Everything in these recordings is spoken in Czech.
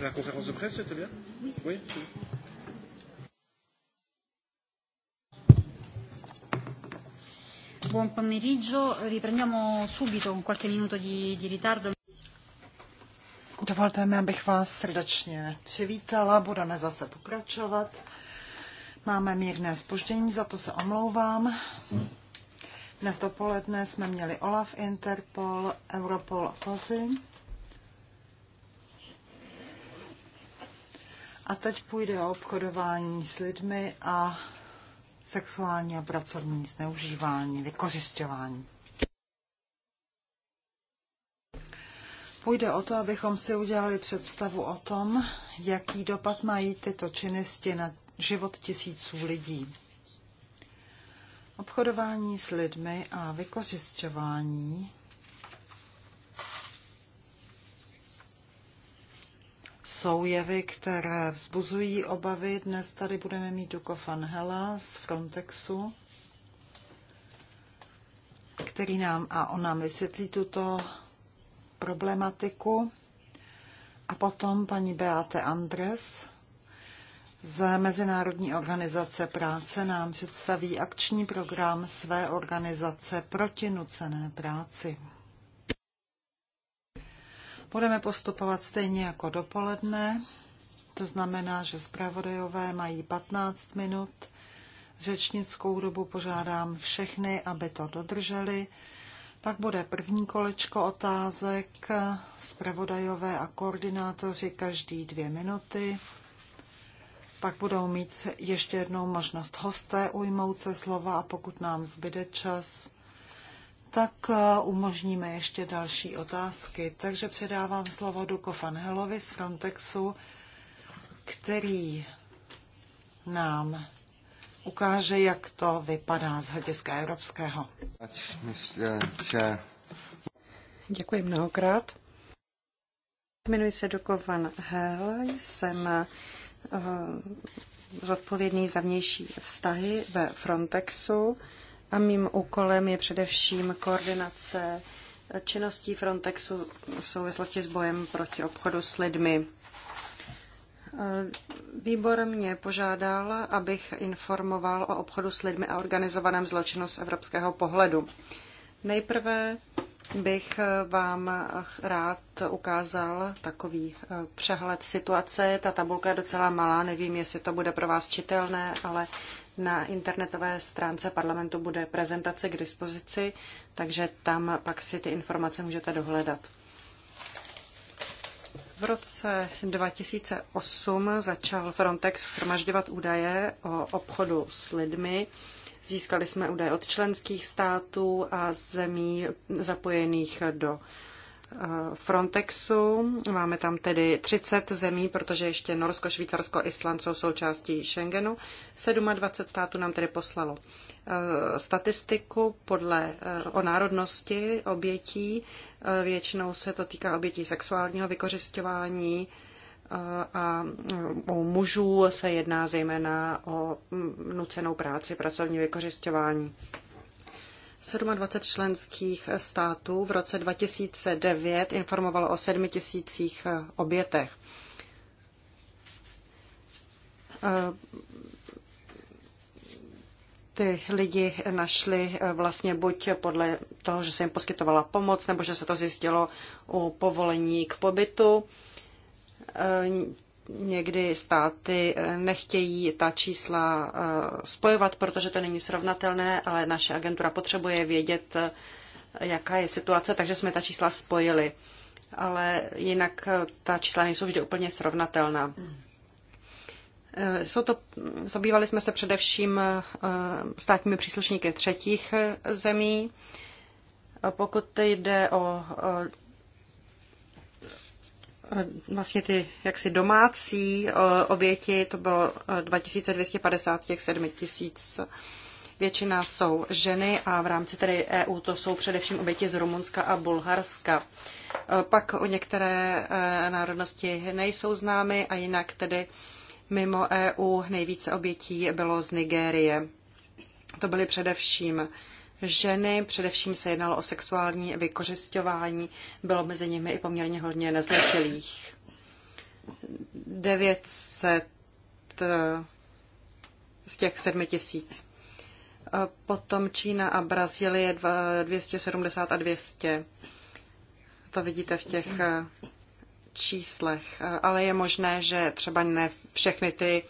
La conférence de presse, c'était bien Oui. oui Buon pomeriggio, riprendiamo subito con qualche minuto di, di ritardo. Dovolte mi, abych vás srdečně přivítala, budeme zase pokračovat. Máme mírné spoždění, za to se omlouvám. Dnes dopoledne jsme měli OLAF, Interpol, Europol a COSI. A teď půjde o obchodování s lidmi a sexuální a pracovní zneužívání, vykořišťování. Půjde o to, abychom si udělali představu o tom, jaký dopad mají tyto činnosti na život tisíců lidí. Obchodování s lidmi a vykořišťování jsou jevy, které vzbuzují obavy. Dnes tady budeme mít Duko van Hela z Frontexu, který nám a on nám vysvětlí tuto problematiku. A potom paní Beate Andres z Mezinárodní organizace práce nám představí akční program své organizace proti nucené práci. Budeme postupovat stejně jako dopoledne, to znamená, že zpravodajové mají 15 minut. Řečnickou dobu požádám všechny, aby to dodrželi. Pak bude první kolečko otázek, zpravodajové a koordinátoři každý dvě minuty. Pak budou mít ještě jednou možnost hosté ujmout se slova a pokud nám zbyde čas, tak eh, umožníme ještě další otázky. Takže předávám slovo Duko Fanhelovi z Frontexu, který nám ukáže, jak to vypadá z hlediska evropského. Děkuji mnohokrát. Jmenuji se Duko Van Hel, jsem eh, zodpovědný za vnější vztahy ve Frontexu. A mým úkolem je především koordinace činností Frontexu v souvislosti s bojem proti obchodu s lidmi. Výbor mě požádal, abych informoval o obchodu s lidmi a organizovaném zločinu z evropského pohledu. Nejprve bych vám rád ukázal takový eh, přehled situace. Ta tabulka je docela malá, nevím, jestli to bude pro vás čitelné, ale na internetové stránce parlamentu bude prezentace k dispozici, takže tam pak si ty informace můžete dohledat. V roce 2008 začal Frontex schromažďovat údaje o obchodu s lidmi. Získali jsme údaje od členských států a zemí zapojených do Eh, Frontexu. Máme tam tedy 30 zemí, protože ještě Norsko, Švýcarsko, Island jsou součástí Schengenu. 27 států nám tedy poslalo eh, statistiku podle eh, o národnosti obětí. Většinou se to týká obětí sexuálního vykořišťování a u mužů se jedná zejména o mm, nucenou práci, pracovní vykořišťování. 27 členských států v roce 2009 informovalo o 7 tisících eh, obětech. Eh, ty lidi našli eh, vlastně buď podle toho, že se jim poskytovala pomoc, nebo že se to zjistilo u povolení k pobytu někdy státy eh, nechtějí ta čísla eh, spojovat, protože to není srovnatelné, ale naše agentura potřebuje vědět, eh, jaká je situace, takže jsme ta čísla spojili. Ale jinak ta čísla nejsou vždy úplně srovnatelná. Jsou to, zabývali jsme se především státními příslušníky třetích zemí. Pokud jde o vlastně ty jaksi domácí eh, oběti, to bylo 2250 eh, těch 7000. Většina jsou ženy a v rámci tedy EU to jsou především oběti z Rumunska a Bulharska. Eh, pak o některé národnosti nejsou známy a jinak tedy mimo EU nejvíce obětí bylo z Nigérie. To byly především ženy, především se jednalo o sexuální vykořišťování, bylo mezi nimi i poměrně hodně nezletilých. 900 eh, z těch 7 tisíc. Eh, potom Čína a Brazílie 270 a 200. To vidíte v těch eh, číslech. Ale je možné, že třeba ne všechny ty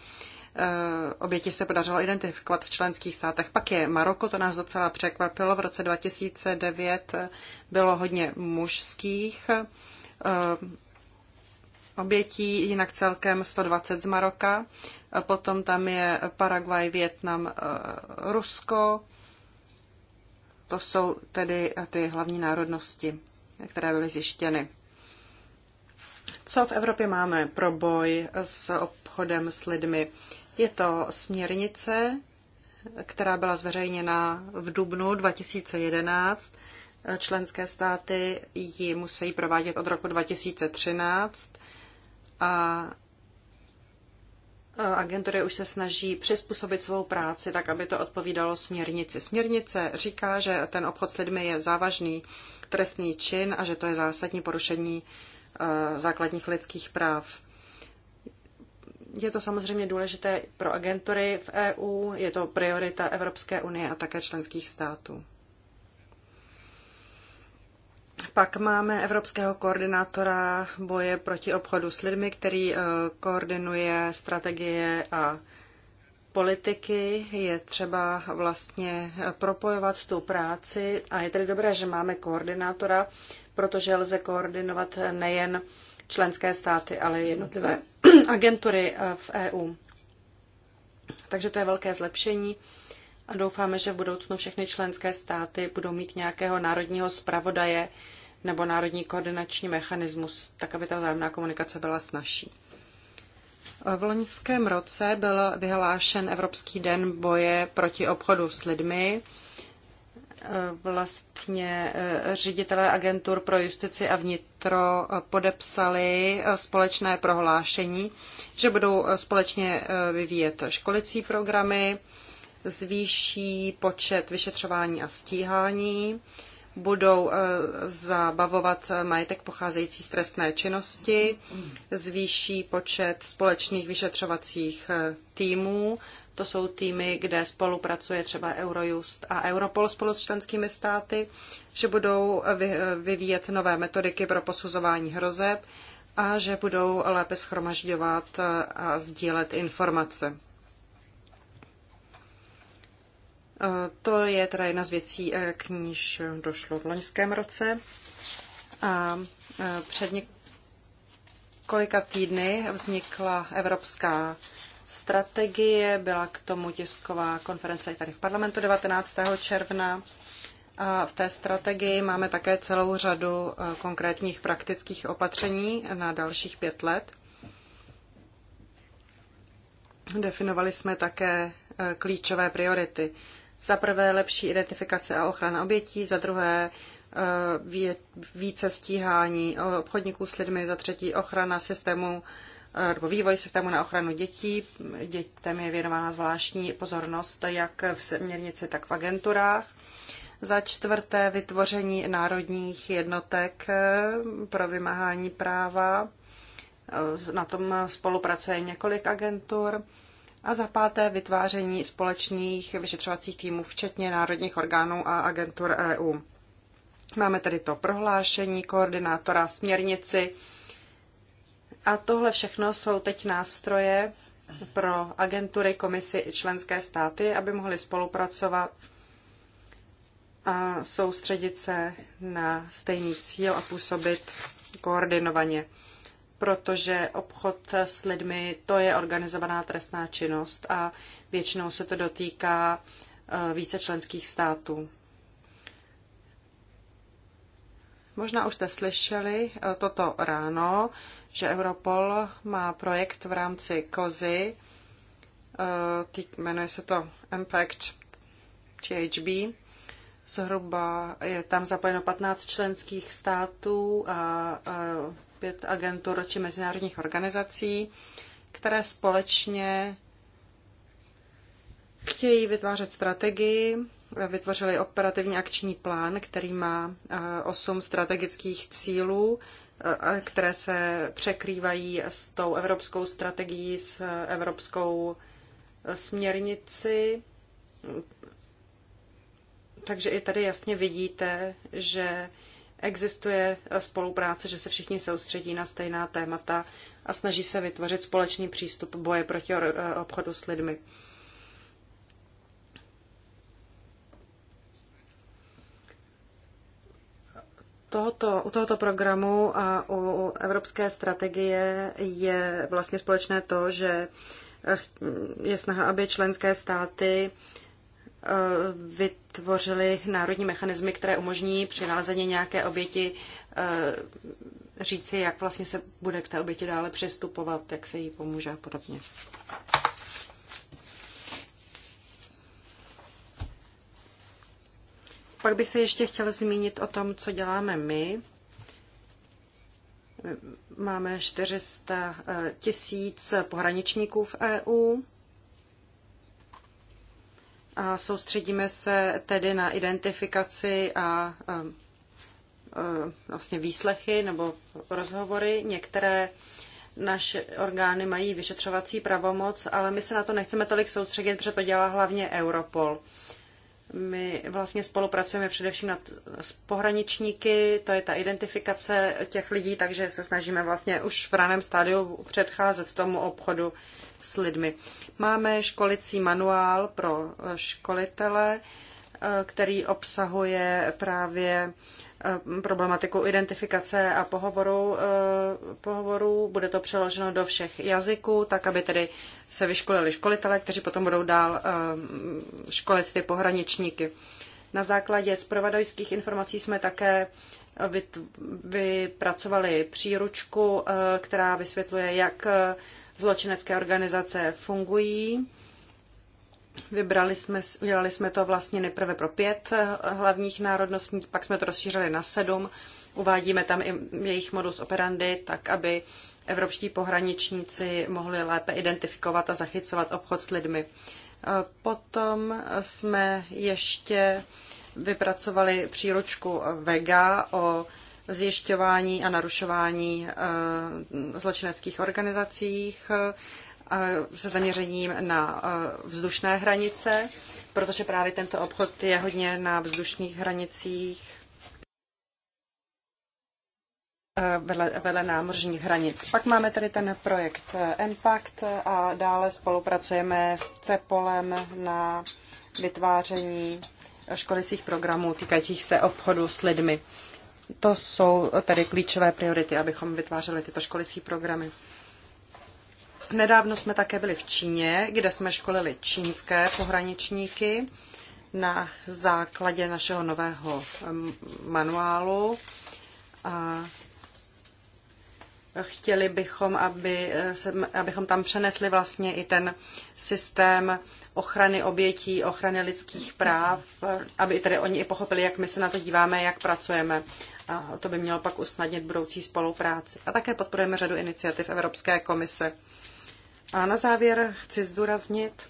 Eh, oběti se podařilo identifikovat v členských státech. Pak je Maroko, to nás docela překvapilo. V roce 2009 bylo hodně mužských eh, obětí, jinak celkem 120 z Maroka. Eh, potom tam je Paraguay, Větnam, Rusko. To jsou tedy ty hlavní národnosti, které byly zjištěny. Co v Evropě máme pro boj s obchodem s lidmi? Je to směrnice, která byla zveřejněna v dubnu 2011. Členské státy ji musí provádět od roku 2013 a agentury už se snaží přizpůsobit svou práci tak, aby to odpovídalo směrnici. Směrnice říká, že ten obchod s lidmi je závažný trestný čin a že to je zásadní porušení eh, základních lidských práv. Je to samozřejmě důležité pro agentury v EU, je to priorita Evropské unie a také členských států. Pak máme evropského koordinátora boje proti obchodu s lidmi, který eh, koordinuje strategie a politiky. Je třeba vlastně eh, propojovat tu práci a je tedy dobré, že máme koordinátora, protože lze koordinovat nejen členské státy, ale i jednotlivé agentury eh, v EU. Takže to je velké zlepšení a doufáme, že v budoucnu všechny členské státy budou mít nějakého národního zpravodaje nebo národní koordinační mechanismus, tak aby ta vzájemná komunikace byla snažší. V loňském roce byl vyhlášen Evropský den boje proti obchodu s lidmi vlastně eh, ředitelé agentur pro justici a vnitro eh, podepsali eh, společné prohlášení, že budou společně vyvíjet školicí programy, zvýší počet vyšetřování a stíhání, budou zabavovat majetek pocházející z trestné činnosti, zvýší počet společných vyšetřovacích týmů to jsou týmy, kde spolupracuje třeba Eurojust a Europol spolu s členskými státy, že budou vyvíjet nové metodiky pro posuzování hrozeb a že budou lépe schromažďovat a sdílet informace. E, to je teda jedna z věcí, e, k níž došlo v loňském roce. A e, před několika týdny vznikla Evropská strategie. Byla k tomu tisková konference i tady v parlamentu 19. června. A v té strategii máme také celou řadu eh, konkrétních praktických opatření na dalších pět let. Definovali jsme také eh, klíčové priority. Za prvé lepší identifikace a ochrana obětí, za druhé eh, více stíhání obchodníků s lidmi, za třetí ochrana systému Eh, nebo vývoj systému na ochranu dětí. Dětem je věnována zvláštní pozornost jak v směrnici, tak v agenturách. Za čtvrté vytvoření národních jednotek eh, pro vymáhání práva. Eh, na tom spolupracuje několik agentur. A za páté vytváření společných vyšetřovacích týmů, včetně národních orgánů a agentur EU. Máme tedy to prohlášení koordinátora směrnici a tohle všechno jsou teď nástroje pro agentury, komisy i členské státy, aby mohly spolupracovat a soustředit se na stejný cíl a působit koordinovaně. Protože obchod s lidmi to je organizovaná trestná činnost a většinou se to dotýká eh, více členských států. Možná už jste slyšeli eh, toto ráno, že Europol má projekt v rámci COZY, eh, jmenuje se to Impact THB. Zhruba je tam zapojeno 15 členských států a eh, pět agentur či mezinárodních organizací, které společně chtějí vytvářet strategii vytvořili operativní akční plán, který má eh, osm strategických cílů, eh, eh, které se překrývají s tou evropskou strategií, s evropskou směrnici. Takže i tady jasně vidíte, že existuje spolupráce, že se všichni soustředí na stejná témata a snaží se vytvořit společný přístup boje proti obchodu s lidmi. tohoto, u tohoto programu a u evropské strategie je vlastně společné to, že eh, je snaha, aby členské státy eh, vytvořili národní mechanismy, které umožní při nalezení nějaké oběti eh, říci, jak vlastně se bude k té oběti dále přistupovat, jak se jí pomůže a podobně. Pak bych se ještě chtěl zmínit o tom, co děláme my. Máme 400 eh, tisíc pohraničníků v EU a soustředíme se tedy na identifikaci a eh, eh, vlastně výslechy nebo rozhovory. Některé naše orgány mají vyšetřovací pravomoc, ale my se na to nechceme tolik soustředit, protože to dělá hlavně Europol. My vlastně spolupracujeme především nad, s pohraničníky, to je ta identifikace těch lidí, takže se snažíme vlastně už v raném stádiu předcházet tomu obchodu s lidmi. Máme školicí manuál pro školitele, Eh, který obsahuje právě eh, problematiku identifikace a pohovoru, eh, pohovoru. Bude to přeloženo do všech jazyků, tak aby tedy se vyškolili školitelé, kteří potom budou dál školit ty pohraničníky. Na základě zpravodajských informací jsme také vypracovali příručku, která vysvětluje, jak zločinecké organizace fungují Vybrali jsme, udělali jsme to vlastně nejprve pro pět eh, hlavních národností, pak jsme to rozšířili na sedm. Uvádíme tam i jejich modus operandi, tak aby evropští pohraničníci mohli lépe identifikovat a zachycovat obchod s lidmi. Eh, potom jsme ještě vypracovali příručku VEGA o zjišťování a narušování eh, zločineckých organizacích se zaměřením na e, vzdušné hranice, protože právě tento obchod je hodně na vzdušných hranicích e, vedle, vedle námořních hranic. Pak máme tady ten projekt Impact e, a dále spolupracujeme s CEPOLem na vytváření školicích programů týkajících se obchodu s lidmi. To jsou tedy klíčové priority, abychom vytvářeli tyto školicí programy. Nedávno jsme také byli v Číně, kde jsme školili čínské pohraničníky na základě našeho nového manuálu. A chtěli bychom, aby, eh, abychom tam přenesli vlastně i ten systém ochrany obětí, ochrany lidských práv, eh, aby tedy oni i pochopili, jak my se na to díváme, jak pracujeme. A to by mělo pak usnadnit budoucí spolupráci. A také podporujeme řadu iniciativ Evropské komise. A na závěr chci zdůraznit,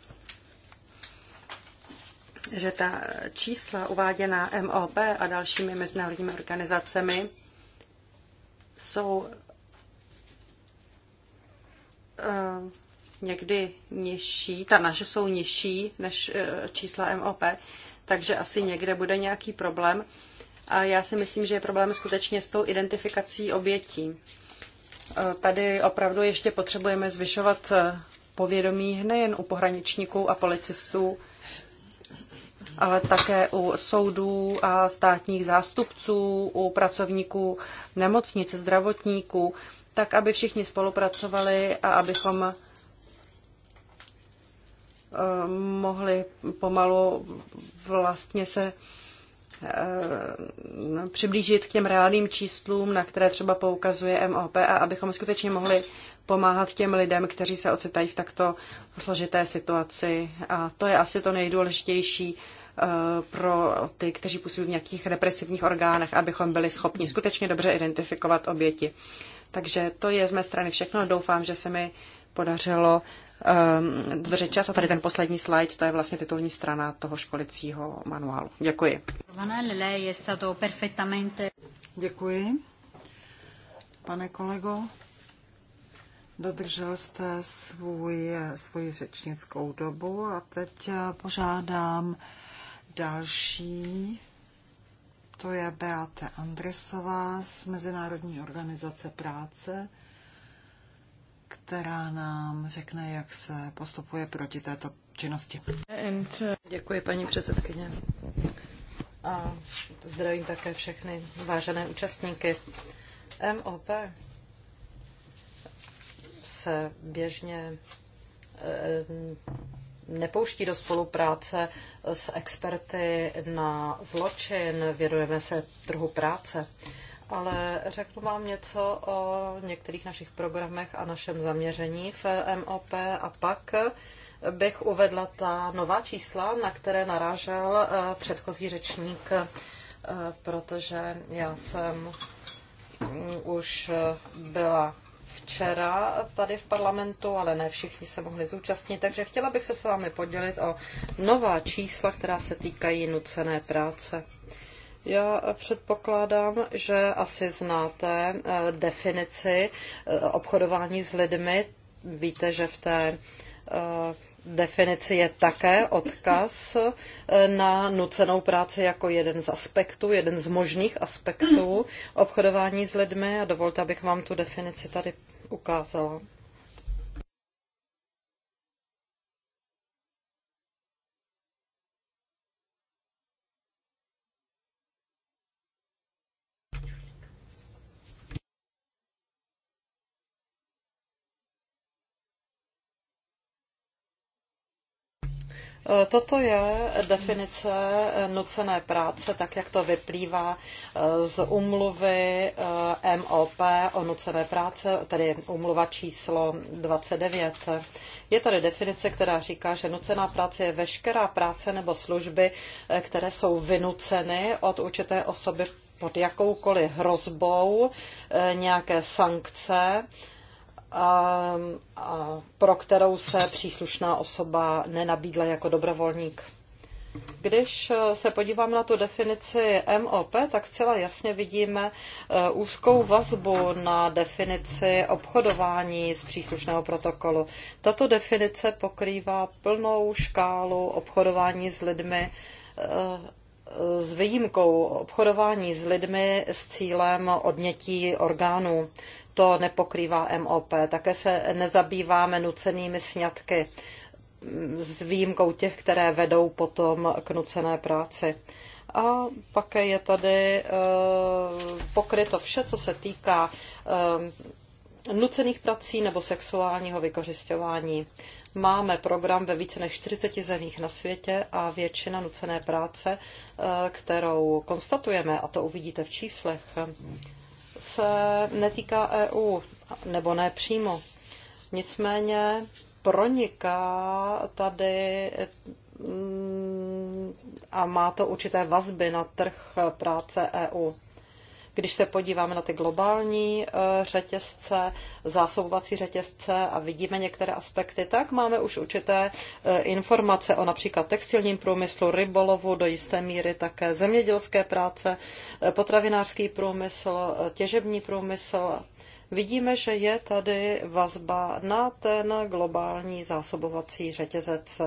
že ta čísla uváděná MOB a dalšími mezinárodními organizacemi jsou eh, někdy nižší, ta naše jsou nižší než eh, čísla MOP, takže asi někde bude nějaký problém. A já si myslím, že je problém skutečně s tou identifikací obětí. Tady opravdu ještě potřebujeme zvyšovat eh, povědomí nejen u pohraničníků a policistů, ale také u soudů a státních zástupců, u pracovníků nemocnic, zdravotníků, tak aby všichni spolupracovali a abychom eh, mohli pomalu vlastně se Eh, přiblížit k těm reálným číslům, na které třeba poukazuje MOP a abychom skutečně mohli pomáhat těm lidem, kteří se ocitají v takto složité situaci. A to je asi to nejdůležitější eh, pro ty, kteří působí v nějakých represivních orgánech, abychom byli schopni skutečně dobře identifikovat oběti. Takže to je z mé strany všechno. Doufám, že se mi podařilo Ehm, držet čas. A tady ten poslední slide, to je vlastně titulní strana toho školicího manuálu. Děkuji. Děkuji. Pane kolego, dodržel jste svůj, svoji řečnickou dobu a teď požádám další. To je Beate Andresová z Mezinárodní organizace práce která nám řekne, jak se postupuje proti této činnosti. Uh, Děkuji, paní předsedkyně. A zdravím také všechny vážené účastníky. MOP se běžně eh, nepouští do spolupráce s experty na zločin, věnujeme se trhu práce ale řeknu vám něco o některých našich programech a našem zaměření v MOP a pak bych uvedla ta nová čísla, na které narážel eh, předchozí řečník, eh, protože já jsem mm, už eh, byla včera tady v parlamentu, ale ne všichni se mohli zúčastnit, takže chtěla bych se s vámi podělit o nová čísla, která se týkají nucené práce. Já předpokládám, že asi znáte eh, definici eh, obchodování s lidmi. Víte, že v té eh, definici je také odkaz na nucenou práci jako jeden z aspektů, jeden z možných aspektů obchodování s lidmi. A dovolte, abych vám tu definici tady ukázala. Eh, toto je definice eh, nucené práce, tak jak to vyplývá eh, z umluvy MOP o nucené práce, tedy umluva číslo 29. Je tady definice, která říká, že nucená práce je veškerá práce nebo služby, které jsou vynuceny od určité osoby pod jakoukoliv hrozbou nějaké sankce, Ehm, pro kterou se příslušná osoba nenabídla jako dobrovolník. Když eh, se podívám na tu definici MOP, tak zcela jasně vidíme eh, úzkou vazbu na definici obchodování z příslušného protokolu. Tato definice pokrývá plnou škálu obchodování s lidmi eh, s výjimkou obchodování s lidmi s cílem odnětí orgánů to nepokrývá MOP. Také se nezabýváme nucenými sňatky s výjimkou těch, které vedou potom k nucené práci. A pak je tady eh, pokryto vše, co se týká eh, nucených prací nebo sexuálního vykořišťování. Máme program ve více než 40 zemích na světě a většina nucené práce, eh, kterou konstatujeme, a to uvidíte v číslech, se netýká EU, nebo ne přímo. Nicméně proniká tady mm, a má to určité vazby na trh práce EU. Když se podíváme na ty globální eh, řetězce, zásobovací řetězce a vidíme některé aspekty, tak máme už určité eh, informace o například textilním průmyslu, rybolovu, do jisté míry také zemědělské práce, eh, potravinářský průmysl, těžební průmysl. Vidíme, že je tady vazba na ten globální zásobovací řetězec.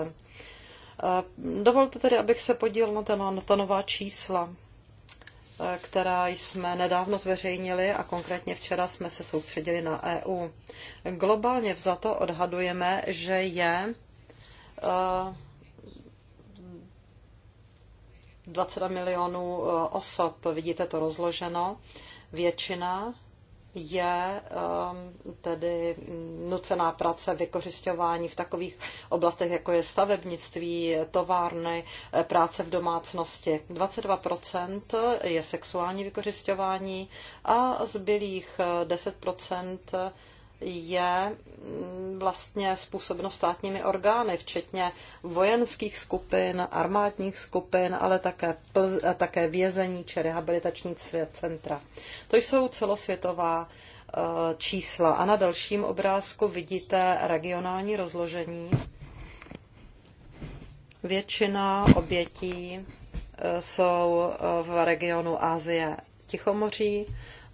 Dovolte tedy, abych se podíval na na ta nová čísla. Eh, která jsme nedávno zveřejnili a konkrétně včera jsme se soustředili na EU. Globálně vzato odhadujeme, že je 20 eh, milionů eh, osob, vidíte to rozloženo, většina je ehm, tedy nucená práce vykořišťování v takových oblastech, jako je stavebnictví, továrny, eh, práce v domácnosti. 22% je sexuální vykořišťování a zbylých 10% eh, je mm, vlastně způsobeno státními orgány, včetně vojenských skupin, armádních skupin, ale také, eh, také vězení či rehabilitační centra. To jsou celosvětová eh, čísla. A na dalším obrázku vidíte regionální rozložení. Většina obětí eh, jsou v regionu Asie Tichomoří,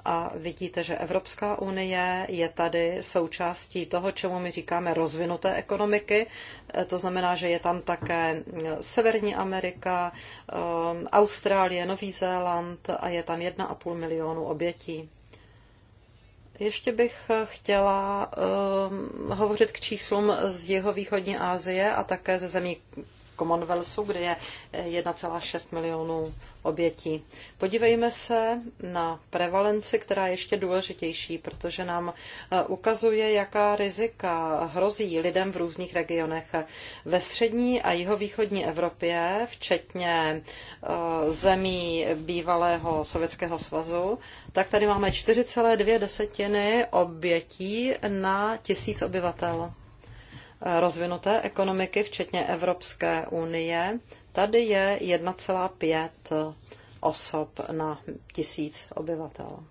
a vidíte, že Evropská unie je tady součástí toho, čemu my říkáme rozvinuté ekonomiky. E, to znamená, že je tam také Severní Amerika, e, Austrálie, Nový Zéland a je tam 1,5 milionu obětí. Ještě bych e, chtěla um, hovořit k číslům z jihovýchodní Asie a také ze zemí Commonwealthu, kde je 1,6 eh, milionů obětí. Podívejme se na prevalenci, která je ještě důležitější, protože nám eh, ukazuje, jaká rizika hrozí lidem v různých regionech. Ve střední a jihovýchodní Evropě, včetně eh, zemí bývalého Sovětského svazu, tak tady máme 4,2 desetiny obětí na tisíc obyvatel rozvinuté ekonomiky, včetně Evropské unie, tady je 1,5 osob na tisíc obyvatel.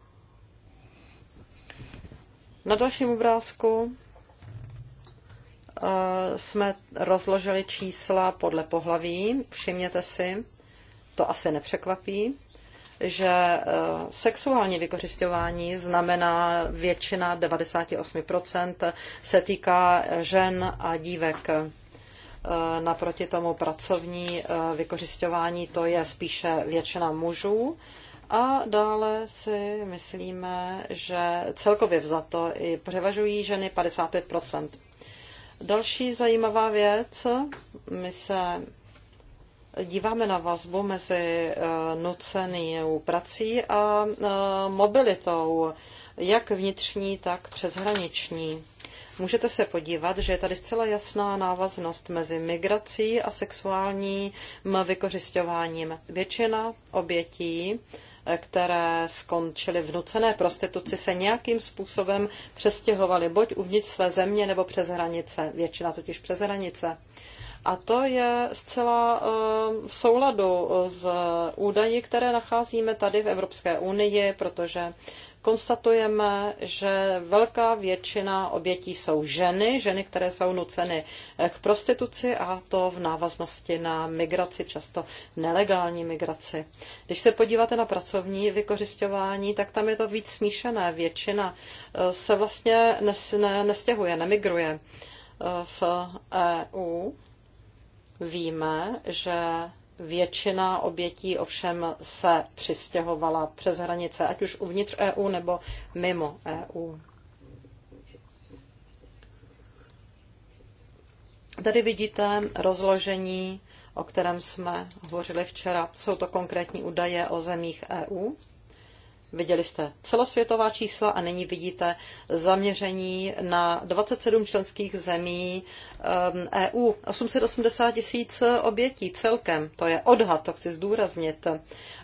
Na dalším obrázku eh, jsme rozložili čísla podle pohlaví. Všimněte si, to asi nepřekvapí že eh, sexuální vykořišťování znamená většina 98% se týká žen a dívek. Eh, naproti tomu pracovní eh, vykořišťování to je spíše většina mužů. A dále si myslíme, že celkově vzato i převažují ženy 55 Další zajímavá věc, my se díváme na vazbu mezi eh, nucenou prací a eh, mobilitou, jak vnitřní, tak přeshraniční. Můžete se podívat, že je tady zcela jasná návaznost mezi migrací a sexuálním vykořišťováním. Většina obětí eh, které skončily v nucené prostituci, se nějakým způsobem přestěhovaly buď uvnitř své země nebo přes hranice, většina totiž přes hranice. A to je zcela ehm, v souladu s údaji, které nacházíme tady v Evropské unii, protože konstatujeme, že velká většina obětí jsou ženy, ženy, které jsou nuceny k prostituci a to v návaznosti na migraci, často nelegální migraci. Když se podíváte na pracovní vykořišťování, tak tam je to víc smíšené. Většina eh, se vlastně nes, ne, nestěhuje, nemigruje eh, v EU Víme, že většina obětí ovšem se přistěhovala přes hranice, ať už uvnitř EU nebo mimo EU. Tady vidíte rozložení, o kterém jsme hovořili včera. Jsou to konkrétní údaje o zemích EU. Viděli jste celosvětová čísla a nyní vidíte zaměření na 27 členských zemí EU. Ehm, e 880 tisíc obětí celkem, to je odhad, to chci zdůraznit,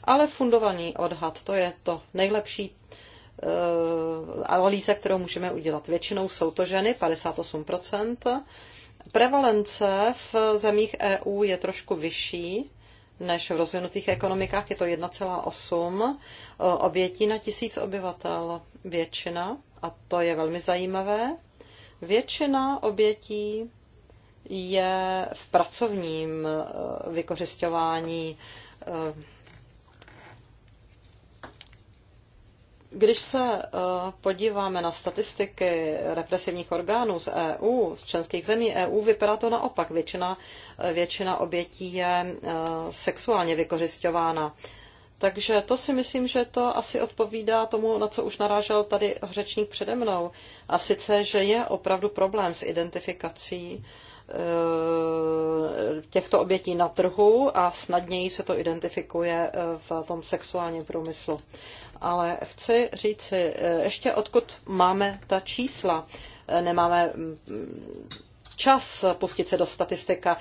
ale fundovaný odhad, to je to nejlepší eh, analýza, kterou můžeme udělat. Většinou jsou to ženy, 58%. Prevalence v zemích EU je trošku vyšší než v rozvinutých ekonomikách, je to 1,8 eh, obětí na tisíc obyvatel většina, a to je velmi zajímavé. Většina obětí je v pracovním eh, vykořišťování. Eh, když se eh, podíváme na statistiky represivních orgánů z EU, z členských zemí EU, vypadá to naopak. Většina, většina obětí je sexuálně vykořišťována. Takže to si myslím, že to asi odpovídá tomu, na co už narážel tady řečník přede mnou. A sice, že je opravdu problém s identifikací uh, Eh, těchto obětí na trhu a snadněji se to identifikuje eh, v tom sexuálním průmyslu. Ale chci říci, eh, ještě odkud máme ta čísla. Nemáme mm, čas pustit se do statistika,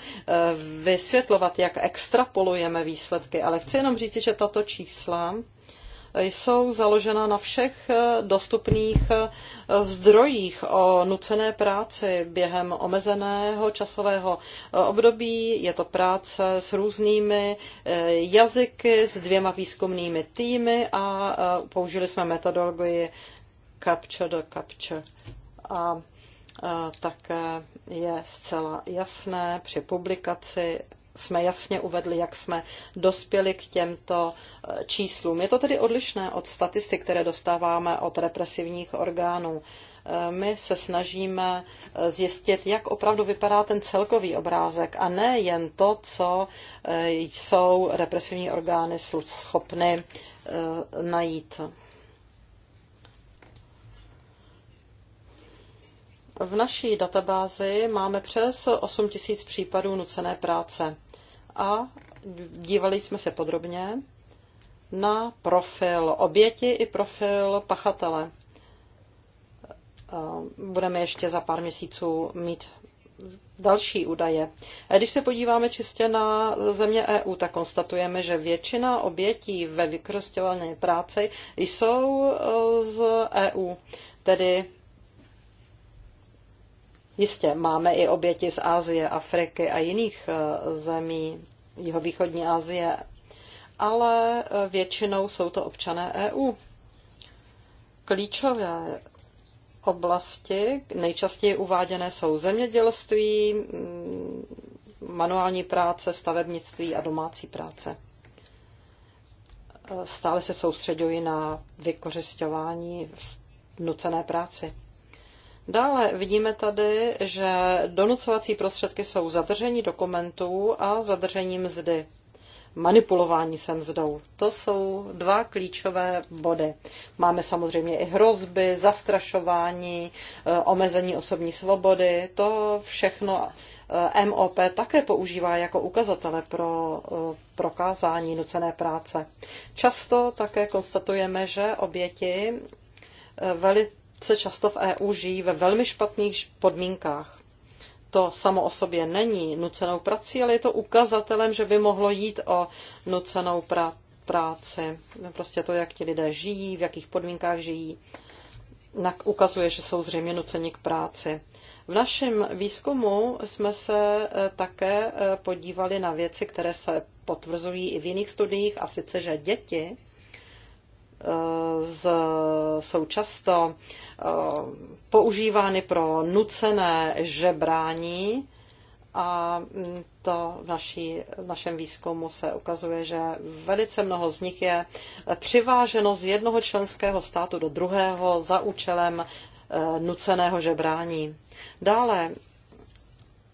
vysvětlovat, jak extrapolujeme výsledky, ale chci jenom říci, že tato čísla jsou založena na všech eh, dostupných eh, zdrojích o nucené práci během omezeného časového eh, období. Je to práce s různými jazyky, s dvěma výzkumnými týmy a použili jsme metodologii Capture the Capture. A také je zcela jasné při publikaci jsme jasně uvedli, jak jsme dospěli k těmto eh, číslům. Je to tedy odlišné od statistik, které dostáváme od represivních orgánů. Eh, my se snažíme eh, zjistit, jak opravdu vypadá ten celkový obrázek a ne jen to, co jsou represivní orgány schopny najít. V naší databázi máme přes 8 000 případů nucené práce a dívali jsme se podrobně na profil oběti i profil pachatele. Eh, budeme ještě za pár měsíců mít další údaje. A když se podíváme čistě na země EU, tak konstatujeme, že většina obětí ve vykrostěvané práci jsou eh, z EU. Tedy Jistě máme i oběti z Asie, Afriky a jiných eh, zemí jihovýchodní Asie, ale eh, většinou jsou to občané EU. Klíčové oblasti nejčastěji uváděné jsou zemědělství, mm, manuální práce, stavebnictví a domácí práce. Eh, stále se soustředují na vykořišťování v nucené práci. Dále vidíme tady, že donucovací prostředky jsou zadržení dokumentů a zadržení mzdy. Manipulování se mzdou. To jsou dva klíčové body. Máme samozřejmě i hrozby, zastrašování, eh, omezení osobní svobody. To všechno eh, MOP také používá jako ukazatele pro eh, prokázání nucené práce. Často také konstatujeme, že oběti velice se často v EU žijí ve velmi špatných podmínkách. To samo o sobě není nucenou prací, ale je to ukazatelem, že by mohlo jít o nucenou pra- práci. Prostě to, jak ti lidé žijí, v jakých podmínkách žijí, ukazuje, že jsou zřejmě nuceni k práci. V našem výzkumu jsme se e, také e, podívali na věci, které se potvrzují i v jiných studiích, a sice, že děti z, jsou často eh, používány pro nucené žebrání a to v, naší, v našem výzkumu se ukazuje, že velice mnoho z nich je přiváženo z jednoho členského státu do druhého za účelem eh, nuceného žebrání. Dále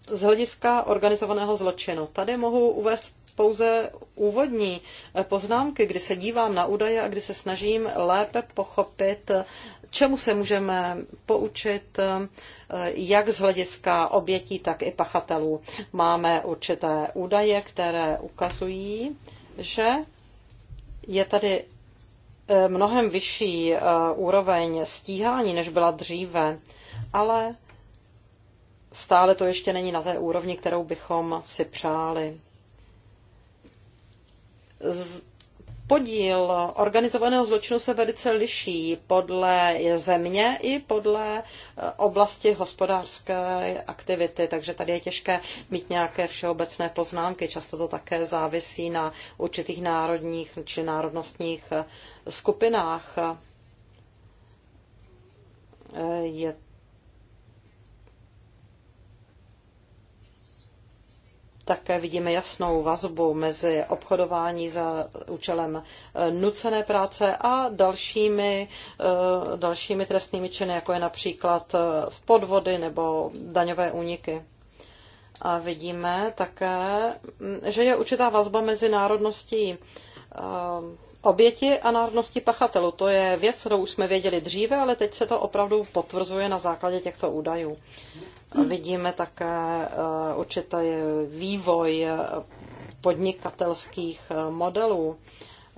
z hlediska organizovaného zločinu. Tady mohu uvést pouze úvodní eh, poznámky, kdy se dívám na údaje a kdy se snažím lépe pochopit, čemu se můžeme poučit, eh, jak z hlediska obětí, tak i pachatelů. Máme určité údaje, které ukazují, že je tady eh, mnohem vyšší úroveň stíhání, než byla dříve, ale stále to ještě není na té úrovni, kterou bychom si přáli. Podíl organizovaného zločinu se velice liší podle země i podle e, oblasti hospodářské aktivity, takže tady je těžké mít nějaké všeobecné poznámky. Často to také závisí na určitých národních či národnostních e, skupinách. E, je Také vidíme jasnou vazbu mezi obchodování za účelem eh, nucené práce a dalšími, eh, dalšími trestnými činy, jako je například eh, podvody nebo daňové úniky. A vidíme také, mm, že je určitá vazba mezi národností oběti a národnosti pachatelů. To je věc, kterou už jsme věděli dříve, ale teď se to opravdu potvrzuje na základě těchto údajů. Vidíme také eh, určitý vývoj eh, podnikatelských eh, modelů,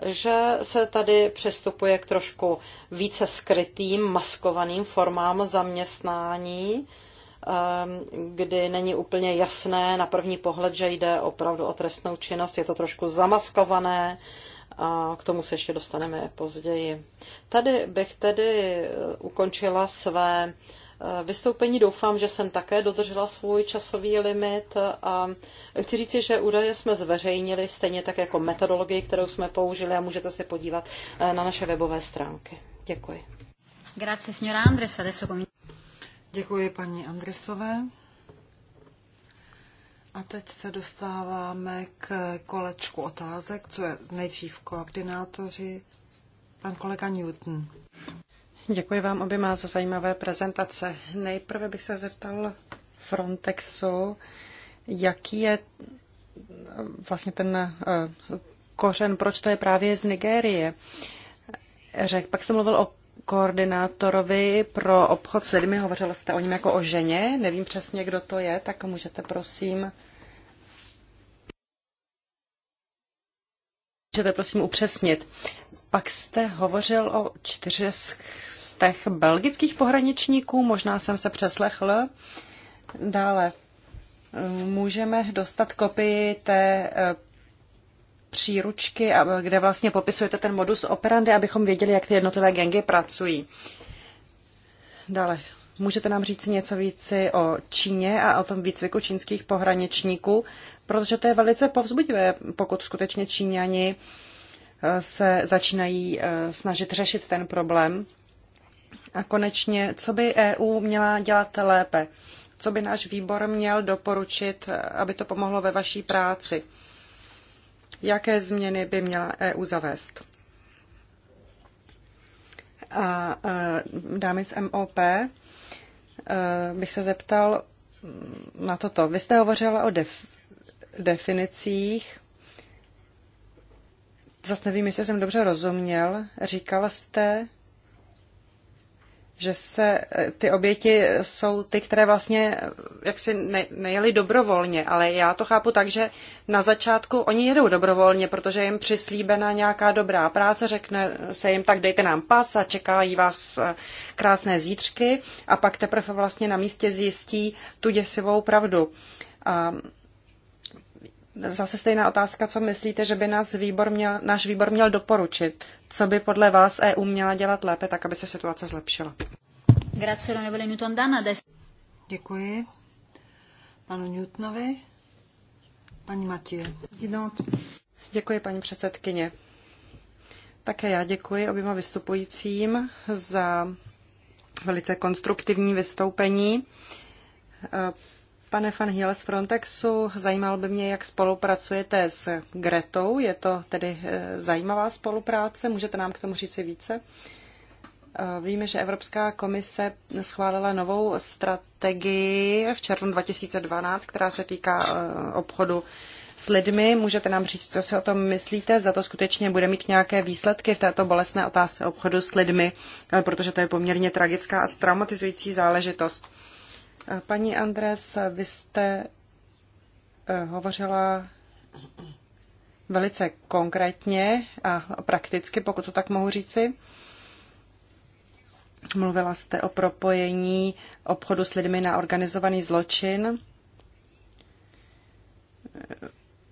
že se tady přistupuje k trošku více skrytým, maskovaným formám zaměstnání, ehm, kdy není úplně jasné na první pohled, že jde opravdu o trestnou činnost, je to trošku zamaskované, a k tomu se ještě dostaneme později. Tady bych tedy eh, ukončila své eh, vystoupení. Doufám, že jsem také dodržela svůj časový limit a chci říct, že údaje jsme zveřejnili stejně tak jako metodologii, kterou jsme použili a můžete se podívat eh, na naše webové stránky. Děkuji. Grazie, signora Adesso Děkuji paní Andresové. A teď se dostáváme k kolečku otázek, co je nejdřív koordinátoři. Pan kolega Newton. Děkuji vám oběma za zajímavé prezentace. Nejprve bych se zeptal Frontexu, jaký je eh, vlastně ten eh, kořen, proč to je právě z Nigérie. Řek, pak jsem mluvil o koordinátorovi pro obchod s lidmi, hovořila jste o něm jako o ženě, nevím přesně, kdo to je, tak můžete prosím můžete prosím upřesnit. Pak jste hovořil o čtyřech belgických pohraničníků, možná jsem se přeslechl. Dále, můžeme dostat kopii té eh, příručky, kde vlastně popisujete ten modus operandi, abychom věděli, jak ty jednotlivé gengy pracují. Dále, můžete nám říct něco více o Číně a o tom výcviku čínských pohraničníků, protože to je velice povzbudivé, pokud skutečně Číňani e, se začínají e, snažit řešit ten problém. A konečně, co by EU měla dělat lépe? Co by náš výbor měl doporučit, e, aby to pomohlo ve vaší práci? jaké změny by měla EU zavést. A e, dámy z MOP e, bych se zeptal na toto. Vy jste hovořila o def- definicích. Zas nevím, jestli jsem dobře rozuměl. Říkala jste, že se eh, ty oběti jsou ty, které vlastně eh, jaksi ne, nejeli dobrovolně, ale já to chápu tak, že na začátku oni jedou dobrovolně, protože jim přislíbena nějaká dobrá práce, řekne se jim tak dejte nám pas a čekají vás eh, krásné zítřky a pak teprve vlastně na místě zjistí tu děsivou pravdu. A Zase stejná otázka, co myslíte, že by nás výbor měl, náš výbor měl doporučit? Co by podle vás EU měla dělat lépe, tak aby se situace zlepšila? Děkuji panu Newtonovi. Paní Matě. Děkuji, paní předsedkyně. Také já děkuji oběma vystupujícím za velice konstruktivní vystoupení pane Van Hiel z Frontexu. Zajímalo by mě, jak spolupracujete s Gretou. Je to tedy eh, zajímavá spolupráce. Můžete nám k tomu říci více? Eh, víme, že Evropská komise schválila novou strategii v červnu 2012, která se týká eh, obchodu s lidmi. Můžete nám říct, co si o tom myslíte? Za to skutečně bude mít nějaké výsledky v této bolestné otázce obchodu s lidmi, protože to je poměrně tragická a traumatizující záležitost. Paní Andres, vy jste eh, hovořila velice konkrétně a prakticky, pokud to tak mohu říci. Mluvila jste o propojení obchodu s lidmi na organizovaný zločin.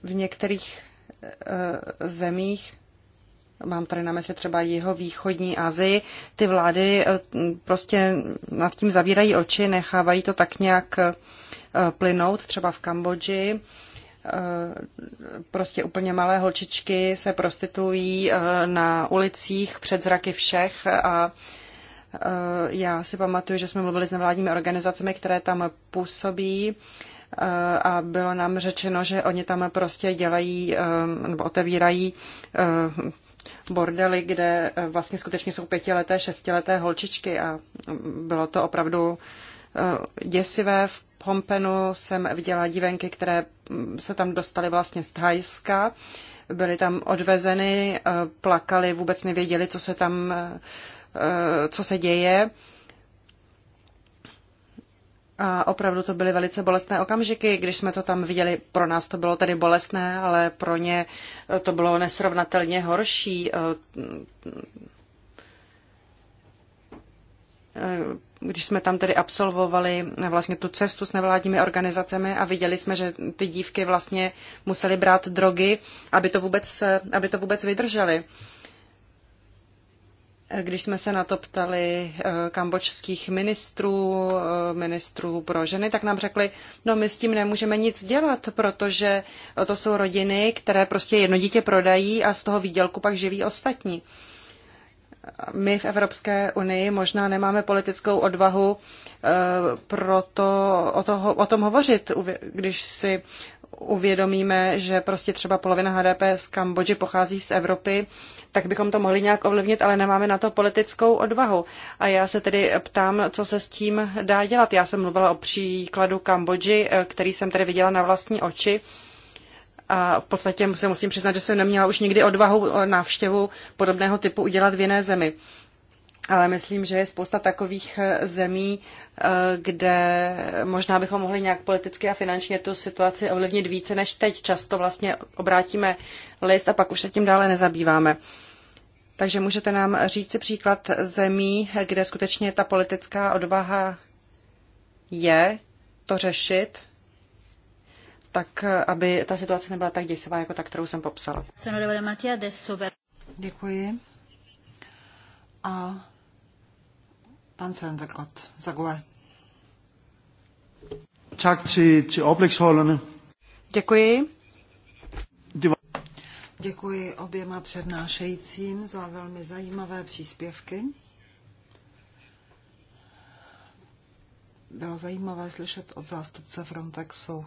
V některých eh, zemích mám tady na mysli třeba jeho východní Azii, ty vlády eh, prostě nad tím zavírají oči, nechávají to tak nějak eh, plynout, třeba v Kambodži. Eh, prostě úplně malé holčičky se prostitují na ulicích před zraky všech a já si pamatuju, že jsme mluvili s nevládními organizacemi, které tam působí a bylo nám řečeno, že oni tam prostě dělají nebo otevírají bordely, kde eh, vlastně skutečně jsou pětileté, šestileté holčičky a mm, bylo to opravdu eh, děsivé. V Pompenu jsem viděla divenky, které mm, se tam dostaly vlastně z Thajska byly tam odvezeny, eh, plakali, vůbec nevěděli, co se tam, co se děje. A opravdu to byly velice bolestné okamžiky, když jsme to tam viděli. Pro nás to bylo tedy bolestné, ale pro ně eh, to bylo nesrovnatelně horší. Eh, eh, když jsme tam tedy absolvovali vlastně tu cestu s nevládními organizacemi a viděli jsme, že ty dívky vlastně museli brát drogy, aby to vůbec, aby to vůbec vydržely. Když jsme se na to ptali eh, kambočských ministrů, eh, ministrů pro ženy, tak nám řekli, no my s tím nemůžeme nic dělat, protože to jsou rodiny, které prostě jedno dítě prodají a z toho výdělku pak živí ostatní. My v Evropské unii možná nemáme politickou odvahu eh, proto o, toho, o tom hovořit, když si uvědomíme, že prostě třeba polovina HDP z Kambodži pochází z Evropy, tak bychom to mohli nějak ovlivnit, ale nemáme na to politickou odvahu. A já se tedy ptám, co se s tím dá dělat. Já jsem mluvila o příkladu Kambodži, eh, který jsem tedy viděla na vlastní oči. A v podstatě se musím přiznat, že jsem neměla už nikdy odvahu návštěvu podobného typu udělat v jiné zemi ale myslím, že je spousta takových eh, zemí, eh, kde možná bychom mohli nějak politicky a finančně tu situaci ovlivnit více než teď. Často vlastně obrátíme list a pak už se tím dále nezabýváme. Takže můžete nám říct, si příklad zemí, kde skutečně ta politická odvaha je to řešit, tak eh, aby ta situace nebyla tak děsivá, jako ta, kterou jsem popsala. Děkuji. A Pan e. Tak til, til oplægsholderne. Děkuji. Děkuji oběma přednášejícím za velmi zajímavé příspěvky. Bylo zajímavé slyšet od zástupce Frontexu,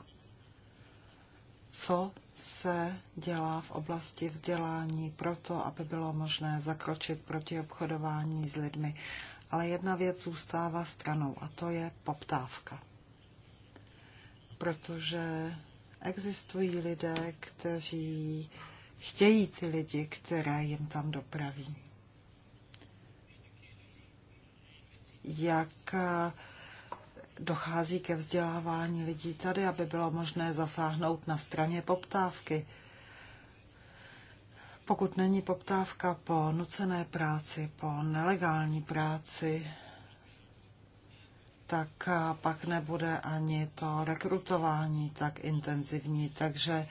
co se dělá v oblasti vzdělání proto, aby bylo možné zakročit proti obchodování s lidmi ale jedna věc zůstává stranou a to je poptávka. Protože existují lidé, kteří chtějí ty lidi, které jim tam dopraví. Jak eh, dochází ke vzdělávání lidí tady, aby bylo možné zasáhnout na straně poptávky – pokud není poptávka po nucené práci, po nelegální práci, tak pak nebude ani to rekrutování tak intenzivní. Takže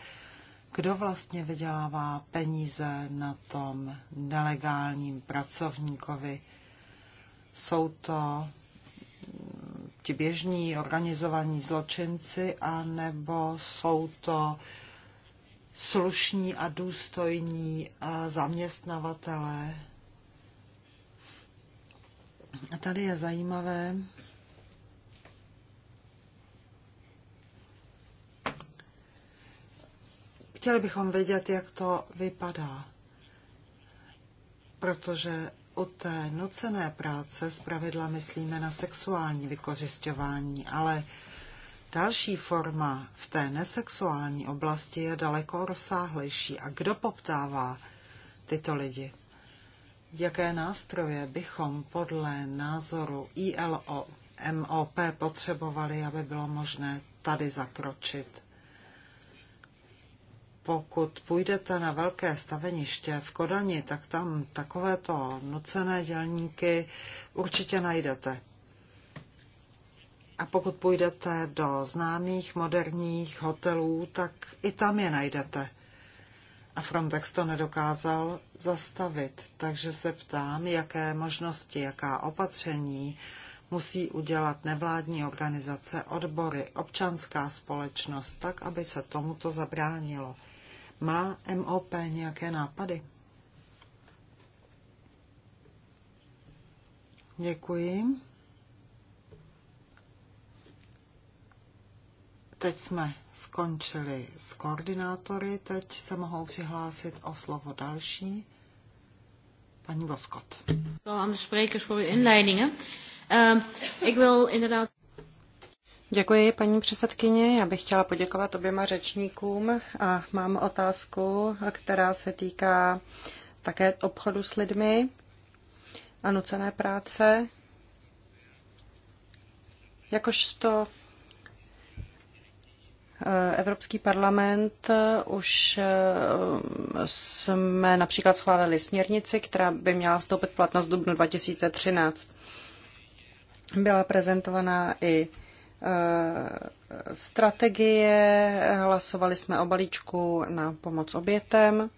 kdo vlastně vydělává peníze na tom nelegálním pracovníkovi? Jsou to mm, ti běžní organizovaní zločinci, anebo jsou to uh, slušní a důstojní zaměstnavatelé. A tady je zajímavé, chtěli bychom vědět, jak to vypadá. Protože u té nucené práce zpravidla myslíme na sexuální vykořišťování, ale Další forma v té nesexuální oblasti je daleko rozsáhlejší. A kdo poptává tyto lidi? Jaké nástroje bychom podle názoru ILO MOP potřebovali, aby bylo možné tady zakročit? Pokud půjdete na velké staveniště v Kodani, tak tam takovéto nucené dělníky určitě najdete. A pokud půjdete do známých moderních hotelů, tak i tam je najdete. A Frontex to nedokázal zastavit, takže se ptám, jaké možnosti, jaká opatření musí udělat nevládní organizace, odbory, občanská společnost, tak, aby se tomuto zabránilo. Má MOP nějaké nápady? Děkuji. Teď jsme skončili s koordinátory, teď se mohou přihlásit o slovo další. Paní Voskot. Ehm, Děkuji, paní předsedkyně. Já bych chtěla poděkovat oběma řečníkům a mám otázku, která se týká také obchodu s lidmi a nucené práce. Jakožto Eh, Evropský parlament eh, už eh, jsme například schválili směrnici, která by měla vstoupit platnost v dubnu 2013. Byla prezentovaná i strategie, hlasovali jsme o balíčku na pomoc obětem.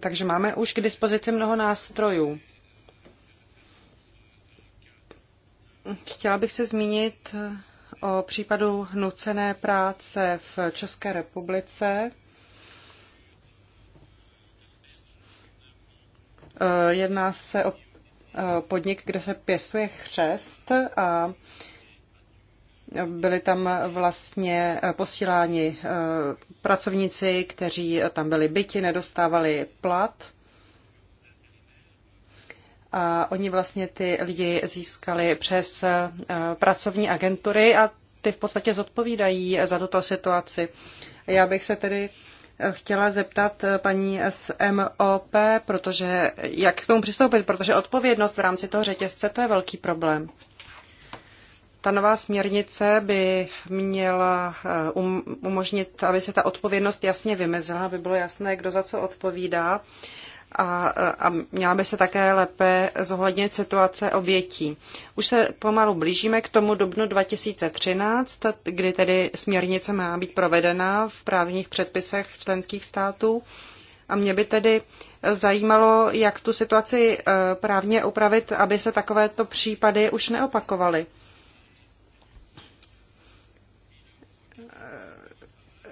Takže máme už k dispozici mnoho nástrojů. Chtěla bych se zmínit o případu nucené práce v České republice. Eh, jedná se o eh, podnik, kde se pěstuje chřest a byli tam vlastně eh, posíláni pracovníci, kteří tam byli byti, nedostávali plat oni vlastně ty lidi získali přes eh, pracovní agentury a ty v podstatě zodpovídají za tuto situaci. Já bych se tedy eh, chtěla zeptat eh, paní SMOP, protože jak k tomu přistoupit, protože odpovědnost v rámci toho řetězce to je velký problém. Ta nová směrnice by měla um-, umožnit, aby se ta odpovědnost jasně vymezila, aby bylo jasné, kdo za co odpovídá a, a měla by se také lépe zohlednit situace obětí. Už se pomalu blížíme k tomu dubnu 2013, kdy tedy směrnice má být provedena v právních předpisech členských států. A mě by tedy zajímalo, jak tu situaci eh, právně upravit, aby se takovéto případy už neopakovaly.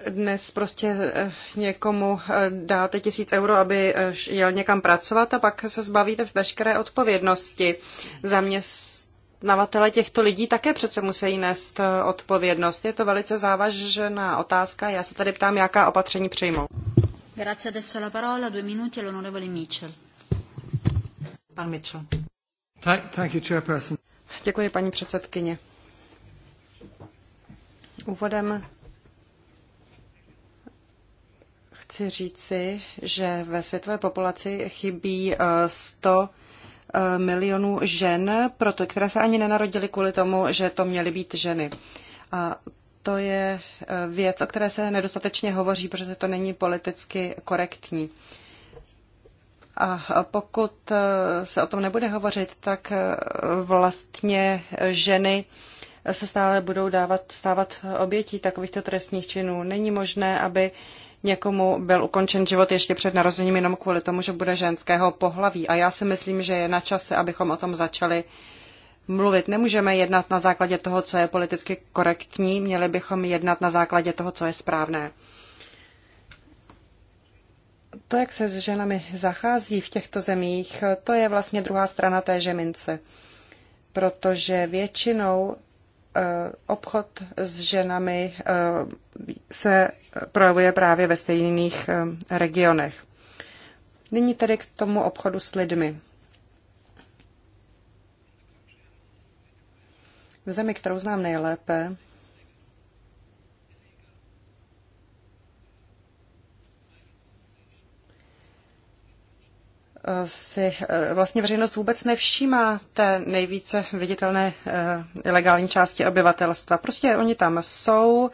dnes prostě eh, někomu eh, dáte tisíc euro, aby eh, jel někam pracovat a pak se zbavíte veškeré odpovědnosti. Zaměstnavatele těchto lidí také přece musí nést odpovědnost. Je to velice závažná otázka. Já se tady ptám, jaká opatření přijmou. Grazie adesso la parola, due minuti all'onorevole Mitchell. Pan Mitchell. Thank you, Chairperson. Děkuji, paní předsedkyně. Úvodem chci říci, že ve světové populaci chybí 100 eh, eh, milionů žen, proto, které se ani nenarodily kvůli tomu, že to měly být ženy. A to je eh, věc, o které se nedostatečně hovoří, protože to není politicky korektní. A pokud se o tom nebude hovořit, tak vlastně ženy se stále budou dávat, stávat obětí takovýchto trestních činů. Není možné, aby uh, Někomu byl ukončen život ještě před narozením jenom kvůli tomu, že bude ženského pohlaví. A já si myslím, že je na čase, abychom o tom začali mluvit. Nemůžeme jednat na základě toho, co je politicky korektní, měli bychom jednat na základě toho, co je správné. To, jak se s ženami zachází v těchto zemích, to je vlastně druhá strana té žemince, Protože většinou Eh, obchod s ženami eh, se projevuje právě ve stejných eh, regionech. Nyní tedy k tomu obchodu s lidmi. V zemi, kterou znám nejlépe, si eh, vlastně veřejnost vůbec nevšímá té nejvíce viditelné eh, ilegální části obyvatelstva. Prostě oni tam jsou,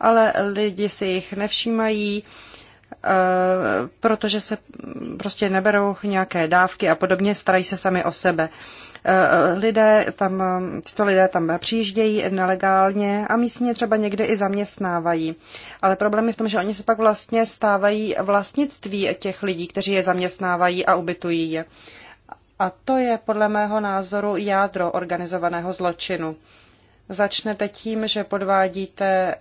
ale lidi si jich nevšímají, eh, protože se prostě neberou nějaké dávky a podobně, starají se sami o sebe. Eh, lidé tam, tyto lidé tam přijíždějí nelegálně a místně třeba někde i zaměstnávají. Ale problém je v tom, že oni se pak vlastně stávají vlastnictví těch lidí, kteří je zaměstnávají a ubytují je. A to je podle mého názoru jádro organizovaného zločinu. Začnete tím, že podvádíte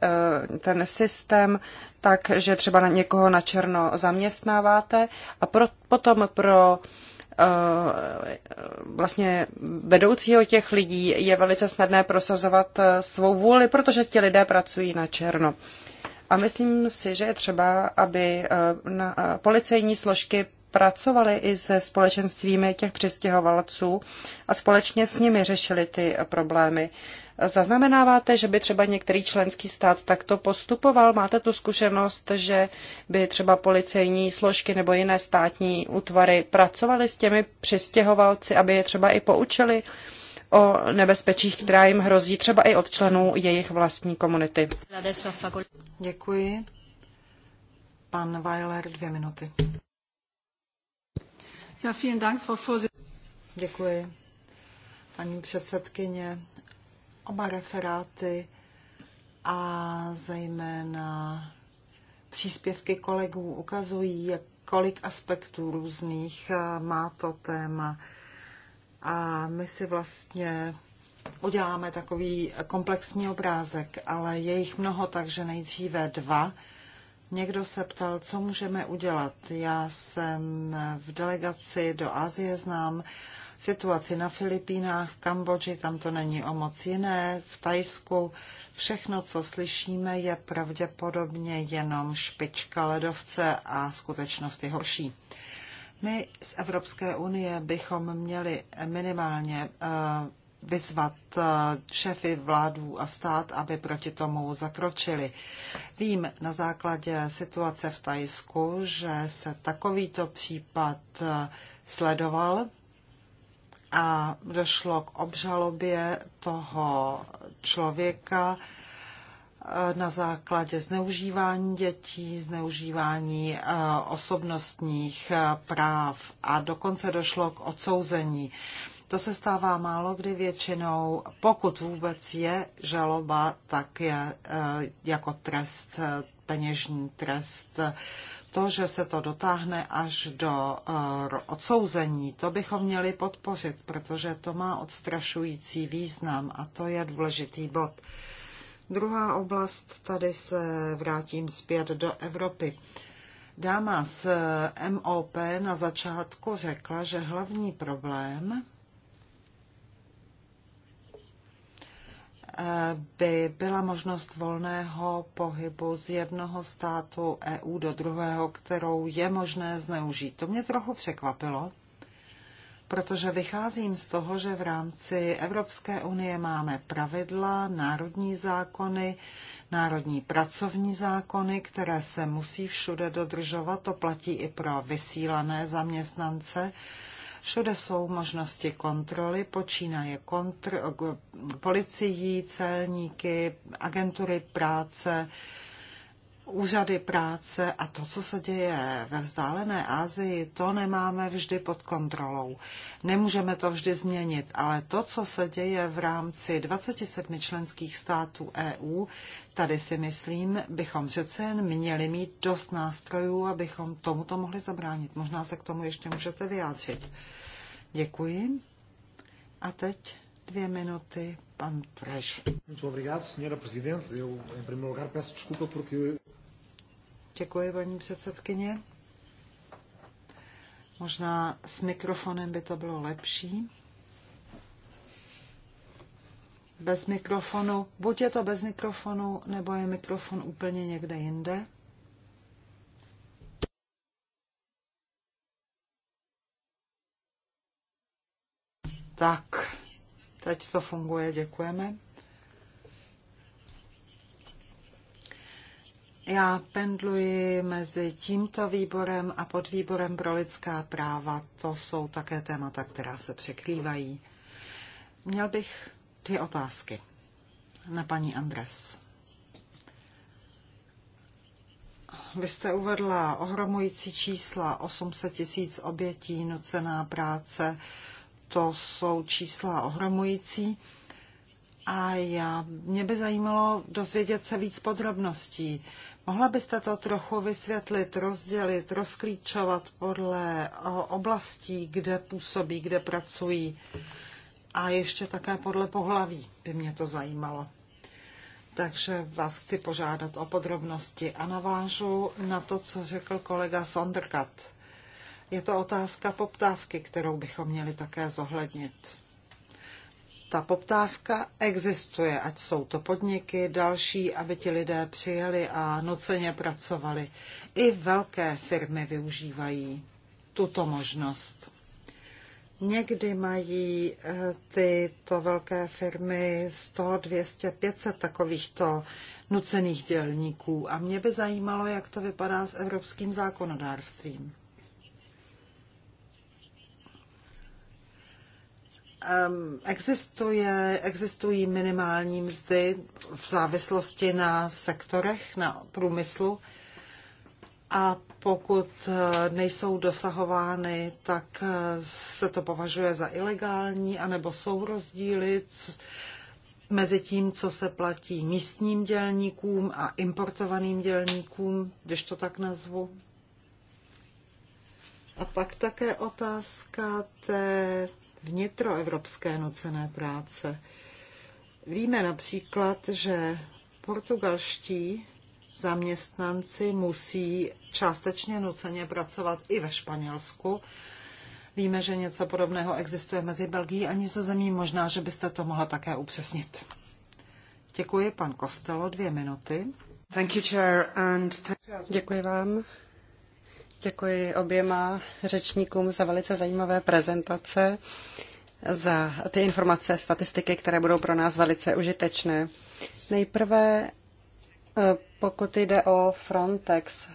eh, ten systém tak, že třeba na někoho na černo zaměstnáváte a pro, potom pro Eh, vlastně vedoucího těch lidí je velice snadné prosazovat eh, svou vůli, protože ti lidé pracují na černo. A myslím si, že je třeba, aby eh, na policejní složky pracovaly i se společenstvími těch přistěhovalců a společně s nimi řešili ty problémy. Zaznamenáváte, že by třeba některý členský stát takto postupoval? Máte tu zkušenost, že by třeba policejní složky nebo jiné státní útvary pracovaly s těmi přistěhovalci, aby je třeba i poučili o nebezpečích, která jim hrozí třeba i od členů jejich vlastní komunity? Děkuji. Pan Weiler, dvě minuty. Ja, vielen Dank, Frau Děkuji. Paní předsedkyně, oba referáty a zejména příspěvky kolegů ukazují, jak kolik aspektů různých eh, má to téma. A my si vlastně uděláme takový komplexní obrázek, ale je jich mnoho, takže nejdříve dva. Někdo se ptal, co můžeme udělat. Já jsem v delegaci do Asie znám situaci na Filipínách, v Kambodži, tam to není o moc jiné, v Tajsku. Všechno, co slyšíme, je pravděpodobně jenom špička ledovce a skutečnost je horší. My z Evropské unie bychom měli minimálně eh, vyzvat eh, šéfy vládů a stát, aby proti tomu zakročili. Vím na základě situace v Tajsku, že se takovýto případ eh, sledoval a došlo k obžalobě toho člověka eh, na základě zneužívání dětí, zneužívání eh, osobnostních eh, práv a dokonce došlo k odsouzení. To se stává málo kdy většinou, pokud vůbec je žaloba, tak je jako trest peněžní trest. To, že se to dotáhne až do eh, odsouzení, to bychom měli podpořit, protože to má odstrašující význam a to je důležitý bod. Druhá oblast, tady se vrátím zpět do Evropy. Dáma z eh, MOP na začátku řekla, že hlavní problém by byla možnost volného pohybu z jednoho státu EU do druhého, kterou je možné zneužít. To mě trochu překvapilo, protože vycházím z toho, že v rámci Evropské unie máme pravidla, národní zákony, národní pracovní zákony, které se musí všude dodržovat. To platí i pro vysílané zaměstnance. Všude jsou možnosti kontroly, počínaje kontr- policií, celníky, agentury práce, úřady práce a to, co se děje ve vzdálené Asii, to nemáme vždy pod kontrolou. Nemůžeme to vždy změnit, ale to, co se děje v rámci 27 členských států EU, tady si myslím, bychom přece jen měli mít dost nástrojů, abychom tomuto mohli zabránit. Možná se k tomu ještě můžete vyjádřit. Děkuji. A teď dvě minuty pan Preš. Muito obrigado, senhora Presidente. Eu, em primeiro lugar, peço desculpa porque Děkuji, paní předsedkyně. Možná s mikrofonem by to bylo lepší. Bez mikrofonu, buď je to bez mikrofonu, nebo je mikrofon úplně někde jinde. Tak, teď to funguje, děkujeme. Já pendluji mezi tímto výborem a podvýborem pro lidská práva. To jsou také témata, která se překrývají. Měl bych dvě otázky na paní Andres. Vy jste uvedla ohromující čísla 800 tisíc obětí, nucená práce. To jsou čísla ohromující. A já, mě by zajímalo dozvědět se víc podrobností. Mohla byste to trochu vysvětlit, rozdělit, rozklíčovat podle eh, oblastí, kde působí, kde pracují a ještě také podle pohlaví by mě to zajímalo. Takže vás chci požádat o podrobnosti a navážu na to, co řekl kolega Sonderkat. Je to otázka poptávky, kterou bychom měli také zohlednit ta poptávka existuje, ať jsou to podniky, další, aby ti lidé přijeli a noceně pracovali. I velké firmy využívají tuto možnost. Někdy mají eh, tyto velké firmy 100, 200, 500 takovýchto nucených dělníků. A mě by zajímalo, jak to vypadá s evropským zákonodárstvím. existuje, existují minimální mzdy v závislosti na sektorech, na průmyslu a pokud eh, nejsou dosahovány, tak eh, se to považuje za ilegální, anebo jsou rozdíly mezi tím, co se platí místním dělníkům a importovaným dělníkům, když to tak nazvu. A pak také otázka té vnitroevropské nucené práce. Víme například, že portugalští zaměstnanci musí částečně nuceně pracovat i ve Španělsku. Víme, že něco podobného existuje mezi Belgií a Nizozemí. Možná, že byste to mohla také upřesnit. Děkuji, pan Kostelo, dvě minuty. Děkuji vám, Děkuji oběma řečníkům za velice zajímavé prezentace, za ty informace, statistiky, které budou pro nás velice užitečné. Nejprve, eh, pokud jde o Frontex,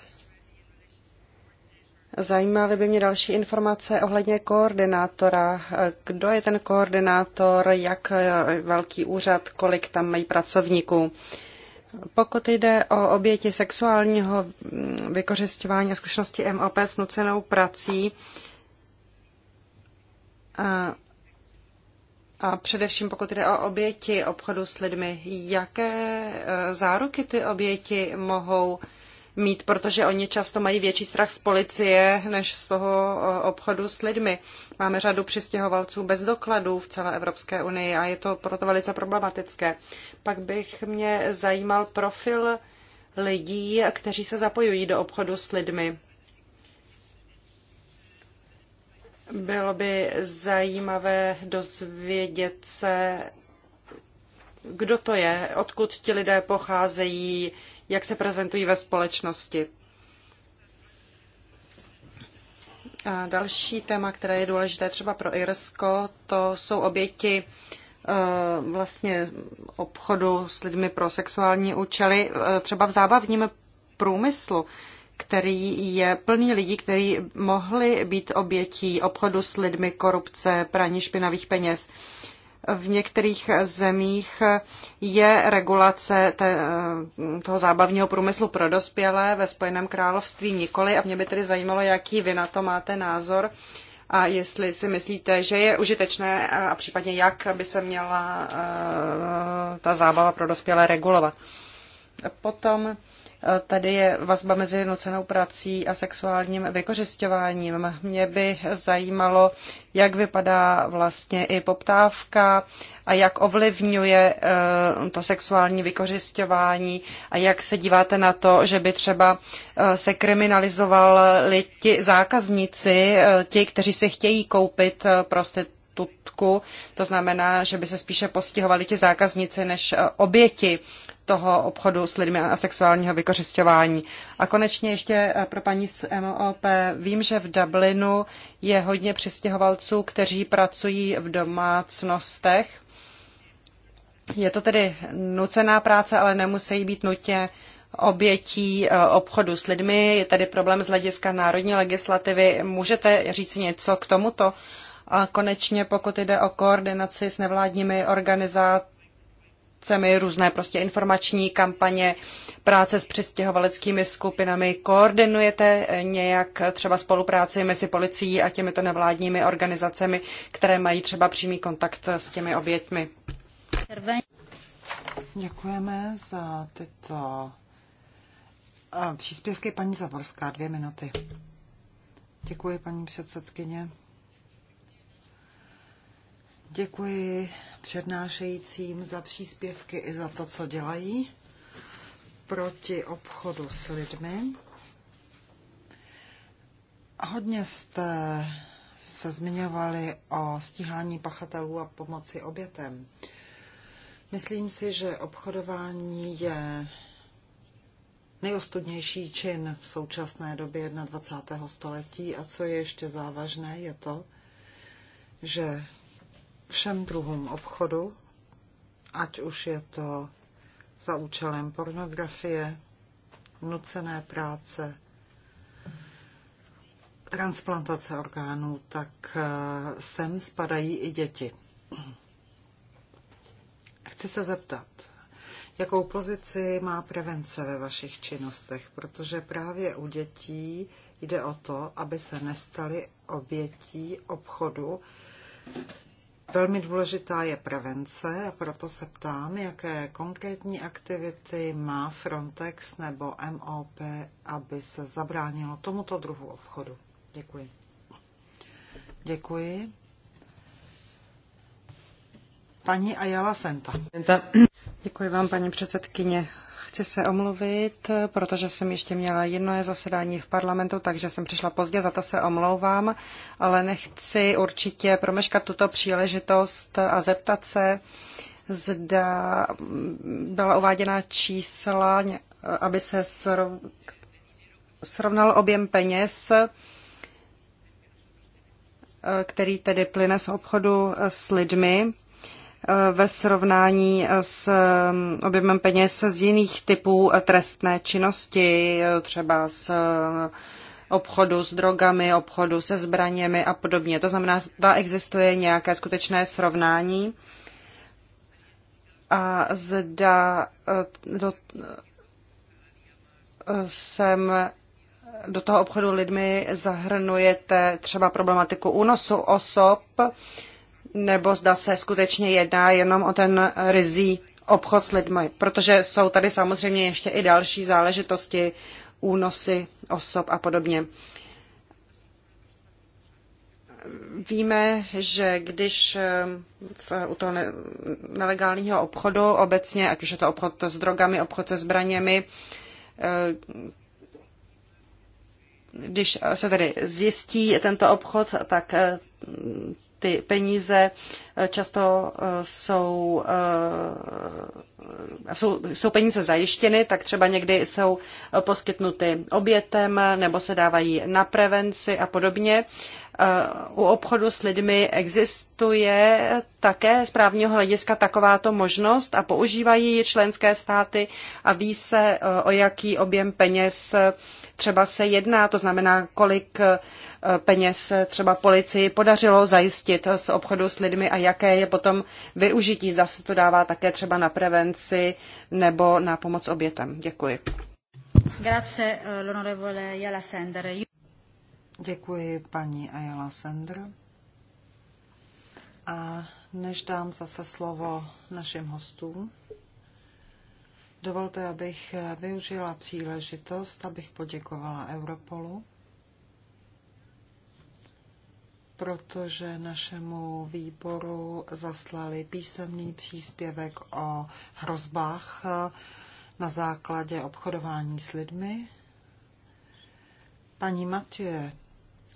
Zajímaly by mě další informace ohledně koordinátora. Kdo je ten koordinátor, jak eh, velký úřad, kolik tam mají pracovníků? Pokud jde o oběti sexuálního vykořišťování a zkušenosti MOP s nucenou prací, a, a především pokud jde o oběti obchodu s lidmi, jaké e, záruky ty oběti mohou mít, protože oni často mají větší strach z policie než z toho obchodu s lidmi. Máme řadu přistěhovalců bez dokladů v celé Evropské unii a je to proto velice problematické. Pak bych mě zajímal profil lidí, kteří se zapojují do obchodu s lidmi. Bylo by zajímavé dozvědět se, kdo to je, odkud ti lidé pocházejí, jak se prezentují ve společnosti. A další téma, které je důležité třeba pro Irsko, to jsou oběti e, vlastně obchodu s lidmi pro sexuální účely, e, třeba v zábavním průmyslu, který je plný lidí, kteří mohli být obětí obchodu s lidmi, korupce, praní špinavých peněz v některých zemích je regulace te, toho zábavního průmyslu pro dospělé, ve Spojeném království nikoli a mě by tedy zajímalo, jaký vy na to máte názor a jestli si myslíte, že je užitečné a případně jak by se měla eh, ta zábava pro dospělé regulovat. Potom Tady je vazba mezi nucenou prací a sexuálním vykořišťováním. Mě by zajímalo, jak vypadá vlastně i poptávka a jak ovlivňuje eh, to sexuální vykořišťování a jak se díváte na to, že by třeba eh, se kriminalizovali ti zákazníci, eh, ti, kteří si chtějí koupit prostě tutku, to znamená, že by se spíše postihovali ti zákazníci než oběti toho obchodu s lidmi a sexuálního vykořišťování. A konečně ještě eh, pro paní z MOP. Vím, že v Dublinu je hodně přistěhovalců, kteří pracují v domácnostech. Je to tedy nucená práce, ale nemusí být nutně obětí eh, obchodu s lidmi. Je tady problém z hlediska národní legislativy. Můžete říct něco k tomuto? A konečně, pokud jde o koordinaci s nevládními organizacemi, akcemi, různé prostě informační kampaně, práce s přistěhovaleckými skupinami. Koordinujete nějak třeba spolupráci mezi policií a těmito nevládními organizacemi, které mají třeba přímý kontakt s těmi oběťmi? Děkujeme za tyto eh, příspěvky. Paní Zavorská, dvě minuty. Děkuji, paní předsedkyně. Děkuji přednášejícím za příspěvky i za to, co dělají proti obchodu s lidmi. Hodně jste se zmiňovali o stíhání pachatelů a pomoci obětem. Myslím si, že obchodování je nejostudnější čin v současné době 21. století a co je ještě závažné, je to, že všem druhům obchodu, ať už je to za účelem pornografie, nucené práce, transplantace orgánů, tak eh, sem spadají i děti. Chci se zeptat, jakou pozici má prevence ve vašich činnostech, protože právě u dětí jde o to, aby se nestali obětí obchodu, Velmi důležitá je prevence a proto se ptám, jaké konkrétní aktivity má Frontex nebo MOP, aby se zabránilo tomuto druhu obchodu. Děkuji. Děkuji. Paní Ayala Senta. Děkuji vám, paní předsedkyně. Chci se omluvit, protože jsem ještě měla jedno zasedání v parlamentu, takže jsem přišla pozdě, za to se omlouvám, ale nechci určitě promeškat tuto příležitost a zeptat se, zda byla uváděna čísla, aby se srovnal objem peněz, který tedy plyne z obchodu s lidmi Eh, ve srovnání eh, s mm, objemem peněz z jiných typů eh, trestné činnosti, třeba z obchodu s drogami, obchodu se zbraněmi a podobně. To znamená, zda existuje nějaké skutečné srovnání a zda do, sem do toho obchodu lidmi zahrnujete třeba problematiku únosu osob, nebo zda se skutečně jedná jenom o ten rizí obchod s lidmi, protože jsou tady samozřejmě ještě i další záležitosti, únosy osob a podobně. Víme, že když eh, v, u toho nelegálního obchodu obecně, ať už je to obchod s drogami, obchod se zbraněmi, eh, když se tedy zjistí tento obchod, tak eh, ty peníze eh, často eh, jsou, eh, jsou, jsou peníze zajištěny, tak třeba někdy jsou poskytnuty obětem nebo se dávají na prevenci a podobně. U obchodu s lidmi existuje také z právního hlediska takováto možnost a používají ji členské státy a ví se, o jaký objem peněz třeba se jedná, to znamená, kolik peněz třeba policii podařilo zajistit z obchodu s lidmi a jaké je potom využití. Zda se to dává také třeba na prevenci nebo na pomoc obětem. Děkuji. Děkuji, paní Ayala Sender. A než dám zase slovo našim hostům, dovolte, abych využila příležitost, abych poděkovala Europolu protože našemu výboru zaslali písemný příspěvek o hrozbách na základě obchodování s lidmi. Paní Matěje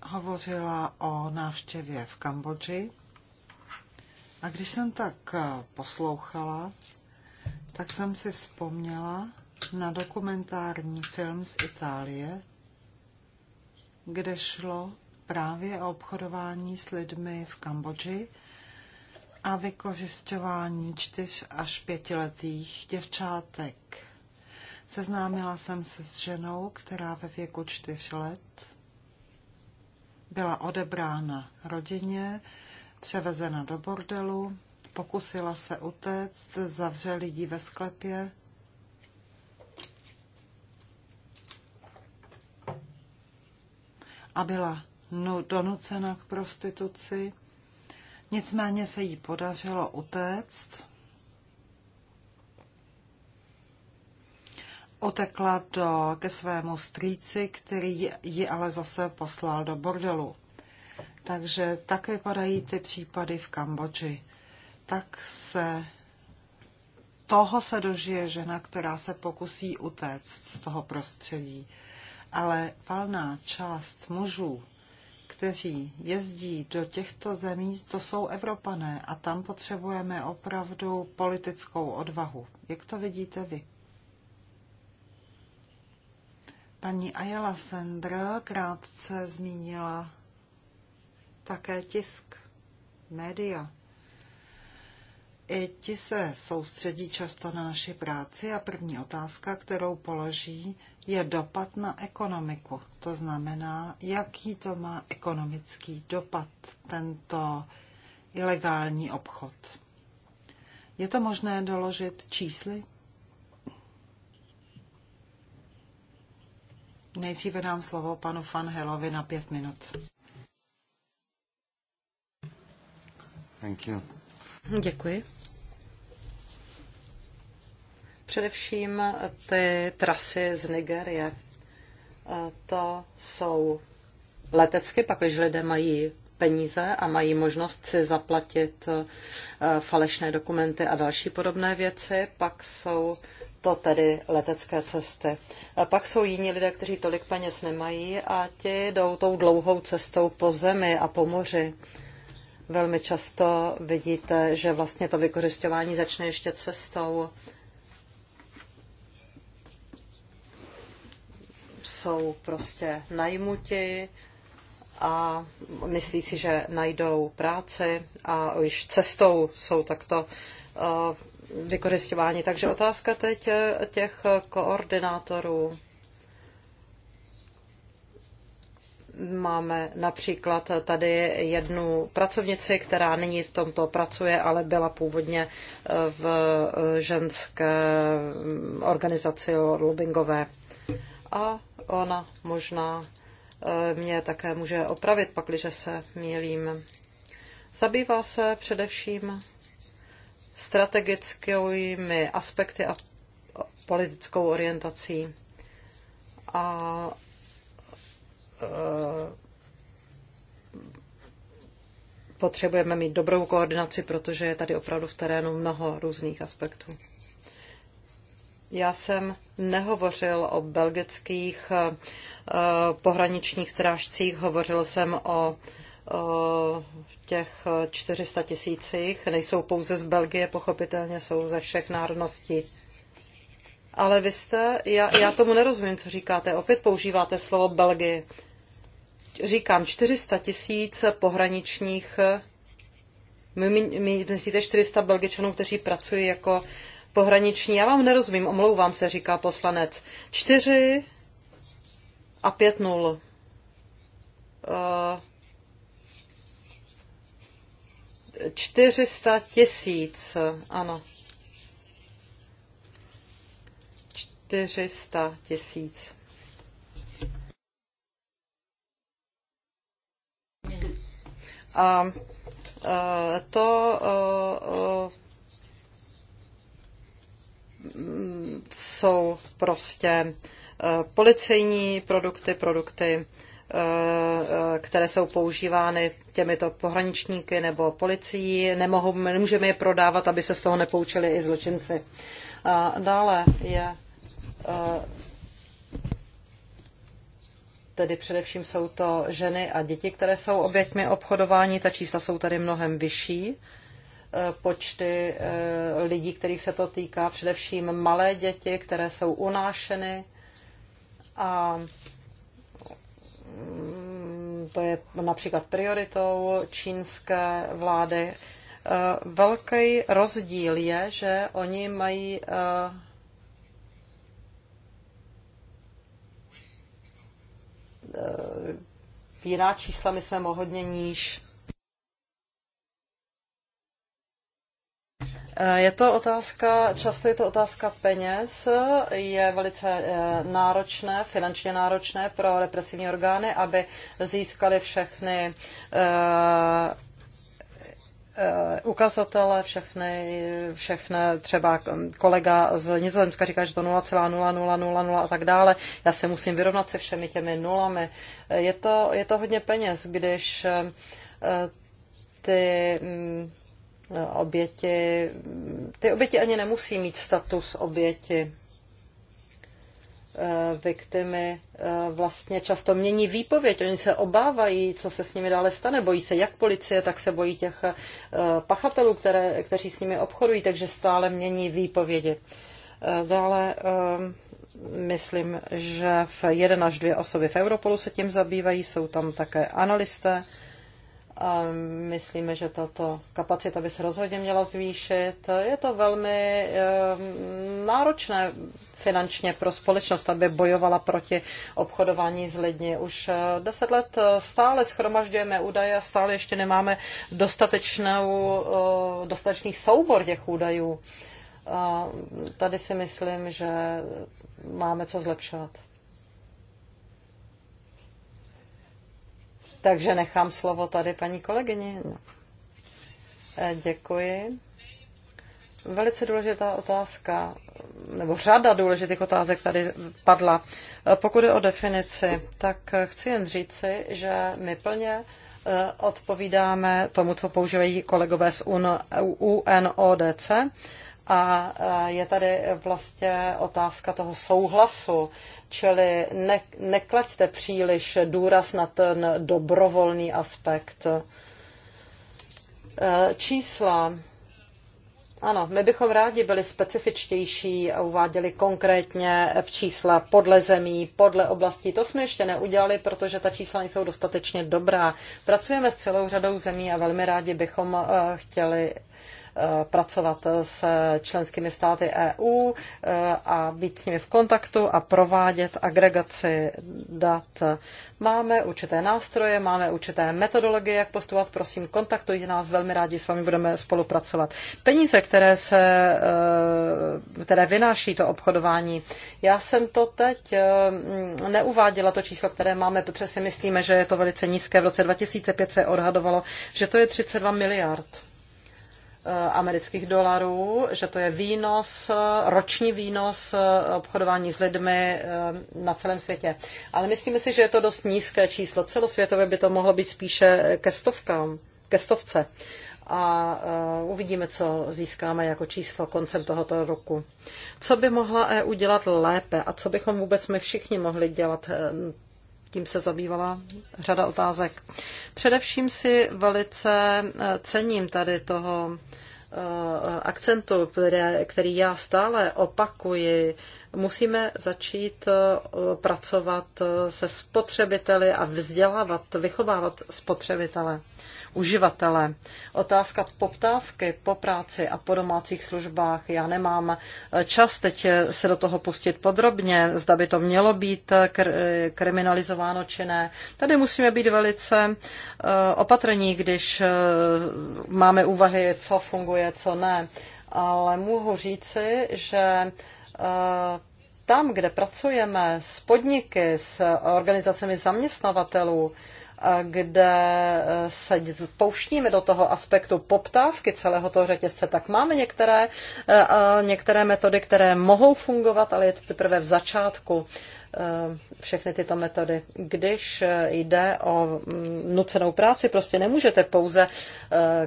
hovořila o návštěvě v Kambodži a když jsem tak poslouchala, tak jsem si vzpomněla na dokumentární film z Itálie, kde šlo právě o obchodování s lidmi v Kambodži a vykořišťování čtyř až pětiletých děvčátek. Seznámila jsem se s ženou, která ve věku čtyř let byla odebrána rodině, převezena do bordelu, pokusila se utéct, zavřeli ji ve sklepě. A byla no, donucena k prostituci. Nicméně se jí podařilo utéct. Otekla do, ke svému strýci, který ji ale zase poslal do bordelu. Takže tak vypadají ty případy v Kambodži. Tak se toho se dožije žena, která se pokusí utéct z toho prostředí. Ale valná část mužů kteří jezdí do těchto zemí, to jsou Evropané a tam potřebujeme opravdu politickou odvahu. Jak to vidíte vy? Paní Ayala Sendr krátce zmínila také tisk, média. I ti se soustředí často na naši práci a první otázka, kterou položí, je dopad na ekonomiku. To znamená, jaký to má ekonomický dopad, tento ilegální obchod. Je to možné doložit čísly? Nejdříve dám slovo panu Helovi na pět minut. Thank you. Děkuji. Především ty trasy z Nigerie. To jsou letecky, pak když lidé mají peníze a mají možnost si zaplatit eh, falešné dokumenty a další podobné věci, pak jsou to tedy letecké cesty. A pak jsou jiní lidé, kteří tolik peněz nemají a ti jdou tou dlouhou cestou po zemi a po moři. Velmi často vidíte, že vlastně to vykořišťování začne ještě cestou. jsou prostě najmuti a myslí si, že najdou práci a již cestou jsou takto eh, vykořišťováni. Takže otázka teď eh, těch koordinátorů. Máme například tady jednu pracovnici, která nyní v tomto pracuje, ale byla původně eh, v ženské mm, organizaci lobbyingové a ona možná eh, mě také může opravit, pakliže se mílím. Zabývá se především strategickými aspekty a politickou orientací. A eh, potřebujeme mít dobrou koordinaci, protože je tady opravdu v terénu mnoho různých aspektů. Já jsem nehovořil o belgických eh, pohraničních strážcích, hovořil jsem o, těch 400 tisících. Nejsou pouze z Belgie, pochopitelně jsou ze všech národností. Ale vy jste, já, já tomu nerozumím, co říkáte. Opět používáte slovo Belgie. Říkám 400 tisíc pohraničních. My, my, myslíte 400 Belgičanů, kteří pracují jako pohraniční. Já vám nerozumím, omlouvám se, říká poslanec. Čtyři a pět nul. Eh, čtyřista tisíc, ano. 400 tisíc. A eh, to eh, jsou prostě eh, policejní produkty, produkty, eh, eh, které jsou používány těmito pohraničníky nebo policií. Nemohou, nemůžeme je prodávat, aby se z toho nepoučili i zločinci. A dále je tedy především jsou to ženy a děti, které jsou oběťmi obchodování. Ta čísla jsou tady mnohem vyšší. Eh, počty eh, lidí, kterých se to týká, především malé děti, které jsou unášeny. A mm, to je například prioritou čínské vlády. Eh, velký rozdíl je, že oni mají jiná čísla, my jsme o hodně níž. Eh, je to otázka, často je to otázka peněz, je velice eh, náročné, finančně náročné pro represivní orgány, aby získali všechny eh, ukazatele, všechny, všechny, třeba kolega z Nizozemska říká, že to 0,0000 a tak dále. Já se musím vyrovnat se všemi těmi nulami. Je to, je to hodně peněz, když ty mm, oběti, ty oběti ani nemusí mít status oběti. Eh, viktimy eh, vlastně často mění výpověď, oni se obávají, co se s nimi dále stane, bojí se jak policie, tak se bojí těch eh, pachatelů, které, kteří s nimi obchodují, takže stále mění výpovědi. Dále myslím, že v jeden až dvě osoby v Europolu se tím zabývají, jsou tam také analisté, Myslíme, že tato kapacita by se rozhodně měla zvýšit. Je to velmi eh, náročné finančně pro společnost, aby bojovala proti obchodování s lidmi. Už eh, deset let eh, stále schromažďujeme údaje a stále ještě nemáme dostatečnou, dostatečný soubor těch údajů. Tady si myslím, že máme co zlepšovat. Takže nechám slovo tady paní kolegyni. No. Eh, děkuji. Velice důležitá otázka, nebo řada důležitých otázek tady padla. Eh, pokud je o definici, tak chci jen říci, že my plně eh, odpovídáme tomu, co používají kolegové z UNODC. A je tady vlastně otázka toho souhlasu Čili ne, neklaďte příliš důraz na ten dobrovolný aspekt. E, čísla. Ano, my bychom rádi byli specifičtější a uváděli konkrétně čísla podle zemí, podle oblastí. To jsme ještě neudělali, protože ta čísla nejsou dostatečně dobrá. Pracujeme s celou řadou zemí a velmi rádi bychom e, chtěli Eh, pracovat s členskými státy EU eh, a být s nimi v kontaktu a provádět agregaci dat. Máme určité nástroje, máme určité metodologie, jak postupovat. Prosím, kontaktujte nás, velmi rádi s vámi budeme spolupracovat. Peníze, které, se, eh, které vynáší to obchodování, já jsem to teď neuváděla, to číslo, které máme, protože si myslíme, že je to velice nízké. V roce 2005 se odhadovalo, že to je 32 miliard. Eh, amerických dolarů, že to je výnos, eh, roční výnos eh, obchodování s lidmi na celém světě. Ale myslíme si, že je to dost nízké číslo. Celosvětově by to mohlo být spíše ke stovkám, ke stovce. A uvidíme, co získáme jako číslo koncem tohoto roku. Co by mohla EU dělat lépe a co bychom vůbec my všichni mohli dělat tím se zabývala řada otázek. Především si velice eh, cením tady toho eh, akcentu, který já stále opakuji. Musíme začít eh, pracovat se spotřebiteli a vzdělávat, vychovávat spotřebitele uživatele. Otázka poptávky po práci a po domácích službách. Já nemám eh, čas teď eh, se do toho pustit podrobně, zda by to mělo být eh, kr- kriminalizováno či ne. Tady musíme být velice opatrní, když máme úvahy, co funguje, co ne. Ale mohu říci, že tam, kde pracujeme s podniky, s organizacemi zaměstnavatelů, kde e, se pouštíme do toho aspektu poptávky celého toho řetězce, tak máme některé, e, některé metody, které mohou fungovat, ale je to teprve v začátku e, všechny tyto metody. Když jde o nucenou práci, prostě nemůžete pouze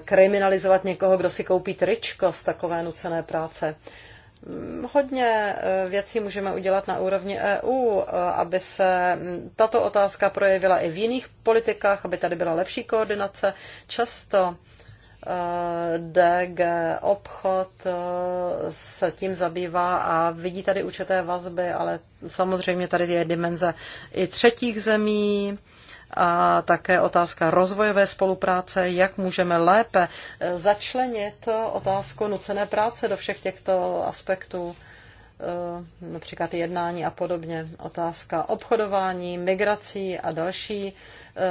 kriminalizovat někoho, kdo si koupí tričko z takové nucené práce. Mm, hodně eh, věcí můžeme udělat na úrovni EU, eh, aby se mm, tato otázka projevila i v jiných politikách, aby tady byla lepší koordinace. Často eh, DG obchod se tím zabývá a vidí tady určité vazby, ale samozřejmě tady je dimenze i třetích zemí, a také otázka rozvojové spolupráce, jak můžeme lépe začlenit otázku nucené práce do všech těchto aspektů eh, například jednání a podobně. Otázka obchodování, migrací a další eh,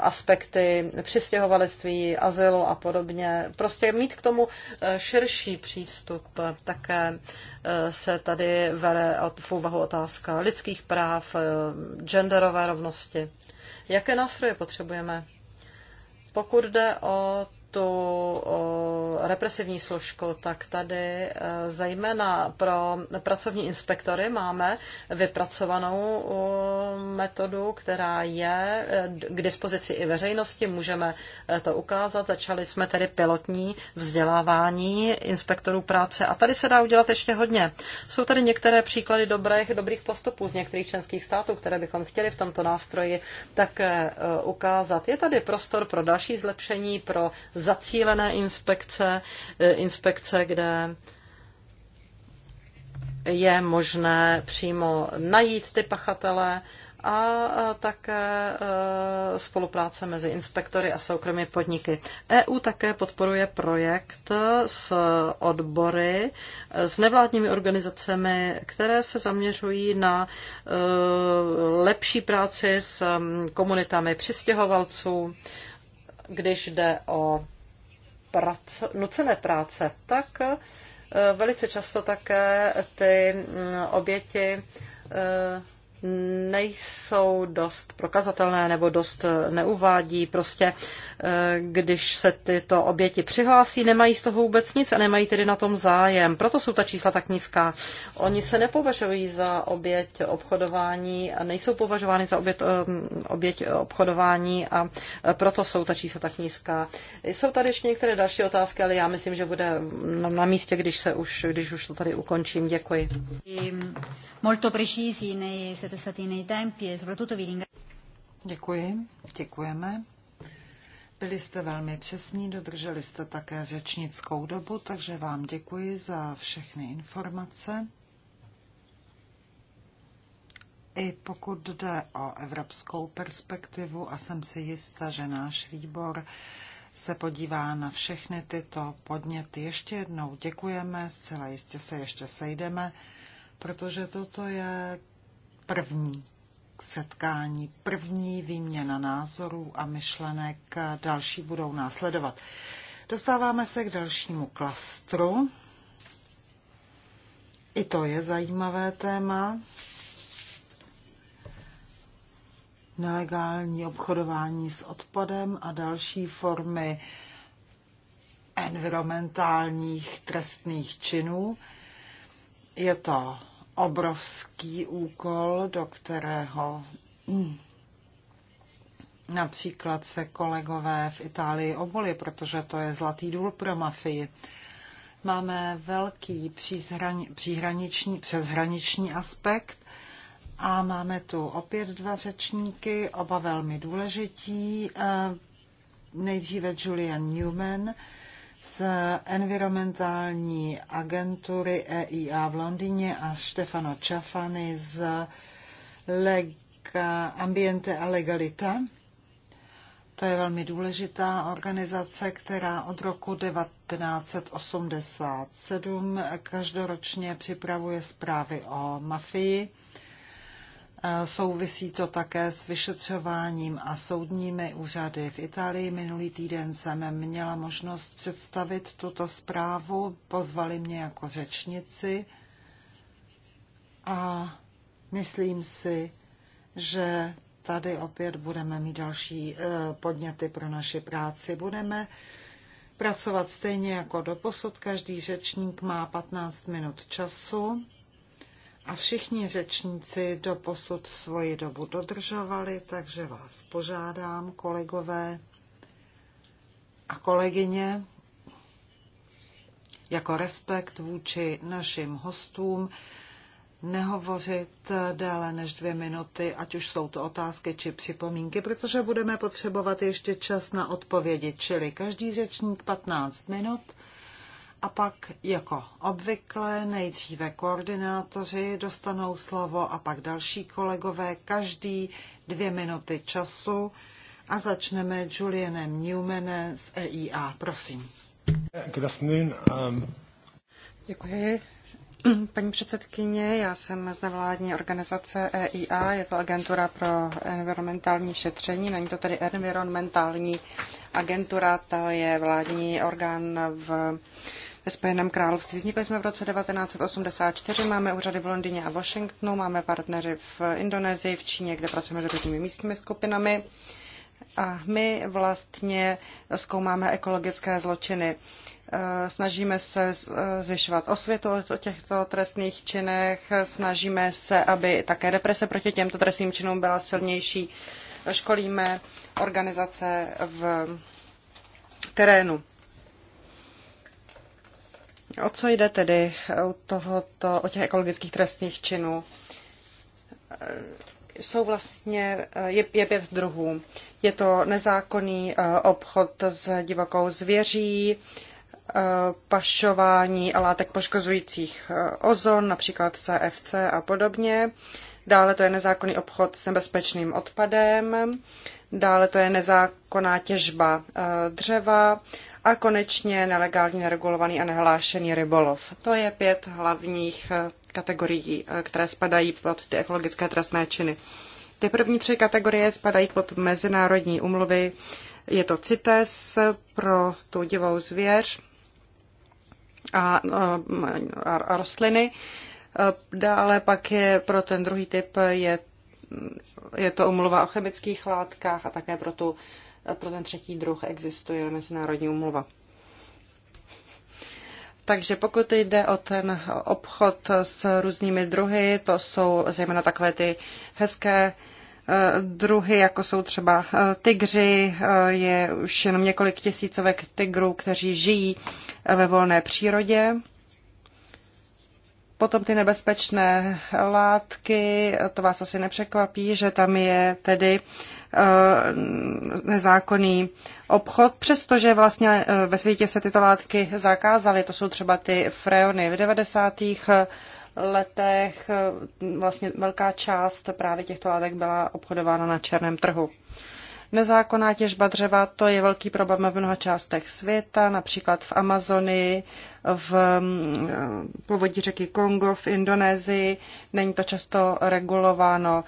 aspekty přistěhovalectví, azylu a podobně. Prostě mít k tomu eh, širší přístup. Také se tady vere v úvahu otázka lidských práv, genderové rovnosti. Jaké nástroje potřebujeme? Pokud jde o tu represivní složku, tak tady e, zejména pro pracovní inspektory máme vypracovanou metodu, která je e, k dispozici i veřejnosti. Můžeme e, to ukázat. Začali jsme tedy pilotní vzdělávání inspektorů práce a tady se dá udělat ještě hodně. Jsou tady některé příklady dobrých, dobrých postupů z některých členských států, které bychom chtěli v tomto nástroji také ukázat. Je tady prostor pro další zlepšení, pro zacílené inspekce, eh, inspekce, kde je možné přímo najít ty pachatele a také eh, spolupráce mezi inspektory a soukromými podniky. EU také podporuje projekt eh, s odbory, s nevládními organizacemi, které se zaměřují na lepší práci s mm, komunitami přistěhovalců když jde o prac, nucené práce, tak eh, velice často také ty mm, oběti eh, nejsou dost prokazatelné nebo dost eh, neuvádí. Prostě eh, když se tyto oběti přihlásí, nemají z toho vůbec nic a nemají tedy na tom zájem. Proto jsou ta čísla tak nízká. Oni se nepovažují za oběť obchodování a nejsou považovány za oběť, eh, oběť obchodování a proto jsou ta čísla tak nízká. Jsou tady ještě některé další otázky, ale já myslím, že bude na místě, když, se už, když už to tady ukončím. Děkuji. Molto precisi nei siete stati nei tempi e soprattutto vi ringrazio. Děkuji, děkujeme. Byli jste velmi přesní, dodrželi jste také řečnickou dobu, takže vám děkuji za všechny informace. I pokud jde o evropskou perspektivu, a jsem si jista, že náš výbor se podívá na všechny tyto podněty. Ještě jednou děkujeme, zcela jistě se ještě sejdeme, protože toto je první setkání, první výměna názorů a myšlenek, další budou následovat. Dostáváme se k dalšímu klastru. I to je zajímavé téma. Nelegální obchodování s odpadem a další formy environmentálních trestných činů. Je to obrovský úkol, do kterého hm, například se kolegové v Itálii oboli, protože to je zlatý důl pro mafii. Máme velký příhraniční, přeshraniční aspekt a máme tu opět dva řečníky, oba velmi důležití. Eh, nejdříve Julian Newman, z environmentální agentury EIA v Londýně a Stefano Čafany z Lega Ambiente a Legalita. To je velmi důležitá organizace, která od roku 1987 každoročně připravuje zprávy o mafii Eh, souvisí to také s vyšetřováním a soudními úřady. V Itálii minulý týden jsem měla možnost představit tuto zprávu. Pozvali mě jako řečnici a myslím si, že tady opět budeme mít další eh, podněty pro naši práci. Budeme pracovat stejně jako doposud. Každý řečník má 15 minut času a všichni řečníci do posud svoji dobu dodržovali, takže vás požádám, kolegové a kolegyně, jako respekt vůči našim hostům, nehovořit déle než dvě minuty, ať už jsou to otázky či připomínky, protože budeme potřebovat ještě čas na odpovědi, čili každý řečník 15 minut a pak, jako obvykle, nejdříve koordinátoři dostanou slovo a pak další kolegové, každý dvě minuty času. A začneme Julianem Newmanem z EIA. Prosím. Um, Děkuji. Paní předsedkyně, já jsem z nevládní organizace EIA, je to agentura pro environmentální šetření, není to tedy environmentální agentura, to je vládní orgán v ve Spojeném království. Vznikli jsme v roce 1984, máme úřady v Londýně a Washingtonu, máme partneři v Indonésii, v Číně, kde pracujeme s různými místními skupinami. A my vlastně zkoumáme ekologické zločiny. Eh, snažíme se eh, zvyšovat osvětu o těchto trestných činech, snažíme se, aby také represe proti těmto trestným činům byla silnější. Školíme organizace v terénu. O co jde tedy u, tohoto, o těch ekologických trestných činů? E, jsou vlastně, e, je, je pět druhů. Je to nezákonný e, obchod s divokou zvěří, pašování a látek poškozujících ozon, například CFC a podobně. Dále to je nezákonný obchod s nebezpečným odpadem, dále to je nezákonná těžba dřeva, a konečně nelegální, neregulovaný a nehlášený rybolov. To je pět hlavních eh, kategorií, eh, které spadají pod ty ekologické trestné činy. Ty první tři kategorie spadají pod mezinárodní umluvy. Je to CITES pro tu divou zvěř a, eh, a, a rostliny. Dále pak je pro ten druhý typ je, je to umluva o chemických látkách a také pro tu pro ten třetí druh existuje mezinárodní umluva. Takže pokud jde o ten obchod s různými druhy, to jsou zejména takové ty hezké eh, druhy, jako jsou třeba eh, tygři, eh, je už jenom několik tisícovek tygrů, kteří žijí ve volné přírodě. Potom ty nebezpečné látky, to vás asi nepřekvapí, že tam je tedy Eh, nezákonný obchod, přestože vlastně eh, ve světě se tyto látky zakázaly. To jsou třeba ty freony v 90. Eh, letech. Vlastně velká část právě těchto látek byla obchodována na černém trhu. Nezákonná těžba dřeva to je velký problém v mnoha částech světa, například v Amazonii, v povodí řeky Kongo, v Indonésii. Není to často regulováno.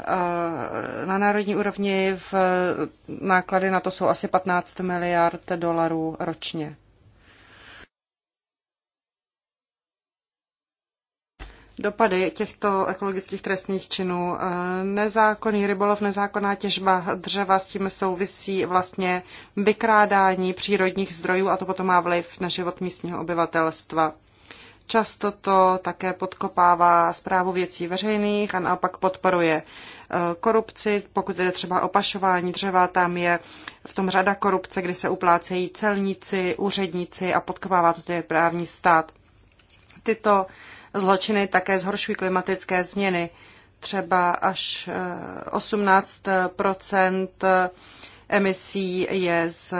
Eh, na národní úrovni v náklady na to jsou asi 15 miliard dolarů ročně. Dopady těchto ekologických trestných činů. Eh, nezákonný rybolov, nezákonná těžba dřeva, s tím souvisí vlastně vykrádání přírodních zdrojů a to potom má vliv na život místního obyvatelstva. Často to také podkopává zprávu věcí veřejných a naopak podporuje eh, korupci. Pokud jde třeba o pašování dřeva, tam je v tom řada korupce, kdy se uplácejí celníci, úředníci a podkopává to tedy právní stát. Tyto zločiny také zhoršují klimatické změny. Třeba až 18 eh, eh, emisí je z,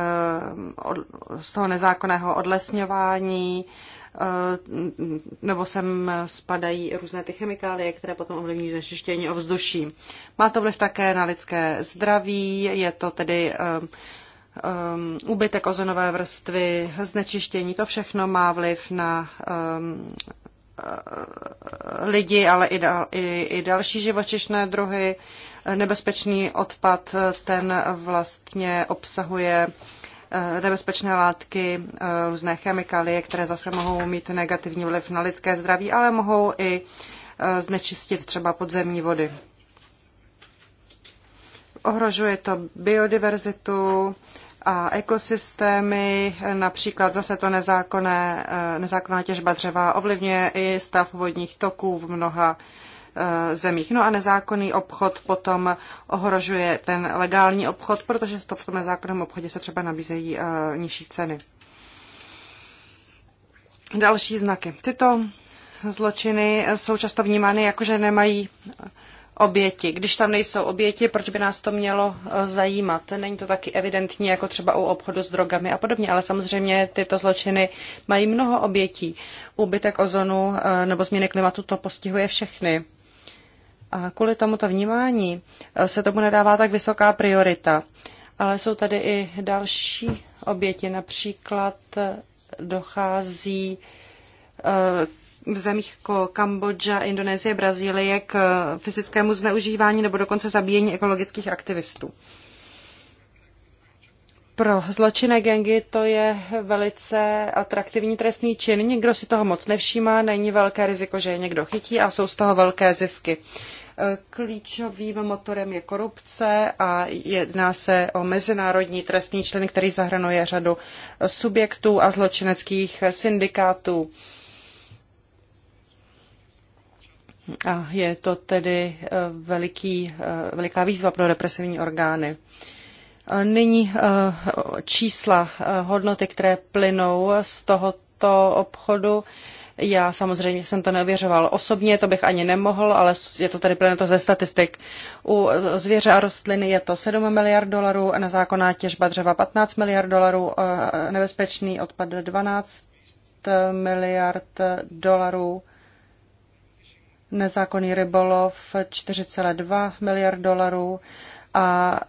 z toho nezákonného odlesňování Eh, nebo sem spadají různé ty chemikálie, které potom ovlivní znečištění ovzduší. Má to vliv také na lidské zdraví, je to tedy um, úbytek ozonové vrstvy, znečištění, to všechno má vliv na um, lidi, ale i, dal, i, i další živočišné druhy. Nebezpečný odpad, ten vlastně obsahuje Eh, nebezpečné látky, eh, různé chemikálie, které zase mohou mít negativní vliv na lidské zdraví, ale mohou i eh, znečistit třeba podzemní vody. Ohrožuje to biodiverzitu a ekosystémy, například zase to nezákonné, nezákonná těžba dřeva ovlivňuje i stav vodních toků v mnoha Eh, zemích. No a nezákonný obchod potom ohrožuje ten legální obchod, protože v tom nezákonném obchodě se třeba nabízejí eh, nižší ceny. Další znaky. Tyto zločiny eh, jsou často vnímány jako, že nemají oběti. Když tam nejsou oběti, proč by nás to mělo zajímat? Není to taky evidentní jako třeba u obchodu s drogami a podobně, ale samozřejmě tyto zločiny mají mnoho obětí. Úbytek ozonu nebo změny klimatu to postihuje všechny. A kvůli tomuto vnímání eh, se tomu nedává tak vysoká priorita. Ale jsou tady i další oběti. Například eh, dochází eh, v zemích jako Kambodža, Indonésie, Brazílie k fyzickému zneužívání nebo dokonce zabíjení ekologických aktivistů. Pro zločinné gengy to je velice atraktivní trestný čin. Nikdo si toho moc nevšímá, není velké riziko, že je někdo chytí a jsou z toho velké zisky. Klíčovým motorem je korupce a jedná se o mezinárodní trestný člen, který zahrnuje řadu subjektů a zločineckých syndikátů. A je to tedy eh, veliký, eh, veliká výzva pro represivní orgány. Nyní eh, čísla, hodnoty, které plynou z tohoto obchodu já samozřejmě jsem to neověřoval osobně, to bych ani nemohl, ale je to tady plně to ze statistik. U zvěře a rostliny je to 7 miliard dolarů, nezákonná těžba dřeva 15 miliard dolarů, nebezpečný odpad 12 miliard dolarů, nezákonný rybolov 4,2 miliard dolarů a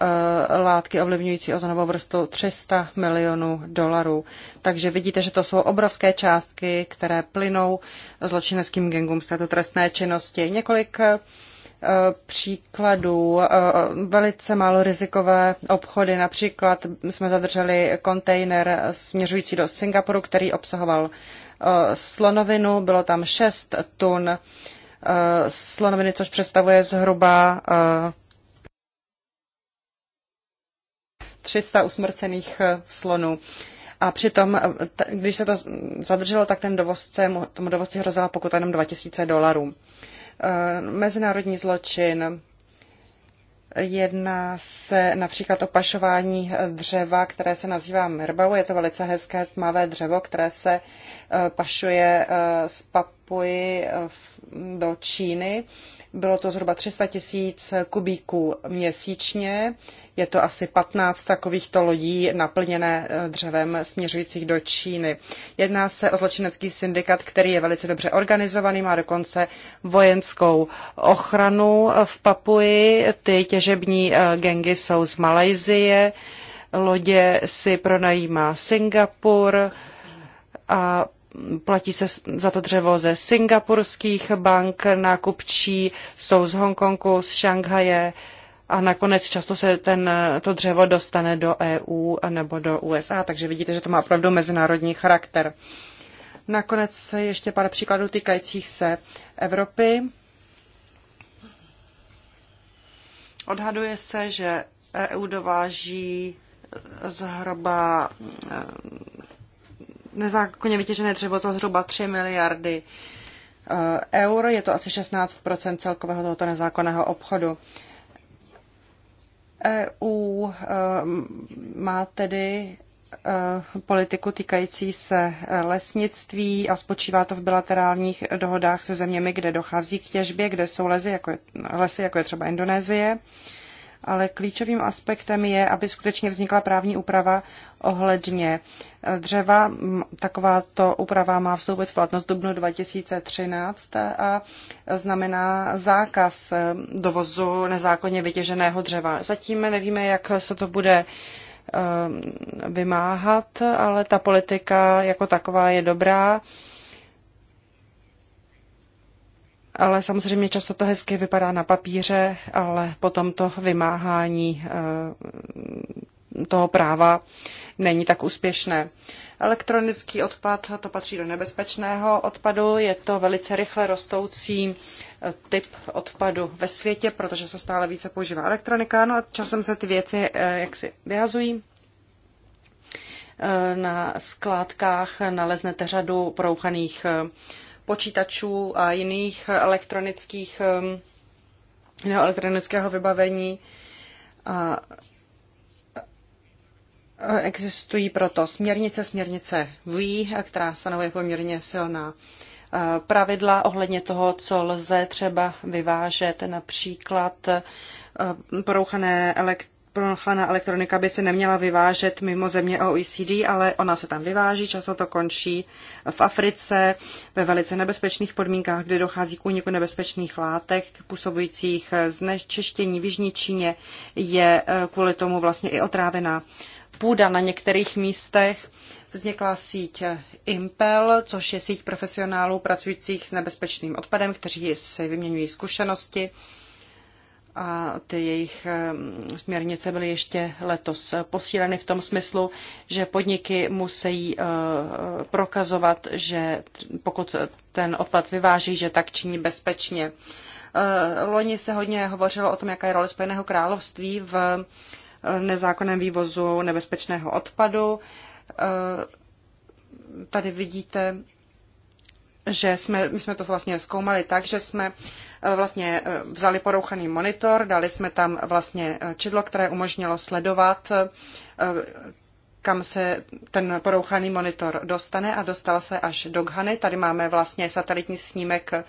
e, látky ovlivňující ozonovou vrstvu 300 milionů dolarů. Takže vidíte, že to jsou obrovské částky, které plynou zločineckým gengům z této trestné činnosti. Několik e, příkladů. E, velice málo rizikové obchody. Například jsme zadrželi kontejner směřující do Singapuru, který obsahoval slonovinu. Bylo tam 6 tun slonoviny, což představuje zhruba 300 usmrcených eh, slonů. A přitom, eh, když se to zadrželo, tak ten dovozce, tomu dovozci hrozila pokuta jenom 2000 dolarů. Eh, mezinárodní zločin, Jedná se například o pašování dřeva, které se nazývá merbau. Je to velice hezké tmavé dřevo, které se Eh, pašuje eh, z Papuji eh, do Číny. Bylo to zhruba 300 tisíc kubíků měsíčně. Je to asi 15 takovýchto lodí naplněné dřevem směřujících do Číny. Jedná se o zločinecký syndikat, který je velice dobře organizovaný, má dokonce vojenskou ochranu v Papuji. Ty těžební gengy jsou z Malajzie lodě si pronajímá Singapur a platí se za to dřevo ze singapurských bank, nákupčí jsou z Hongkongu, z Šanghaje a nakonec často se ten, to dřevo dostane do EU nebo do USA, takže vidíte, že to má opravdu mezinárodní charakter. Nakonec ještě pár příkladů týkajících se Evropy. Odhaduje se, že EU dováží zhruba nezákonně vytěžené dřevo za zhruba 3 miliardy eh, eur, je to asi 16 celkového tohoto nezákonného obchodu. EU eh, má tedy eh, politiku týkající se lesnictví a spočívá to v bilaterálních dohodách se zeměmi, kde dochází k těžbě, kde jsou lesy, jako je, lesy, jako je třeba Indonésie. Uh, ale klíčovým aspektem je, aby skutečně vznikla právní úprava ohledně eh, dřeva. Takováto úprava má vstoupit v platnost dubnu 2013 a znamená zákaz eh, dovozu nezákonně vytěženého dřeva. Zatím nevíme, jak se to bude eh, vymáhat, ale ta politika jako taková je dobrá ale samozřejmě často to hezky vypadá na papíře, ale potom to vymáhání eh, toho práva není tak úspěšné. Elektronický odpad, to patří do nebezpečného odpadu, je to velice rychle rostoucí eh, typ odpadu ve světě, protože se stále více používá elektronika, no a časem se ty věci eh, jaksi vyhazují. Na skládkách naleznete řadu porouchaných počítačů a jiných elektronických, um, jiného elektronického vybavení. A existují proto směrnice, směrnice VI, která stanovuje poměrně silná pravidla ohledně toho, co lze třeba vyvážet, například porouchané elektronické prochaná elektronika by se neměla vyvážet mimo země OECD, ale ona se tam vyváží, často to končí v Africe, ve velice nebezpečných podmínkách, kde dochází k úniku nebezpečných látek, působujících znečištění v Jižní Číně, je eh, kvůli tomu vlastně i otrávená půda na některých místech. Vznikla síť eh, Impel, což je síť profesionálů pracujících s nebezpečným odpadem, kteří si vyměňují zkušenosti a ty jejich ehm, směrnice byly ještě letos posíleny v tom smyslu, že podniky musí eh, prokazovat, že pokud ten odpad vyváží, že tak činí bezpečně. Eh, loni se hodně hovořilo o tom, jaká je role Spojeného království v eh, nezákonném vývozu nebezpečného odpadu. Tady vidíte že jsme, my jsme to vlastně zkoumali tak, že jsme e, vlastně e, vzali porouchaný monitor, dali jsme tam vlastně e, čidlo, které umožnilo sledovat kam se ten porouchaný monitor dostane a dostal se až do Ghany. Tady máme vlastně satelitní snímek eh,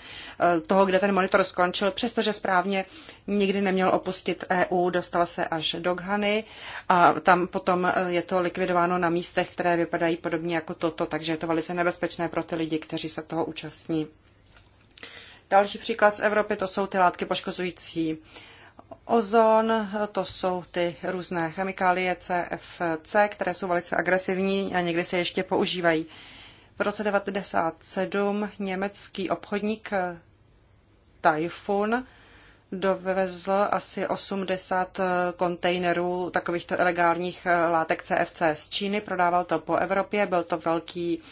toho, kde ten monitor skončil, přestože správně nikdy neměl opustit EU, dostal se až do Ghany a tam potom eh, je to likvidováno na místech, které vypadají podobně jako toto, takže je to velice nebezpečné pro ty lidi, kteří se toho účastní. Další příklad z Evropy to jsou ty látky poškozující Ozon, to jsou ty různé chemikálie CFC, které jsou velice agresivní a někdy se ještě používají. V roce 1997 německý obchodník eh, Typhoon dovezl asi 80 eh, kontejnerů takovýchto ilegálních eh, látek CFC z Číny, prodával to po Evropě, byl to velký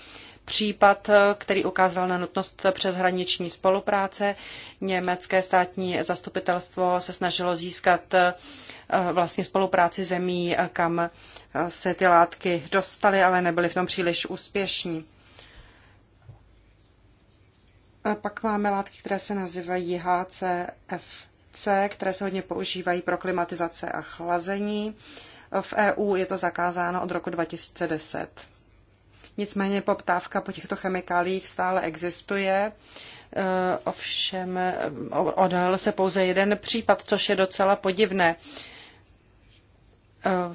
případ, eh, který ukázal na nutnost přeshraniční spolupráce. Německé státní zastupitelstvo se snažilo získat eh, vlastně spolupráci zemí, eh, kam se ty látky dostaly, ale nebyly v tom příliš úspěšní. A pak máme látky, které se nazývají HCFC, které se hodně používají pro klimatizace a chlazení. V EU je to zakázáno od roku 2010. Nicméně poptávka po těchto chemikáliích stále existuje. E, ovšem e, odhalil se pouze jeden případ, což je docela podivné.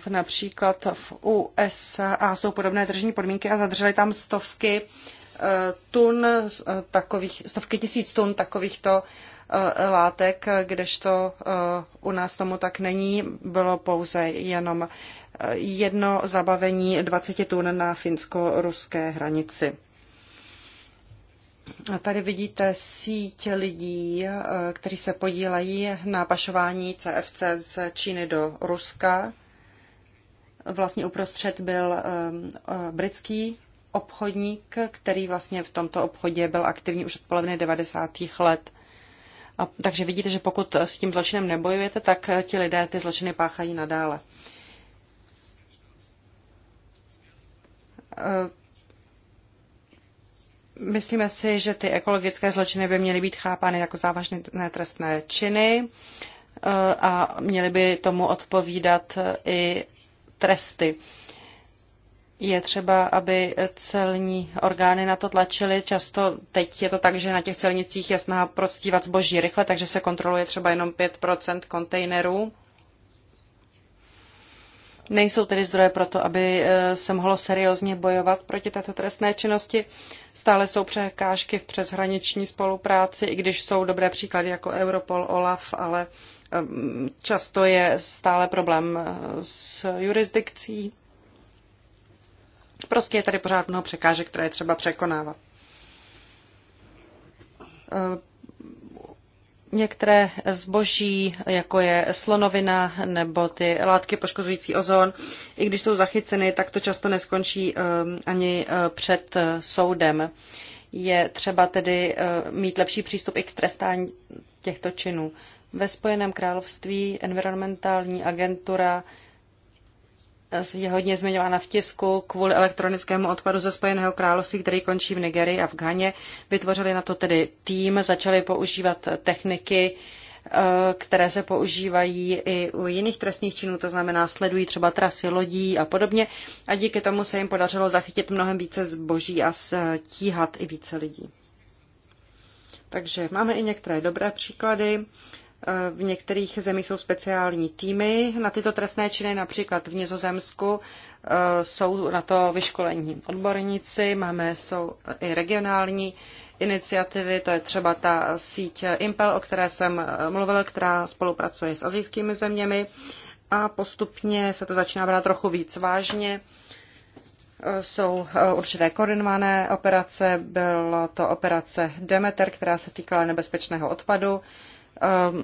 E, například v USA jsou podobné tržní podmínky a zadrželi tam stovky tun takových, stovky tisíc tun takovýchto látek, kdežto u nás tomu tak není, bylo pouze jenom jedno zabavení 20 tun na finsko-ruské hranici. Tady vidíte síť lidí, eh, kteří se podílejí na pašování CFC z Číny do Ruska. Vlastně uprostřed byl eh, eh, britský obchodník, který vlastně v tomto obchodě byl aktivní už od poloviny 90. let. A, takže vidíte, že pokud s tím zločinem nebojujete, tak ti lidé ty zločiny páchají nadále. Eh, myslíme si, že ty ekologické zločiny by měly být chápány jako závažné trestné činy eh, a měly by tomu odpovídat eh, i tresty. Je třeba, aby celní orgány na to tlačily. Často teď je to tak, že na těch celnicích je snaha prostívat zboží rychle, takže se kontroluje třeba jenom 5% kontejnerů nejsou tedy zdroje pro to, aby eh, se mohlo seriózně bojovat proti této trestné činnosti. Stále jsou překážky v přeshraniční spolupráci, i když jsou dobré příklady jako Europol, OLAF, ale eh, často je stále problém eh, s jurisdikcí. Prostě je tady pořád mnoho překážek, které je třeba překonávat některé zboží, jako je slonovina nebo ty látky poškozující ozon, i když jsou zachyceny, tak to často neskončí ehm, ani eh, před eh, soudem. Je třeba tedy eh, mít lepší přístup i k trestání těchto činů. Ve Spojeném království environmentální agentura je hodně zmiňována v tisku kvůli elektronickému odpadu ze Spojeného království, který končí v Nigerii a v Ghaně. Vytvořili na to tedy tým, začali používat techniky, eh, které se používají i u jiných trestních činů, to znamená sledují třeba trasy lodí a podobně. A díky tomu se jim podařilo zachytit mnohem více zboží a stíhat i více lidí. Takže máme i některé dobré příklady. Eh, v některých zemích jsou speciální týmy na tyto trestné činy, například v Nizozemsku eh, jsou na to vyškolení odborníci, máme jsou i regionální iniciativy, to je třeba ta síť Impel, o které jsem eh, mluvila, která spolupracuje s azijskými zeměmi a postupně se to začíná brát trochu víc vážně. Jsou určité koordinované operace, byla to operace Demeter, která se týkala nebezpečného odpadu. Ehm,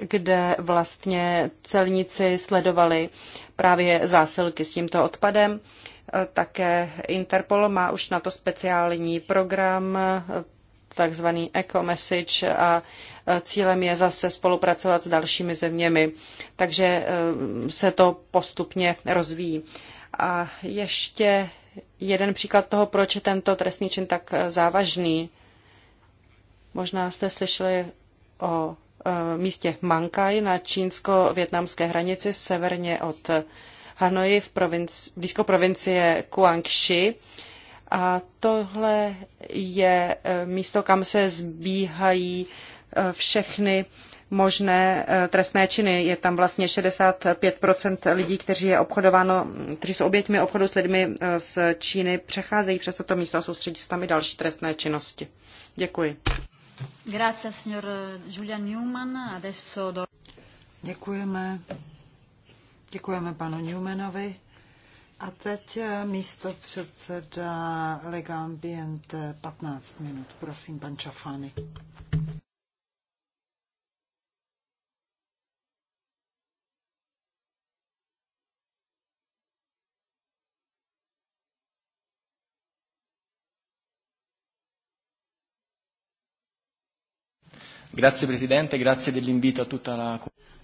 kde vlastně celníci sledovali právě zásilky s tímto odpadem. Eh, také Interpol má už na to speciální program, eh, takzvaný eco-message a eh, cílem je zase spolupracovat s dalšími zeměmi. Takže se to postupně rozvíjí. A ještě jeden příklad toho, proč je tento trestný čin tak závažný. Možná jste slyšeli o e, místě Mankaj na čínsko-větnamské hranici severně od Hanoi v provinci, blízko provincie Kuangxi. A tohle je e, místo, kam se zbíhají e, všechny možné trestné činy. Je tam vlastně 65 lidí, kteří, je obchodováno, kteří jsou oběťmi obchodu s lidmi z Číny, přecházejí přes toto místo a soustředí se tam i další trestné činnosti. Děkuji. Grazie, signor Julian Newman. Adesso do... Děkujeme. Děkujeme panu Newmanovi. A teď eh, místo předseda Lega 15 minut. Prosím, pan Čafány. Grazie Presidente, grazie dell'invito a tutta la...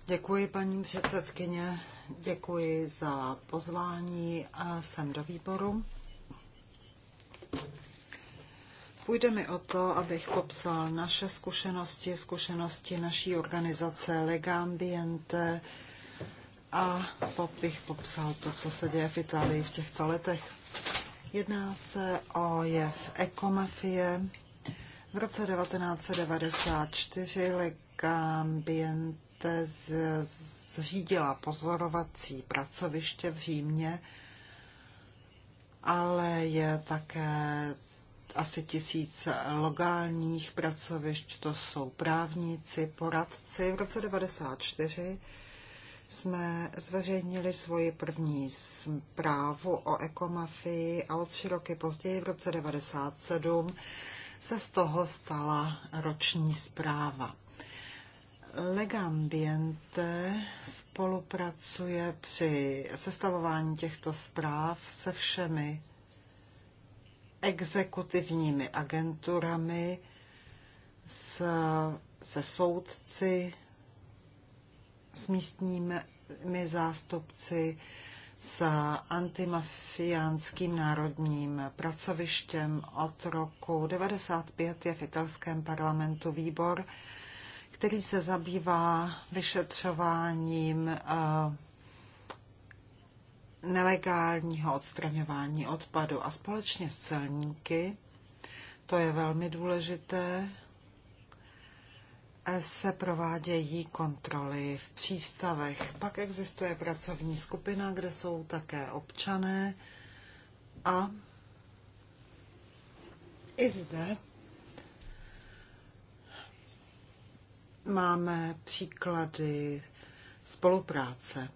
Děkuji paní předsedkyně, děkuji za pozvání a do výboru. Půjde mi o to, abych popsal naše zkušenosti, zkušenosti naší organizace Legambiente a bych popsal to, co se děje v Itálii v těchto letech. Jedná se o jev ekomafie, v roce 1994 Le Ambiente zřídila pozorovací pracoviště v Římě, ale je také asi tisíc logálních pracovišť, to jsou právníci, poradci. V roce 1994 jsme zveřejnili svoji první zprávu o ekomafii a o tři roky později, v roce 1997, se z toho stala roční zpráva. Legambiente spolupracuje při sestavování těchto zpráv se všemi exekutivními agenturami, se, se soudci, s místními zástupci, s antimafiánským národním pracovištěm od roku 1995 je v italském parlamentu výbor, který se zabývá vyšetřováním eh, nelegálního odstraňování odpadu a společně s celníky, to je velmi důležité, se provádějí kontroly v přístavech. Pak existuje pracovní skupina, kde jsou také občané a i zde máme příklady spolupráce.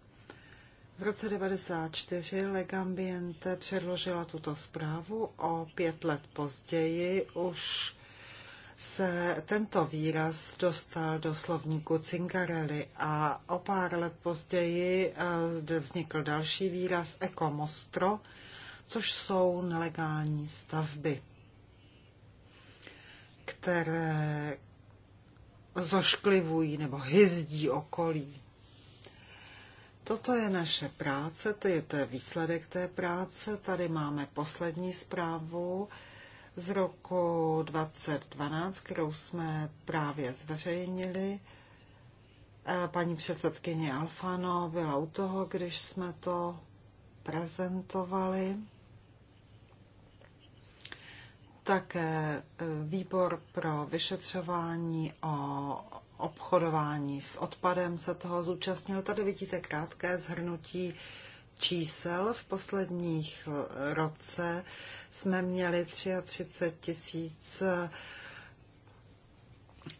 V roce 1994 Legambiente předložila tuto zprávu, o pět let později už se tento výraz dostal do slovníku Cingarelli a o pár let později eh, vznikl další výraz ekomostro, což jsou nelegální stavby, které zošklivují nebo hyzdí okolí. Toto je naše práce, to je, to je výsledek té práce. Tady máme poslední zprávu z roku 2012, kterou jsme právě zveřejnili. Paní předsedkyně Alfano byla u toho, když jsme to prezentovali. Také e, výbor pro vyšetřování o obchodování s odpadem se toho zúčastnil. Tady vidíte krátké zhrnutí čísel. V posledních roce jsme měli 33 tisíc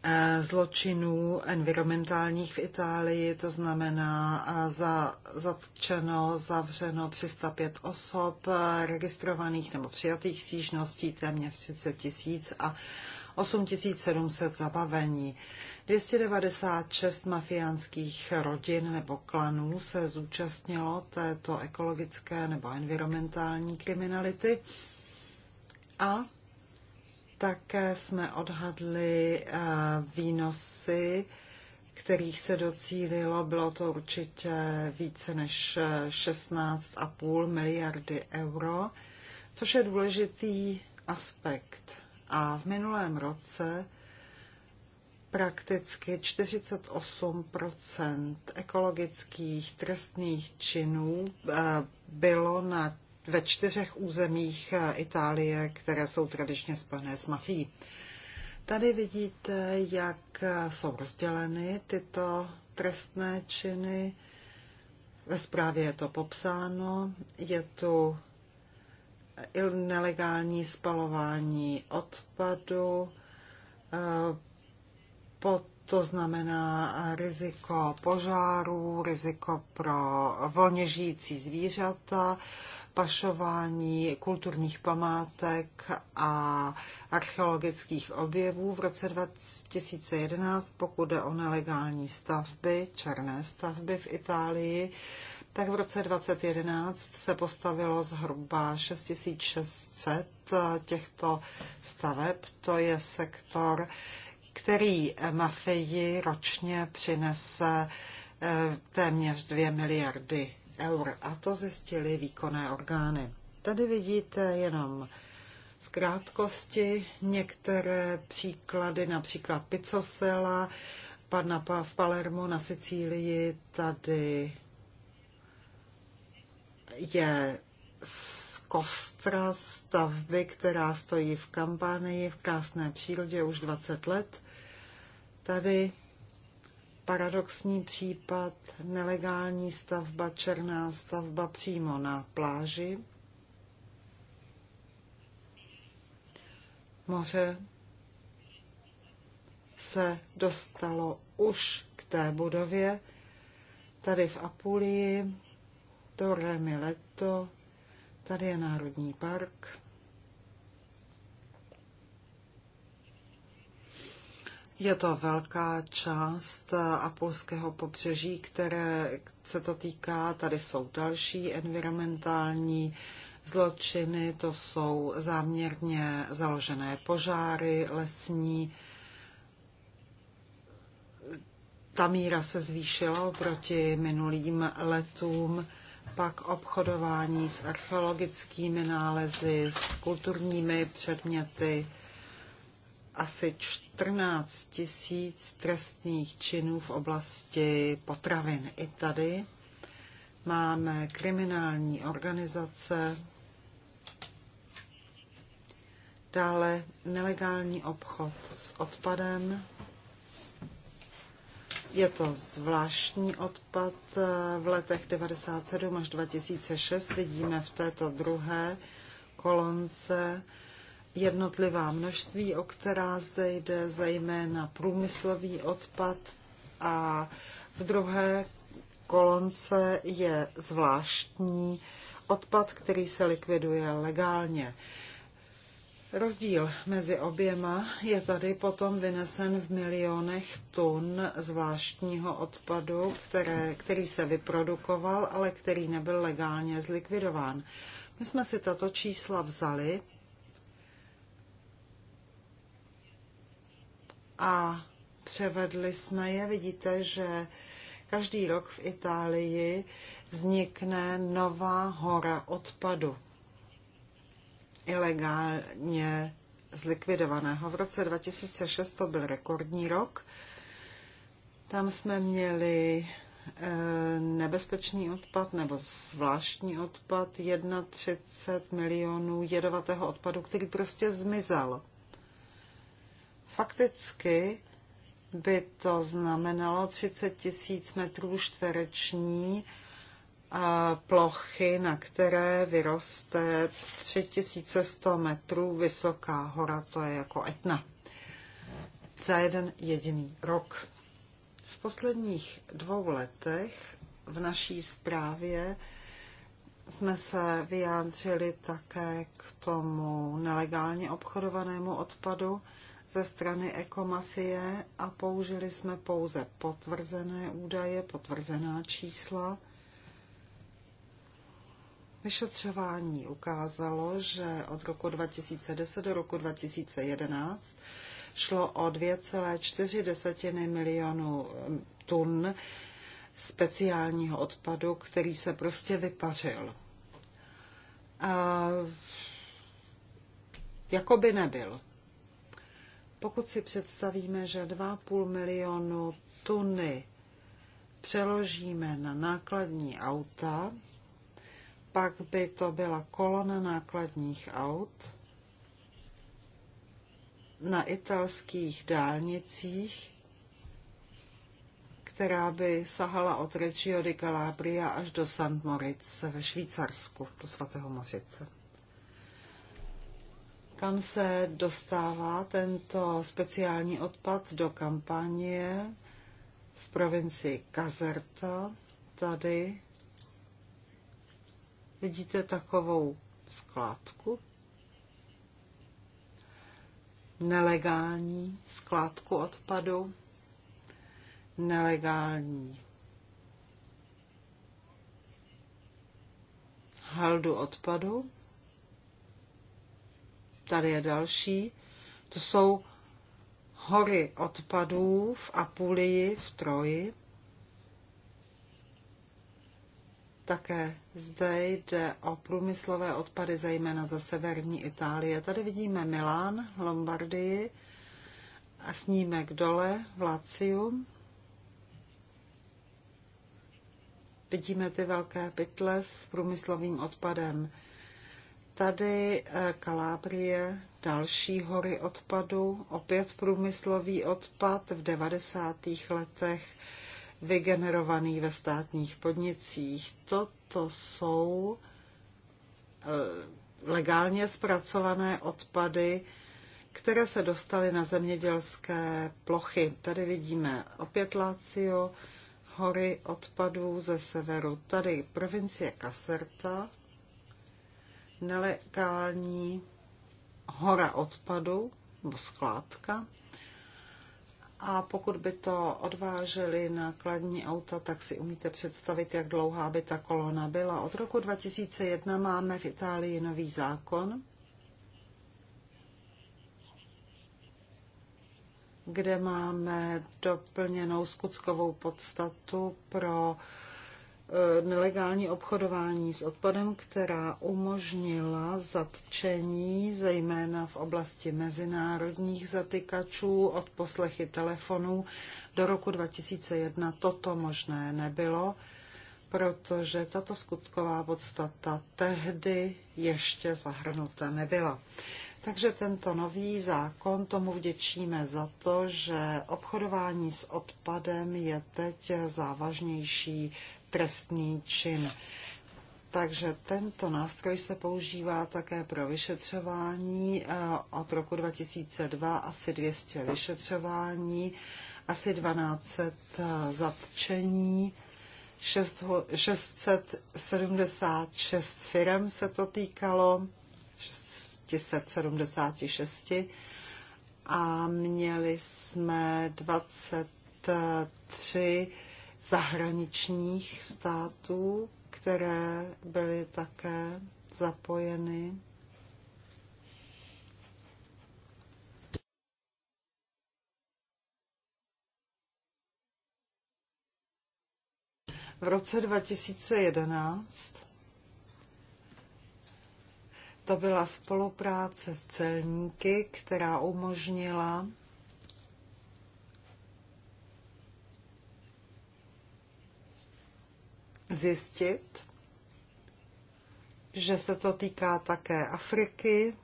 eh, zločinů environmentálních v Itálii, to znamená eh, za, zatčeno, zavřeno 305 osob eh, registrovaných nebo přijatých stížností téměř 30 tisíc a 8700 zabavení. 296 mafiánských rodin nebo klanů se zúčastnilo této ekologické nebo environmentální kriminality a také jsme odhadli eh, výnosy, kterých se docílilo. Bylo to určitě více než 16,5 eh, miliardy euro, což je důležitý aspekt. A v minulém roce prakticky 48 ekologických trestných činů eh, bylo na, ve čtyřech územích eh, Itálie, které jsou tradičně spojené s mafií. Tady vidíte, jak eh, jsou rozděleny tyto trestné činy. Ve zprávě je to popsáno. Je tu nelegální spalování odpadu, pod to znamená eh, riziko požáru, riziko pro volně žijící zvířata, pašování kulturních památek a archeologických objevů. V roce 2011, pokud jde o nelegální stavby, černé stavby v Itálii, tak v roce 2011 se postavilo zhruba 6600 eh, těchto staveb. To je sektor který mafii ročně přinese eh, téměř 2 miliardy eur. A to zjistili výkonné orgány. Tady vidíte jenom v krátkosti některé příklady, například Picosela, padna v Palermo na Sicílii, tady je kostra stavby, která stojí v kampanii v krásné přírodě už 20 let tady paradoxní případ nelegální stavba, černá stavba přímo na pláži. Moře se dostalo už k té budově. Tady v Apulii, Torre leto. tady je Národní park. Je to velká část eh, apolského pobřeží, které se to týká. Tady jsou další environmentální zločiny, to jsou záměrně založené požáry lesní. Ta míra se zvýšila oproti minulým letům pak obchodování s archeologickými nálezy, s kulturními předměty, asi 14 tisíc trestných činů v oblasti potravin. I tady máme kriminální organizace, dále nelegální obchod s odpadem. Je to zvláštní odpad. V letech 1997 až 2006 vidíme v této druhé kolonce jednotlivá množství, o která zde jde, zejména průmyslový odpad a v druhé kolonce je zvláštní odpad, který se likviduje legálně. Rozdíl mezi oběma je tady potom vynesen v milionech tun zvláštního odpadu, které, který se vyprodukoval, ale který nebyl legálně zlikvidován. My jsme si tato čísla vzali a převedli jsme je. Vidíte, že každý rok v Itálii vznikne nová hora odpadu ilegálně zlikvidovaného. V roce 2006 to byl rekordní rok. Tam jsme měli eh, nebezpečný odpad nebo zvláštní odpad 31 milionů jedovatého odpadu, který prostě zmizel. Fakticky by to znamenalo 30 tisíc metrů čtvereční plochy, na které vyroste 3100 metrů vysoká hora, to je jako Etna, za jeden jediný rok. V posledních dvou letech v naší zprávě jsme se vyjádřili také k tomu nelegálně obchodovanému odpadu ze strany ekomafie a použili jsme pouze potvrzené údaje, potvrzená čísla. Vyšetřování ukázalo, že od roku 2010 do roku 2011 šlo o 2,4 milionu mm, tun speciálního odpadu, který se prostě vypařil. A jakoby nebyl pokud si představíme, že 2,5 milionu tuny přeložíme na nákladní auta, pak by to byla kolona nákladních aut na italských dálnicích, která by sahala od Reggio di Calabria až do St. Moritz ve Švýcarsku, do svatého Mořice kam se dostává tento speciální odpad do kampaně v provincii Kazerta. Tady vidíte takovou skládku, nelegální skládku odpadu, nelegální haldu odpadu. Tady je další. To jsou hory odpadů v Apulii, v Troji. Také zde jde o průmyslové odpady, zejména ze severní Itálie. Tady vidíme Milán, Lombardii a snímek dole v Lacium. Vidíme ty velké pytle s průmyslovým odpadem. Tady eh, Kalábrie, další hory odpadu, opět průmyslový odpad v 90. letech vygenerovaný ve státních podnicích. Toto jsou eh, legálně zpracované odpady, které se dostaly na zemědělské plochy. Tady vidíme opět Lácio, hory odpadů ze severu. Tady provincie Kaserta, nelegální hora odpadu nebo skládka. A pokud by to odváželi nákladní auta, tak si umíte představit, jak dlouhá by ta kolona byla. Od roku 2001 máme v Itálii nový zákon, kde máme doplněnou skutkovou podstatu pro uh, Eh, nelegální obchodování s odpadem, která umožnila zatčení, zejména v oblasti mezinárodních zatykačů od poslechy telefonů. Do roku 2001 toto možné nebylo, protože tato skutková podstata tehdy ještě zahrnuta nebyla. Takže tento nový zákon tomu vděčíme za to, že obchodování s odpadem je teď závažnější trestný čin. Takže tento nástroj se používá také pro vyšetřování. Eh, od roku 2002 asi 200 vyšetřování, asi 1200 eh, zatčení, 676 firm se to týkalo, 676 a měli jsme 23 zahraničních států, které byly také zapojeny. V roce 2011 to byla spolupráce s celníky, která umožnila zjistit, že se to týká také Afriky,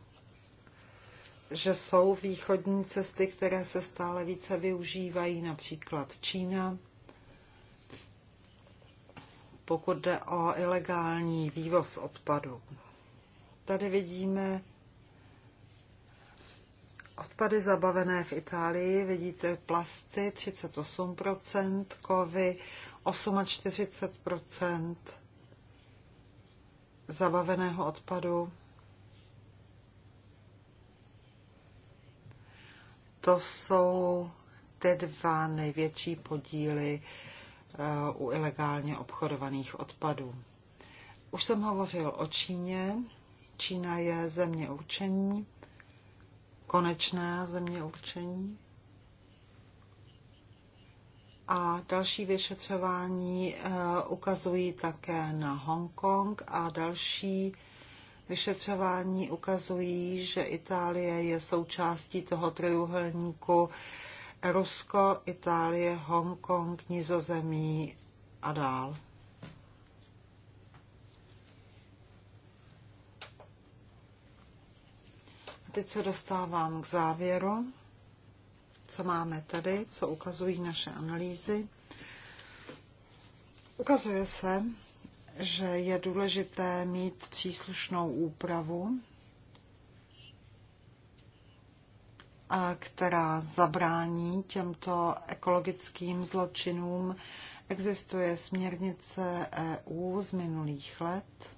že jsou východní cesty, které se stále více využívají, například Čína. Pokud jde o ilegální vývoz odpadu, tady vidíme odpady zabavené v Itálii, vidíte plasty 38%, kovy 48% zabaveného odpadu. To jsou ty dva největší podíly eh, u ilegálně obchodovaných odpadů. Už jsem hovořil o Číně. Čína je země určení konečné země určení. A další vyšetřování eh, ukazují také na Hongkong a další vyšetřování ukazují, že Itálie je součástí toho trojuhelníku Rusko, Itálie, Hongkong, Nizozemí a dál. Teď se dostávám k závěru, co máme tady, co ukazují naše analýzy. Ukazuje se, že je důležité mít příslušnou úpravu, která zabrání těmto ekologickým zločinům. Existuje směrnice EU z minulých let,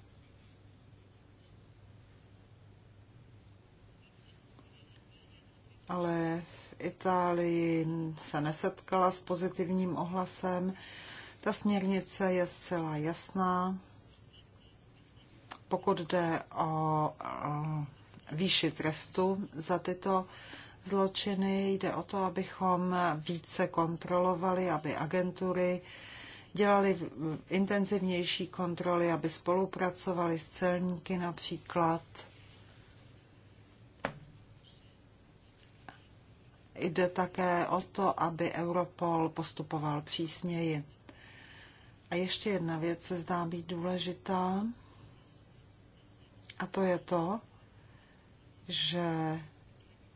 ale v Itálii se nesetkala s pozitivním ohlasem. Ta směrnice je zcela jasná. Pokud jde o, výši trestu za tyto zločiny, jde o to, abychom více kontrolovali, aby agentury dělali intenzivnější kontroly, aby spolupracovali s celníky například Jde také o to, aby Europol postupoval přísněji. A ještě jedna věc se zdá být důležitá, a to je to, že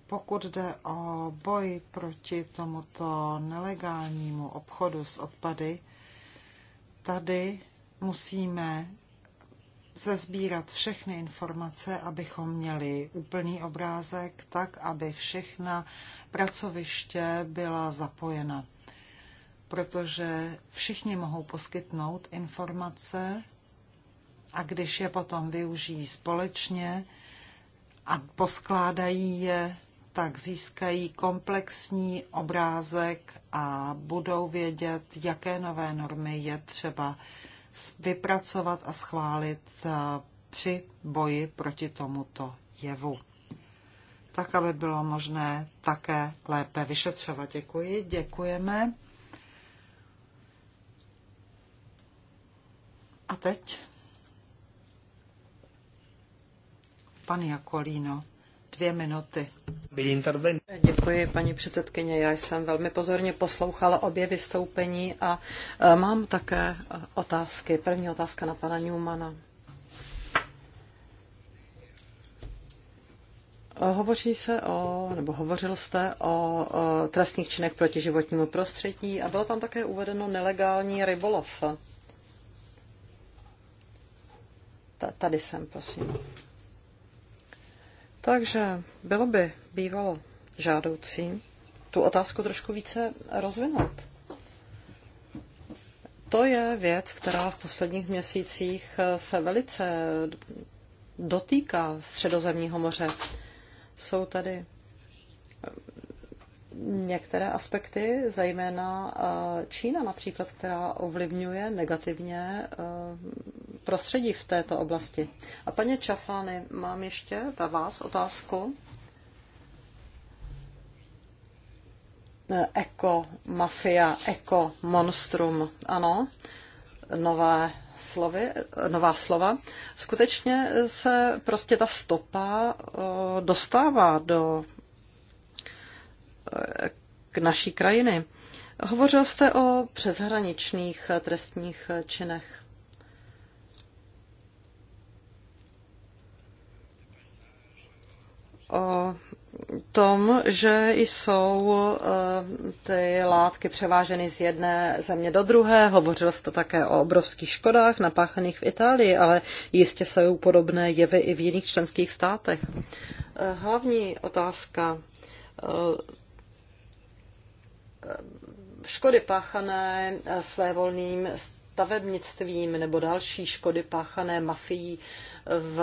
pokud jde o boj proti tomuto nelegálnímu obchodu s odpady, tady musíme sezbírat všechny informace, abychom měli úplný obrázek, tak aby všechna pracoviště byla zapojena. Protože všichni mohou poskytnout informace a když je potom využijí společně a poskládají je, tak získají komplexní obrázek a budou vědět, jaké nové normy je třeba vypracovat a schválit při eh, boji proti tomuto jevu. Tak, aby bylo možné také lépe vyšetřovat. Děkuji, děkujeme. A teď? Pan Jakolíno dvě minuty. Děkuji, paní předsedkyně. Já jsem velmi pozorně poslouchala obě vystoupení a e, mám také e, otázky. První otázka na pana Newmana. E, hovoří se o, nebo hovořil jste o, o trestných činech proti životnímu prostředí a bylo tam také uvedeno nelegální rybolov. tady jsem, prosím. Takže bylo by bývalo žádoucí tu otázku trošku více rozvinout. To je věc, která v posledních měsících eh, se velice dotýká Středozemního moře. Jsou tady některé aspekty, zejména eh, Čína například, která ovlivňuje negativně eh, prostředí v této oblasti. A paně Čafány, mám ještě na vás otázku. Eh, eko mafia, eko monstrum, ano, nové slovy, nová slova. Skutečně se prostě ta stopa dostává do k naší krajiny. Hovořil jste o přeshraničních trestních činech. O tom, že jsou eh, ty látky převáženy z jedné země do druhé. Hovořil jste také o obrovských škodách napáchaných v Itálii, ale jistě jsou podobné jevy i v jiných členských státech. Eh, hlavní otázka eh, škody páchané svévolným stavebnictvím nebo další škody páchané mafií v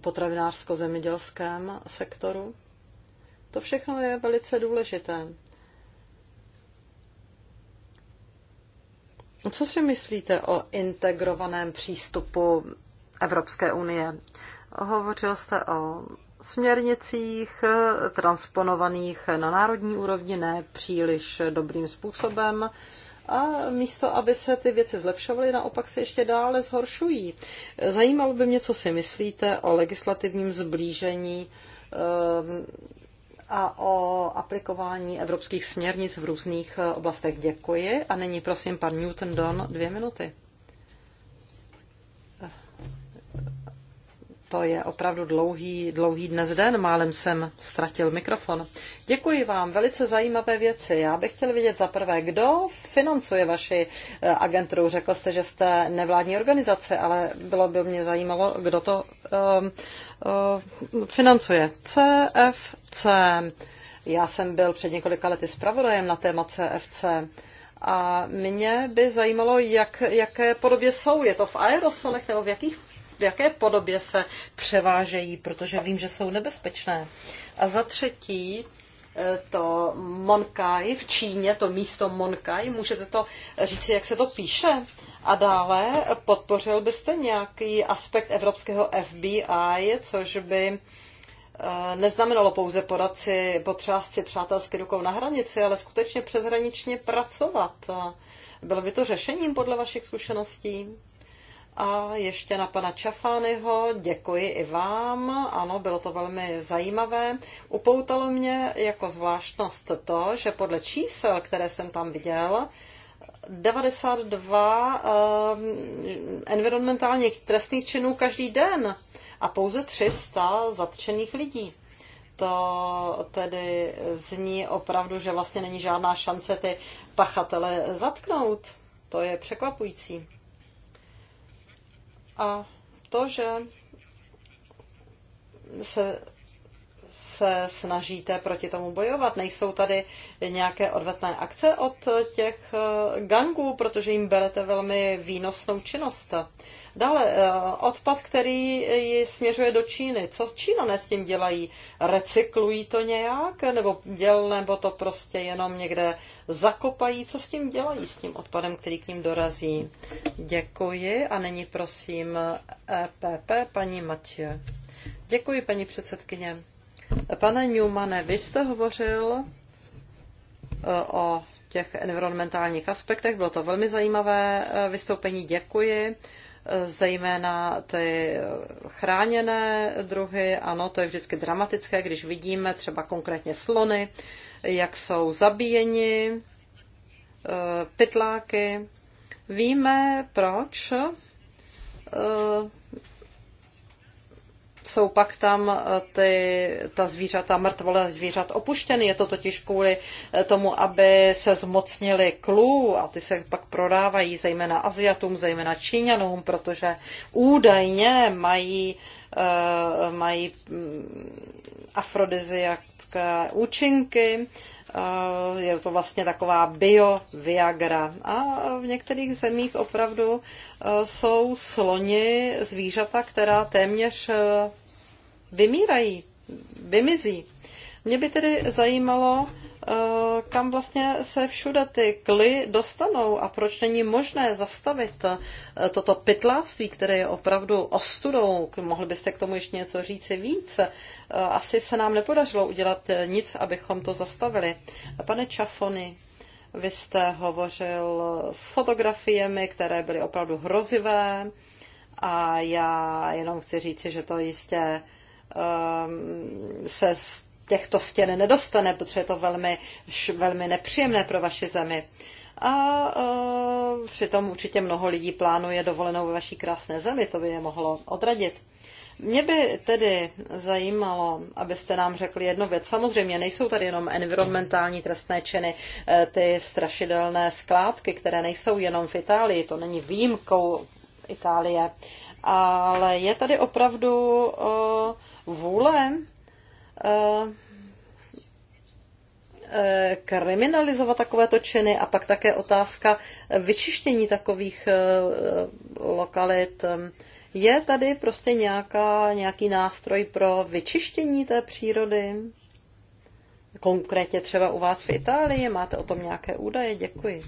potravinářsko-zemědělském sektoru. To všechno je velice důležité. Co si myslíte o integrovaném přístupu Evropské unie? Hovořil jste o směrnicích eh, transponovaných na národní úrovni ne příliš dobrým způsobem. A místo, aby se ty věci zlepšovaly, naopak se ještě dále zhoršují. Zajímalo by mě, co si myslíte o legislativním zblížení eh, a o aplikování evropských směrnic v různých eh, oblastech. Děkuji. A nyní prosím pan Newton Don dvě minuty. To je opravdu dlouhý, dlouhý dnes den, málem jsem ztratil mikrofon. Děkuji vám, velice zajímavé věci. Já bych chtěl vidět za prvé, kdo financuje vaši eh, agenturu. Řekl jste, že jste nevládní organizace, ale bylo by mě zajímalo, kdo to um, um, financuje. CFC. Já jsem byl před několika lety zpravodajem na téma CFC. A mě by zajímalo, jak, jaké podobě jsou. Je to v aerosolech nebo v jakých v jaké podobě se převážejí, protože vím, že jsou nebezpečné. A za třetí, eh, to Monkai v Číně, to místo Monkai, můžete to říct, jak se to píše? A dále podpořil byste nějaký aspekt evropského FBI, což by eh, neznamenalo pouze podat si, potřást si přátelsky rukou na hranici, ale skutečně přeshraničně pracovat. Bylo by to řešením podle vašich zkušeností? A ještě na pana Čafányho, děkuji i vám. Ano, bylo to velmi zajímavé. Upoutalo mě jako zvláštnost to, že podle čísel, které jsem tam viděl, 92 uh, eh, environmentálních trestných činů každý den a pouze 300 zatčených lidí. To tedy zní opravdu, že vlastně není žádná šance ty pachatele zatknout. To je překvapující. A to, že se se snažíte proti tomu bojovat? Nejsou tady nějaké odvetné akce od těch eh, gangů, protože jim berete velmi výnosnou činnost. Dále eh, odpad, který ji směřuje do Číny. Co Čínané s tím dělají? Recyklují to nějak? Nebo, děl, nebo to prostě jenom někde zakopají? Co s tím dělají, s tím odpadem, který k ním dorazí? Děkuji a nyní prosím EPP eh, e paní Matě. Děkuji, paní předsedkyně. Pane Newmane, vy jste hovořil e, o těch environmentálních aspektech. Bylo to velmi zajímavé e, vystoupení. Děkuji. E, zejména ty chráněné druhy. Ano, to je vždycky dramatické, když vidíme třeba konkrétně slony, jak jsou zabíjeni, pytláky. Víme, proč jsou pak tam eh, ty, ta zvířata, mrtvole zvířat opuštěny. Je to totiž kvůli eh, tomu, aby se zmocnili klů a ty se pak prodávají zejména Aziatům, zejména Číňanům, protože údajně mají, eh, mají mm, afrodiziacké účinky, je to vlastně taková bio Viagra. A v některých zemích opravdu jsou sloni zvířata, která téměř vymírají, vymizí. Mě by tedy zajímalo, eh, kam vlastně se všude ty kly dostanou a proč není možné zastavit eh, toto pytláctví, které je opravdu ostudou. Mohli byste k tomu ještě něco říci víc? Eh, asi se nám nepodařilo udělat nic, abychom to zastavili. Pane Čafony, vy jste hovořil s fotografiemi, které byly opravdu hrozivé a já jenom chci říci, že to jistě Um, se z těchto stěn nedostane, protože je to velmi, velmi nepříjemné pro vaši zemi. A uh, přitom určitě mnoho lidí plánuje dovolenou ve vaší krásné zemi, to by je mohlo odradit. Mě by tedy zajímalo, abyste nám řekli jednu věc. Samozřejmě nejsou tady jenom environmentální trestné činy, eh, ty strašidelné skládky, které nejsou jenom v Itálii, to není výjimkou Itálie, ale je tady opravdu uh, vůle eh, eh, kriminalizovat takovéto činy a pak také otázka vyčištění takových eh, lokalit. Je tady prostě nějaká, nějaký nástroj pro vyčištění té přírody? Konkrétně třeba u vás v Itálii, máte o tom nějaké údaje? Děkuji.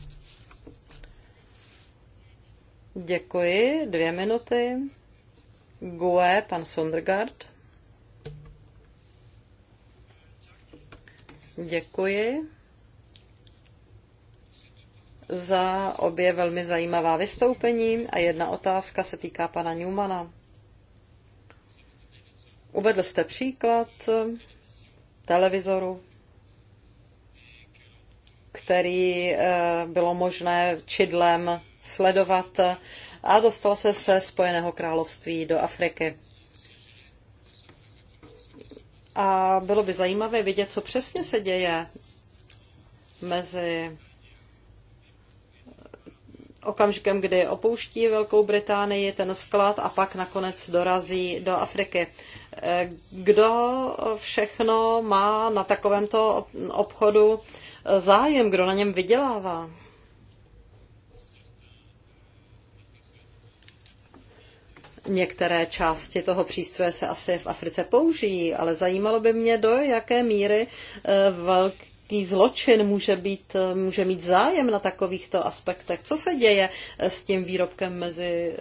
Děkuji, dvě minuty. Gue, pan Sondergaard. Děkuji za obě velmi zajímavá vystoupení a jedna otázka se týká pana Newmana. Uvedl jste příklad televizoru, který eh, bylo možné čidlem sledovat a dostal se se Spojeného království do Afriky. A bylo by zajímavé vidět, co přesně se děje mezi okamžikem, kdy opouští Velkou Británii ten sklad a pak nakonec dorazí do Afriky. Kdo všechno má na takovémto obchodu zájem, kdo na něm vydělává? Některé části toho přístroje se asi v Africe použijí, ale zajímalo by mě, do jaké míry eh, velký zločin může, být, eh, může mít zájem na takovýchto aspektech. Co se děje eh, s tím výrobkem mezi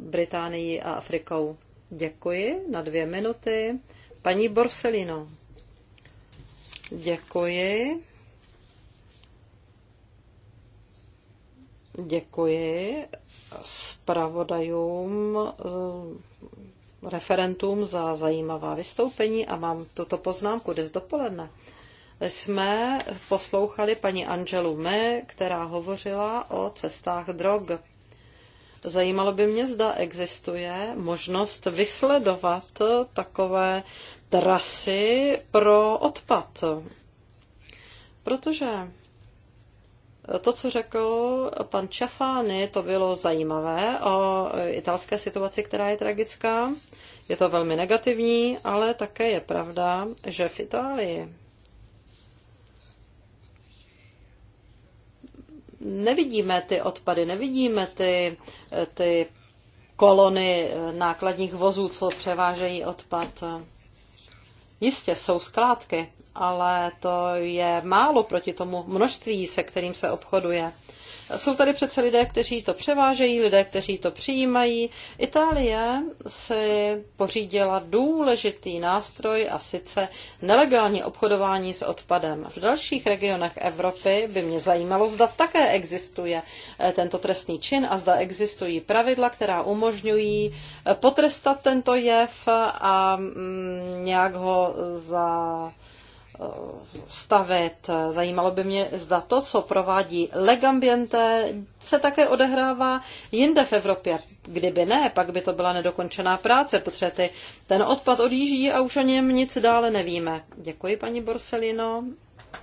Británií a Afrikou? Děkuji na dvě minuty. Paní Borselino. Děkuji. Děkuji zpravodajům, referentům za zajímavá vystoupení a mám tuto poznámku dnes dopoledne. Jsme poslouchali paní Angelu Me, která hovořila o cestách drog. Zajímalo by mě, zda existuje možnost vysledovat takové trasy pro odpad. Protože to, co řekl pan Čafány, to bylo zajímavé o italské situaci, která je tragická. Je to velmi negativní, ale také je pravda, že v Itálii nevidíme ty odpady, nevidíme ty, ty kolony nákladních vozů, co převážejí odpad. Jistě jsou skládky, ale to je málo proti tomu množství, se kterým se obchoduje. Jsou tady přece lidé, kteří to převážejí, lidé, kteří to přijímají. Itálie si pořídila důležitý nástroj a sice nelegální obchodování s odpadem. V dalších regionech Evropy by mě zajímalo, zda také existuje eh, tento trestný čin a zda existují pravidla, která umožňují eh, potrestat tento jev a mm, nějak ho za Eh, stavit. Zajímalo by mě, zda to, co provádí Legambiente, se také odehrává jinde v Evropě. Kdyby ne, pak by to byla nedokončená práce, protože ty, ten odpad odjíždí a už o něm nic dále nevíme. Děkuji, paní Borselino.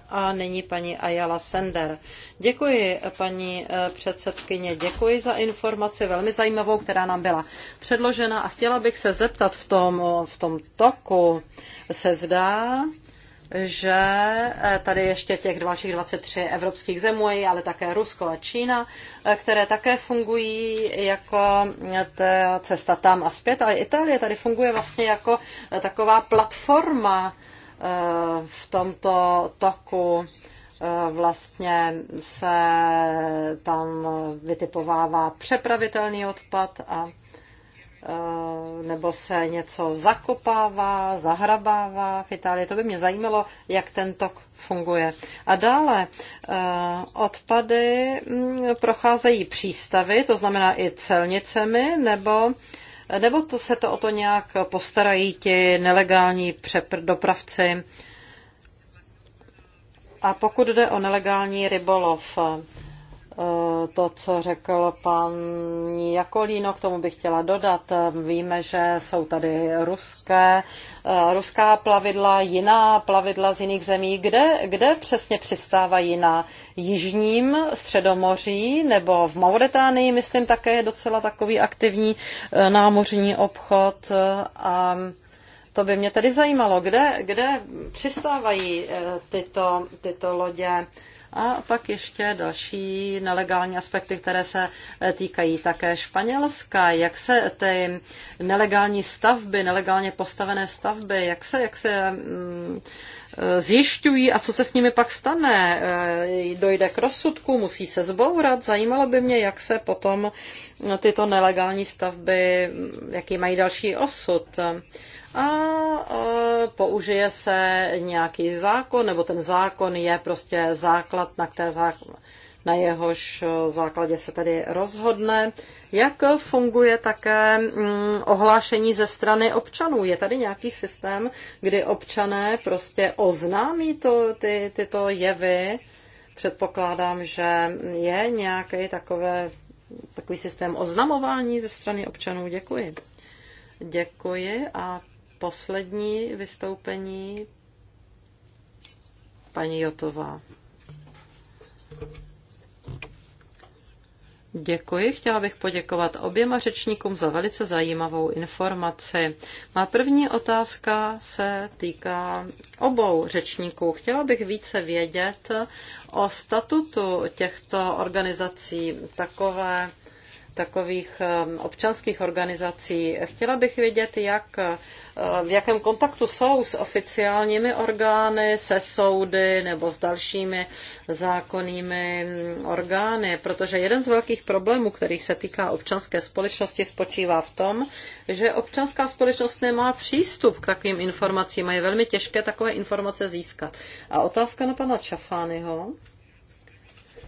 A nyní paní Ayala Sender. Děkuji, paní eh, předsedkyně, děkuji za informaci, velmi zajímavou, která nám byla předložena. A chtěla bych se zeptat v tom, v tom toku, se zdá, že eh, tady ještě těch dalších 23 evropských zemí, ale také Rusko a Čína, eh, které také fungují jako eh, ta cesta tam a zpět, ale Itálie tady funguje vlastně jako taková platforma v tomto toku vlastně se tam vytipovává přepravitelný odpad a Eh, nebo se něco zakopává, zahrabává v Itálii. To by mě zajímalo, jak ten tok funguje. A dále eh, odpady mm, procházejí přístavy, to znamená i celnicemi, nebo, nebo to se to o to nějak postarají ti nelegální dopravci. A pokud jde o nelegální rybolov, to, co řekl pan Jakolíno, k tomu bych chtěla dodat. Víme, že jsou tady ruské, eh, ruská plavidla, jiná plavidla z jiných zemí. Kde, kde přesně přistávají na jižním středomoří nebo v Mauretánii, myslím, také je docela takový aktivní eh, námořní obchod eh, a to by mě tedy zajímalo, kde, kde přistávají tyto, tyto lodě a pak ještě další nelegální aspekty, které se týkají také Španělska. Jak se ty nelegální stavby, nelegálně postavené stavby, jak se, jak se mm, zjišťují a co se s nimi pak stane. E, dojde k rozsudku, musí se zbourat. Zajímalo by mě, jak se potom tyto nelegální stavby, jaký mají další osud a použije se nějaký zákon, nebo ten zákon je prostě základ, na, které, na jehož základě se tady rozhodne. Jak funguje také mm, ohlášení ze strany občanů? Je tady nějaký systém, kdy občané prostě oznámí to, ty, tyto jevy? Předpokládám, že je nějaký takové, takový systém oznamování ze strany občanů. Děkuji. Děkuji a poslední vystoupení paní Jotová. Děkuji. Chtěla bych poděkovat oběma řečníkům za velice zajímavou informaci. Má první otázka se týká obou řečníků. Chtěla bych více vědět o statutu těchto organizací. Takové takových eh, občanských organizací. Chtěla bych vědět, jak, eh, v jakém kontaktu jsou s oficiálními orgány, se soudy nebo s dalšími zákonnými mm, orgány, protože jeden z velkých problémů, který se týká občanské společnosti, spočívá v tom, že občanská společnost nemá přístup k takovým informacím a je velmi těžké takové informace získat. A otázka na pana Čafányho.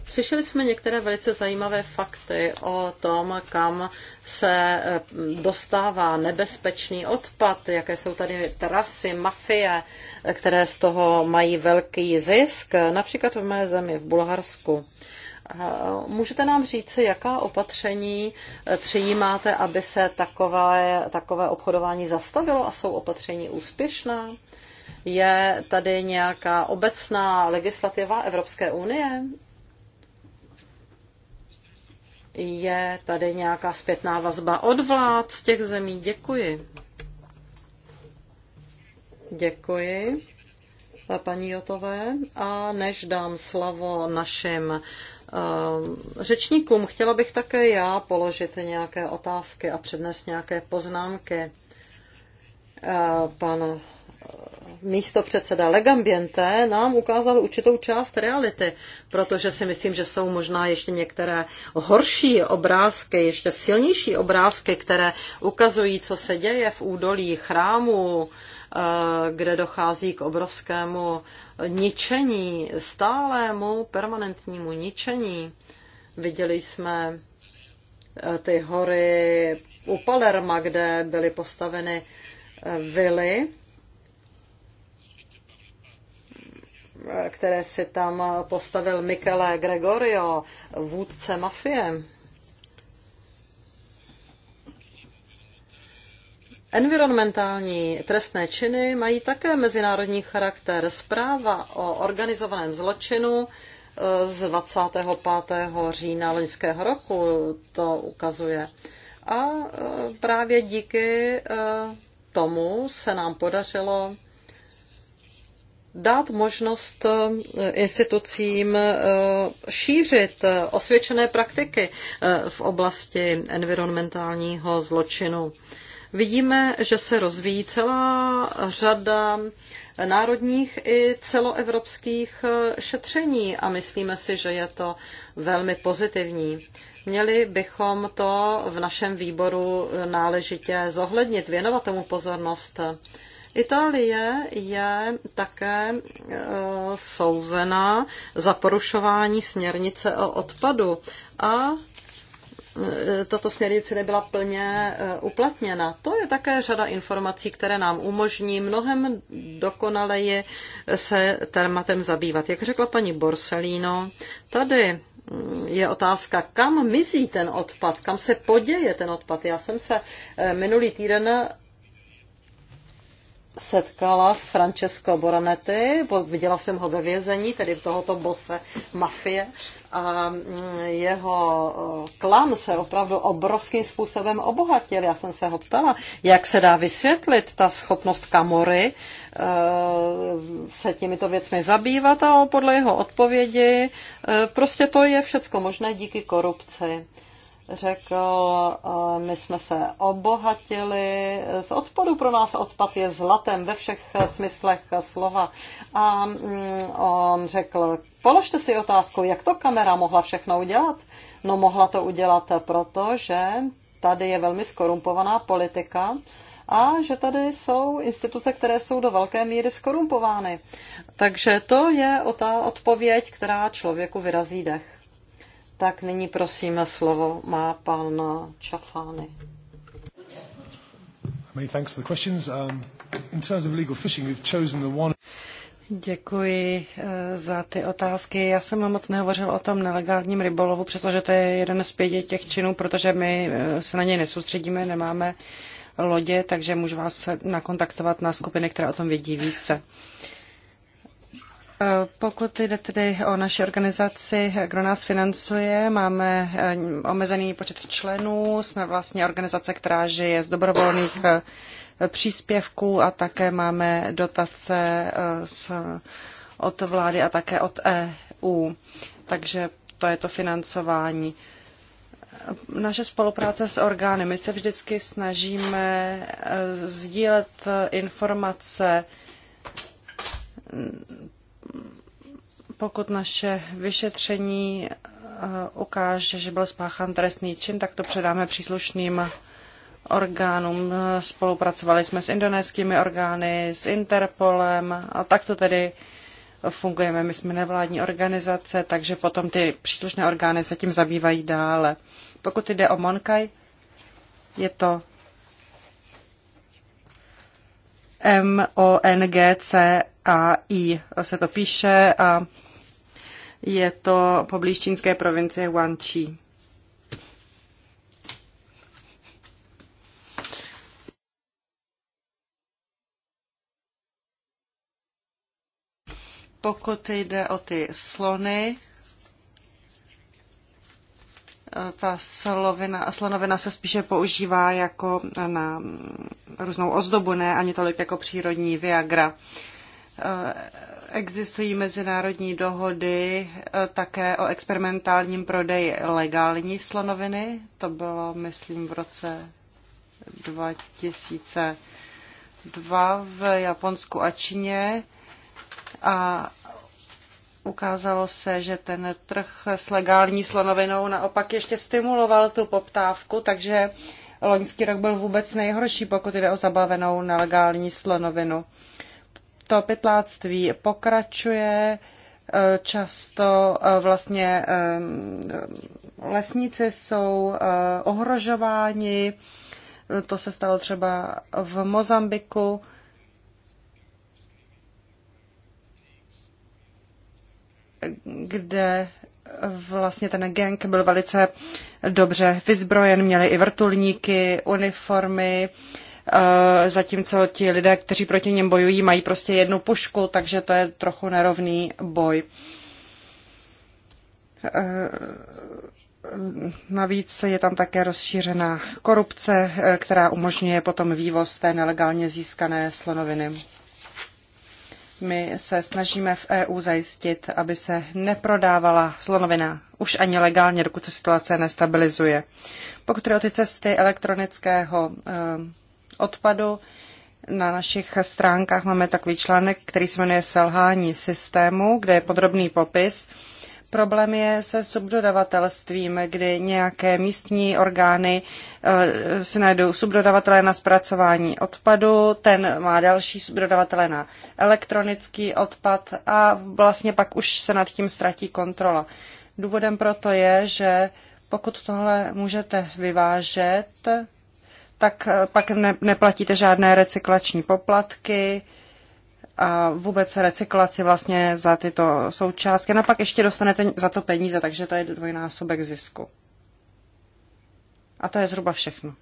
Slyšeli jsme některé velice zajímavé fakty o tom, kam se eh, dostává nebezpečný odpad, jaké jsou tady trasy, mafie, které z toho mají velký zisk, například v mé zemi, v Bulharsku. Eh, můžete nám říct, jaká opatření eh, přijímáte, aby se takové, takové obchodování zastavilo a jsou opatření úspěšná? Je tady nějaká obecná legislativa Evropské unie je tady nějaká zpětná vazba od vlád z těch zemí? Děkuji. Děkuji paní Jotové. A než dám slovo našim eh, řečníkům, chtěla bych také já položit nějaké otázky a přednést nějaké poznámky. Eh, pan místo předseda Legambiente nám ukázal určitou část reality, protože si myslím, že jsou možná ještě některé horší obrázky, ještě silnější obrázky, které ukazují, co se děje v údolí chrámu, eh, kde dochází k obrovskému ničení, stálému permanentnímu ničení. Viděli jsme eh, ty hory u Palerma, kde byly postaveny eh, vily které si tam postavil Michele Gregorio, vůdce mafie. Environmentální trestné činy mají také mezinárodní charakter. Zpráva o organizovaném zločinu eh, z 25. října loňského roku to ukazuje. A eh, právě díky eh, tomu se nám podařilo dát možnost eh, institucím eh, šířit eh, osvědčené praktiky v oblasti environmentálního zločinu. Vidíme, že se rozvíjí celá řada národních i celoevropských šetření a myslíme si, že je to velmi pozitivní. Měli bychom to v našem výboru náležitě zohlednit, věnovat tomu pozornost. Itálie je také e, souzená za porušování směrnice o odpadu a e, tato směrnice nebyla plně e, uplatněna. To je také řada informací, které nám umožní mnohem dokonaleji se tématem zabývat. Jak řekla paní Borsellino, tady mm, je otázka, kam mizí ten odpad, kam se poděje ten odpad. Já jsem se minulý týden setkala s Francesco bo viděla jsem ho ve vězení, tedy tohoto bose mafie, a mm, jeho klan se opravdu obrovským způsobem obohatil. Já jsem se ho ptala, jak se dá vysvětlit ta schopnost Kamory e, se těmito věcmi zabývat a podle jeho odpovědi e, prostě to je všecko možné díky korupci řekl, e, my jsme se obohatili. Z odpadu pro nás odpad je zlatem ve všech smyslech slova. A mm, on řekl, položte si otázku, jak to kamera mohla všechno udělat? No mohla to udělat proto, že tady je velmi skorumpovaná politika, a že tady jsou instituce, které jsou do velké míry skorumpovány. Takže to je ta odpověď, která člověku vyrazí dech tak nyní prosím slovo má pan Čafány. Many thanks for the questions. Um, in terms of legal fishing, we've chosen the one... Děkuji eh, za ty otázky. Já jsem moc nehovořil o tom nelegálním rybolovu, přestože to je jeden z pěti těch činů, protože my eh, se na něj nesoustředíme, nemáme lodě, takže můžu vás nakontaktovat na skupiny, které o tom vědí více. Uh, Eh, pokud jde tedy o naši organizaci, kdo nás financuje, máme eh, omezený počet členů, jsme vlastně organizace, která žije z dobrovolných eh, příspěvků a také máme dotace z, od vlády a také od EU. Takže to je to financování. Naše spolupráce s orgány. My se vždycky snažíme sdílet informace pokud naše vyšetření eh, ukáže, že byl spáchán trestný čin, tak to předáme příslušným orgánům. Spolupracovali jsme s indonéskými orgány, s Interpolem a tak to tedy fungujeme. My jsme nevládní organizace, takže potom ty příslušné orgány se tím zabývají dále. Pokud jde o Monkaj, je to M-O-N-G-C a-I se to píše a je to poblíž čínské provincie Wanqi. Pokud jde o ty slony, ta slovina, slonovina se spíše používá jako na různou ozdobu, ne ani tolik jako přírodní Viagra. Eh, existují mezinárodní dohody eh, také o experimentálním prodeji legální slonoviny. To bylo, myslím, v roce 2002 v Japonsku a Číně. A ukázalo se, že ten trh s legální slonovinou naopak ještě stimuloval tu poptávku, takže loňský rok byl vůbec nejhorší, pokud jde o zabavenou nelegální slonovinu to pytláctví pokračuje. Eh, často eh, vlastně eh, lesníci jsou ohrožováni. To se stalo třeba v Mozambiku. kde vlastně ten gang byl velice dobře vyzbrojen, měli i vrtulníky, uniformy, uh, Eh, zatímco ti lidé, kteří proti něm bojují, mají prostě jednu pušku, takže to je trochu nerovný boj. Eh, navíc je tam také rozšířená korupce, eh, která umožňuje potom vývoz té nelegálně získané slonoviny. My se snažíme v EU zajistit, aby se neprodávala slonovina už ani legálně, dokud se situace nestabilizuje. Pokud jde o ty cesty elektronického odpadu. Na našich stránkách máme takový článek, který se jmenuje Selhání systému, kde je podrobný popis. Problém je se subdodavatelstvím, kdy nějaké místní orgány eh, si najdou subdodavatele na zpracování odpadu, ten má další subdodavatele na elektronický odpad a vlastně pak už se nad tím ztratí kontrola. Důvodem proto je, že pokud tohle můžete vyvážet, tak eh, pak ne, neplatíte žádné recyklační poplatky a vůbec recyklaci vlastně za tyto součástky. No pak ještě dostanete za to peníze, takže to je dvojnásobek zisku. A to je zhruba všechno.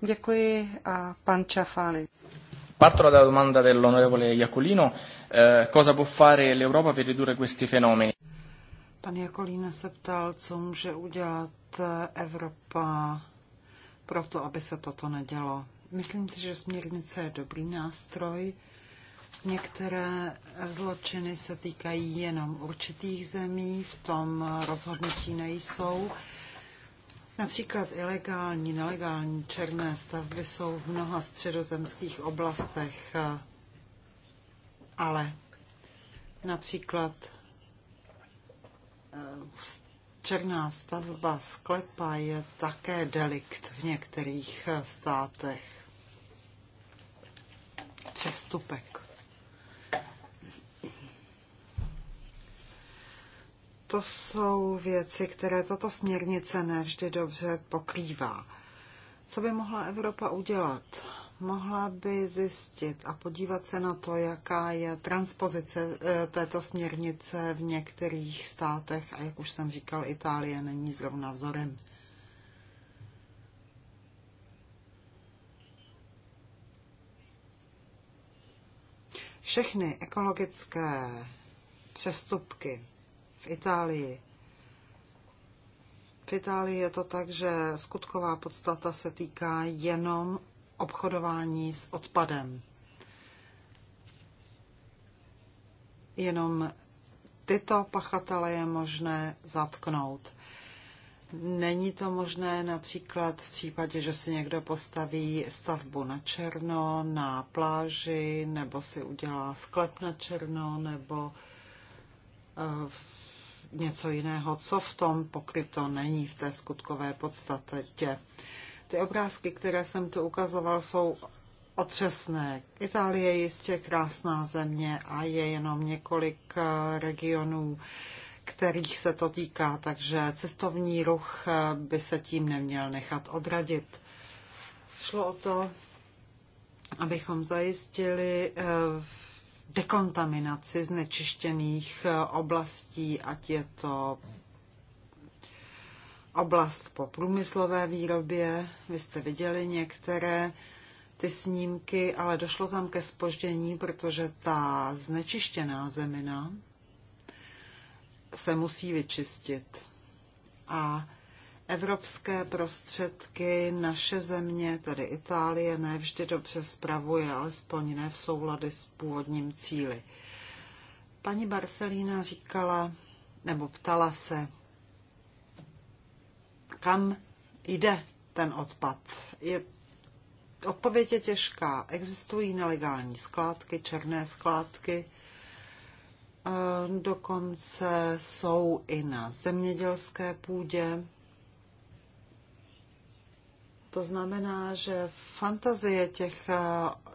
Děkuji a pan Čafány. Parto dalla domanda dell'onorevole Iacolino. Eh, cosa può fare l'Europa per ridurre questi fenomeni? Pan Jakolína se ptal, co může udělat eh, Evropa pro to, aby se toto nedělo. Myslím si, že směrnice je dobrý nástroj. Některé zločiny se týkají jenom určitých zemí, v tom rozhodnutí nejsou. Například ilegální, nelegální černé stavby jsou v mnoha středozemských oblastech, eh, ale například Eh, černá stavba sklepa je také delikt v některých eh, státech. Přestupek. To jsou věci, které tato směrnice nevždy dobře pokrývá. Co by mohla Evropa udělat? mohla by zjistit a podívat se na to, jaká je transpozice eh, této směrnice v některých státech a jak už jsem říkal, Itálie není zrovna vzorem. Všechny ekologické přestupky v Itálii v Itálii je to tak, že skutková podstata se týká jenom obchodování s odpadem. Jenom tyto pachatele je možné zatknout. Není to možné například v případě, že si někdo postaví stavbu na černo, na pláži, nebo si udělá sklep na černo, nebo eh, něco jiného, co v tom pokryto není v té skutkové podstatě. Ty obrázky, které jsem tu ukazoval, jsou otřesné. Itálie je jistě krásná země a je jenom několik eh, regionů, kterých se to týká, takže cestovní ruch eh, by se tím neměl nechat odradit. Šlo o to, abychom zajistili eh, dekontaminaci znečištěných oblastí, ať je to oblast po průmyslové výrobě. Vy jste viděli některé ty snímky, ale došlo tam ke spoždění, protože ta znečištěná zemina se musí vyčistit. A evropské prostředky naše země, tedy Itálie, ne vždy dobře spravuje, alespoň ne v souladu s původním cíli. Paní Barcelína říkala, nebo ptala se, kam jde ten odpad. Je, odpověď je těžká. Existují nelegální skládky, černé skládky, e, dokonce jsou i na zemědělské půdě. To znamená, že fantazie těch e,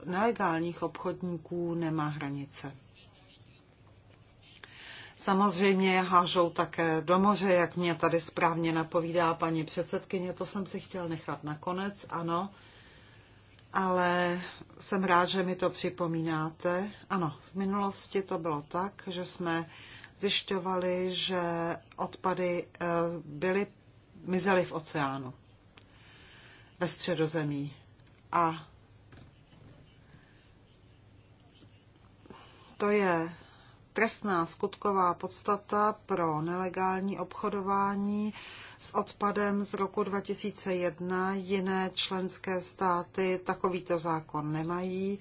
nelegálních obchodníků nemá hranice. Samozřejmě hážou také do moře, jak mě tady správně napovídá paní předsedkyně, to jsem si chtěl nechat nakonec, ano. Ale jsem rád, že mi to připomínáte. Ano, v minulosti to bylo tak, že jsme zjišťovali, že odpady eh, byly, mizely v oceánu, ve středozemí. A to je trestná skutková podstata pro nelegální obchodování s odpadem z roku 2001. Jiné členské státy takovýto zákon nemají.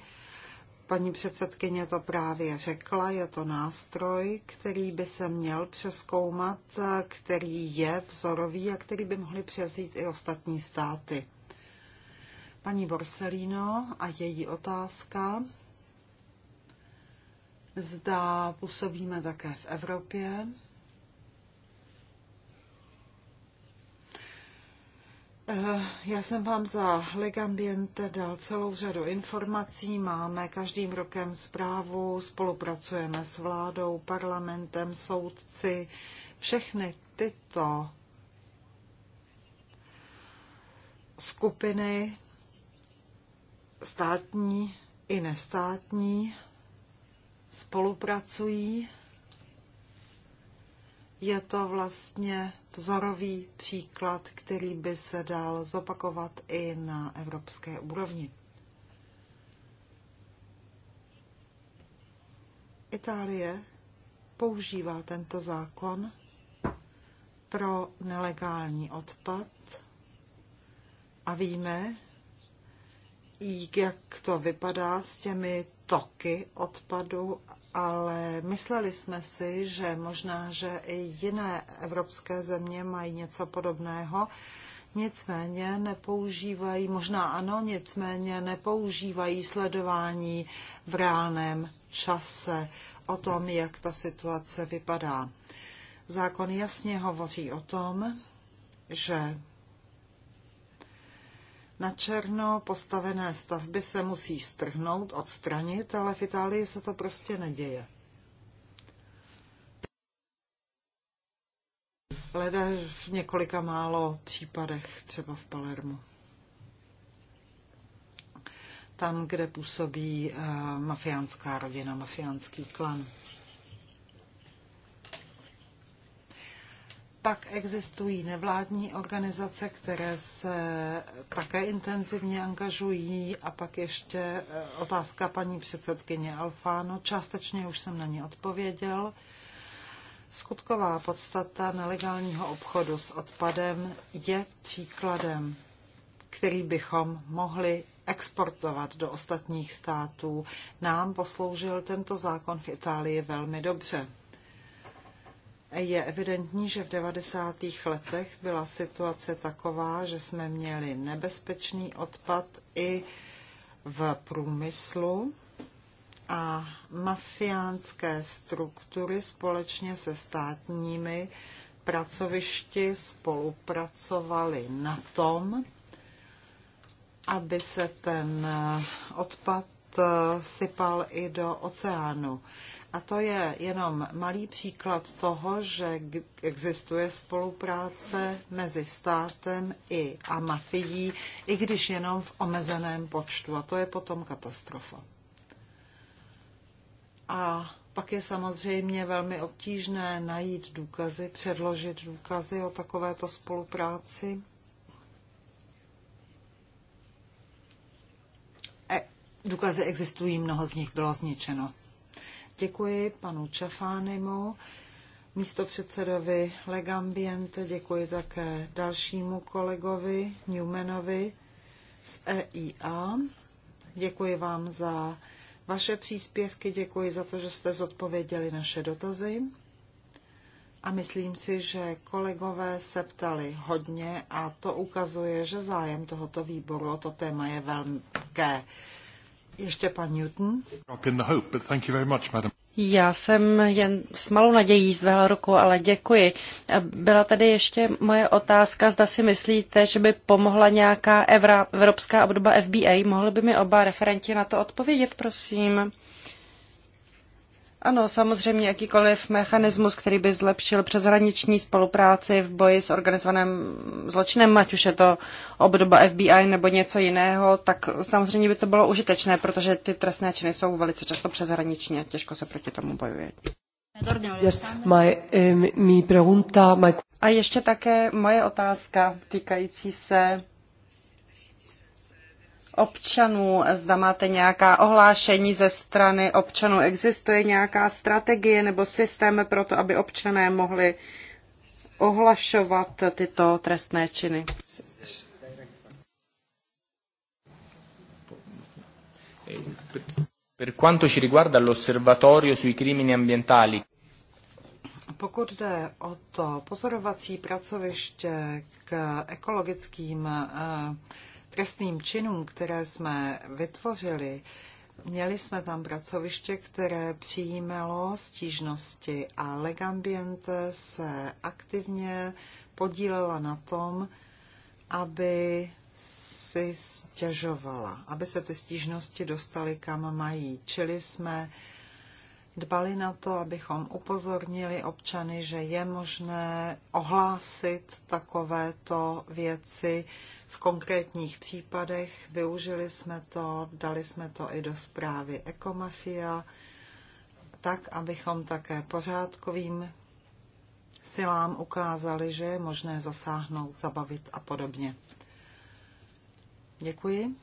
Paní předsedkyně to právě řekla, je to nástroj, který by se měl přeskoumat, který je vzorový a který by mohly převzít i ostatní státy. Paní Borsellino a její otázka zda působíme také v Evropě. Eh, já jsem vám za Legambiente dal celou řadu informací. Máme každým rokem zprávu, spolupracujeme s vládou, parlamentem, soudci. Všechny tyto skupiny státní i nestátní spolupracují. Je to vlastně vzorový příklad, který by se dal zopakovat i na evropské úrovni. Itálie používá tento zákon pro nelegální odpad a víme, jak to vypadá s těmi toky odpadu, ale mysleli jsme si, že možná, že i jiné evropské země mají něco podobného. Nicméně nepoužívají, možná ano, nicméně nepoužívají sledování v reálném čase o tom, jak ta situace vypadá. Zákon jasně hovoří o tom, že na černo postavené stavby se musí strhnout, odstranit, ale v Itálii se to prostě neděje. Leda v několika málo případech, třeba v Palermu. Tam, kde působí eh, mafiánská rodina, mafiánský klan. Pak existují nevládní organizace, které se také intenzivně angažují a pak ještě eh, otázka paní předsedkyně Alfáno. Částečně už jsem na ní odpověděl. Skutková podstata nelegálního obchodu s odpadem je příkladem, který bychom mohli exportovat do ostatních států. Nám posloužil tento zákon v Itálii velmi dobře. Je evidentní, že v 90. letech byla situace taková, že jsme měli nebezpečný odpad i v průmyslu a mafiánské struktury společně se státními pracovišti spolupracovali na tom, aby se ten odpad eh, sypal i do oceánu. A to je jenom malý příklad toho, že existuje spolupráce mezi státem i a mafií, i když jenom v omezeném počtu. A to je potom katastrofa. A pak je samozřejmě velmi obtížné najít důkazy, předložit důkazy o takovéto spolupráci. E, důkazy existují, mnoho z nich bylo zničeno. Děkuji panu Čafánimu, místo předsedovi Legambiente, děkuji také dalšímu kolegovi Newmanovi z EIA. Děkuji vám za vaše příspěvky, děkuji za to, že jste zodpověděli naše dotazy. A myslím si, že kolegové se ptali hodně a to ukazuje, že zájem tohoto výboru o to téma je velké. Ještě pan Newton. Já jsem jen s malou nadějí zvedla ruku, ale děkuji. Byla tady ještě moje otázka, zda si myslíte, že by pomohla nějaká evropská obdoba FBA. Mohli by mi oba referenti na to odpovědět, prosím? Ano, samozřejmě jakýkoliv mechanismus, který by zlepšil přeshraniční spolupráci v boji s organizovaným zločinem, ať už je to obdoba FBI nebo něco jiného, tak samozřejmě by to bylo užitečné, protože ty trestné činy jsou velice často přeshraniční a těžko se proti tomu bojuje. Eh, mi A ještě také moje otázka týkající se občanů, zda máte nějaká ohlášení ze strany občanů, existuje nějaká strategie nebo systém pro to, aby občané mohli ohlašovat tyto trestné činy. Per quanto ci riguarda l'osservatorio sui crimini ambientali. Pokud jde o to pozorovací pracoviště k ekologickým uh, trestným činům, které jsme vytvořili, Měli jsme tam pracoviště, které přijímalo stížnosti a Legambiente se aktivně podílela na tom, aby si stěžovala, aby se ty stížnosti dostaly kam mají. Čili jsme dbali na to, abychom upozornili občany, že je možné ohlásit takovéto věci, v konkrétních případech. Využili jsme to, dali jsme to i do zprávy Ekomafia, tak, abychom také pořádkovým silám ukázali, že je možné zasáhnout, zabavit a podobně. Děkuji.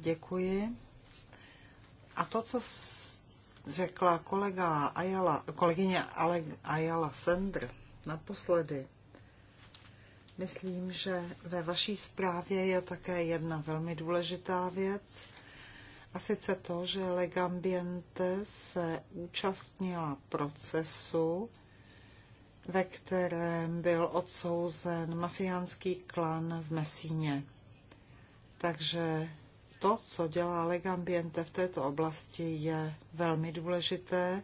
Děkuji. A to, co řekla kolega Ayala, kolegyně Ayala Sender naposledy, myslím, že ve vaší zprávě je také jedna velmi důležitá věc, a sice to, že Legambiente se účastnila procesu, ve kterém byl odsouzen mafiánský klan v Mesíně. Takže to, co dělá Legambiente v této oblasti, je velmi důležité.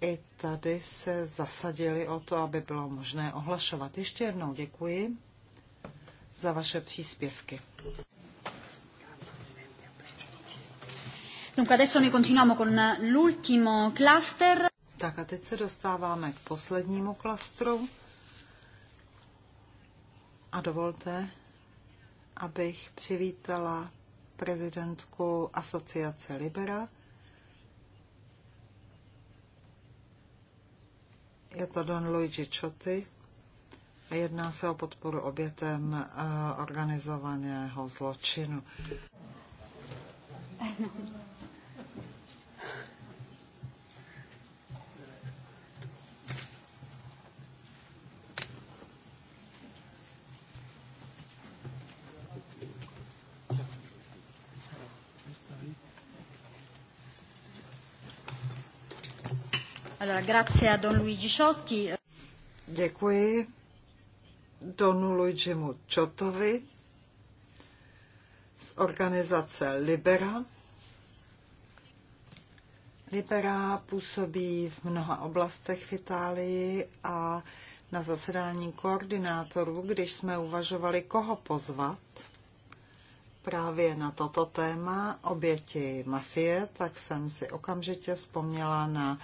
I tady se zasadili o to, aby bylo možné ohlašovat. Ještě jednou děkuji za vaše příspěvky. Tak a teď se dostáváme k poslednímu klastru. A dovolte, abych přivítala prezidentku asociace Libera. Je to Don Luigi Ciotti a jedná se o podporu obětem eh, organizovaného zločinu. Děkuji Donu Luigimu Čotovi z organizace Libera. Libera působí v mnoha oblastech v Itálii a na zasedání koordinátorů, když jsme uvažovali, koho pozvat právě na toto téma oběti mafie, tak jsem si okamžitě vzpomněla na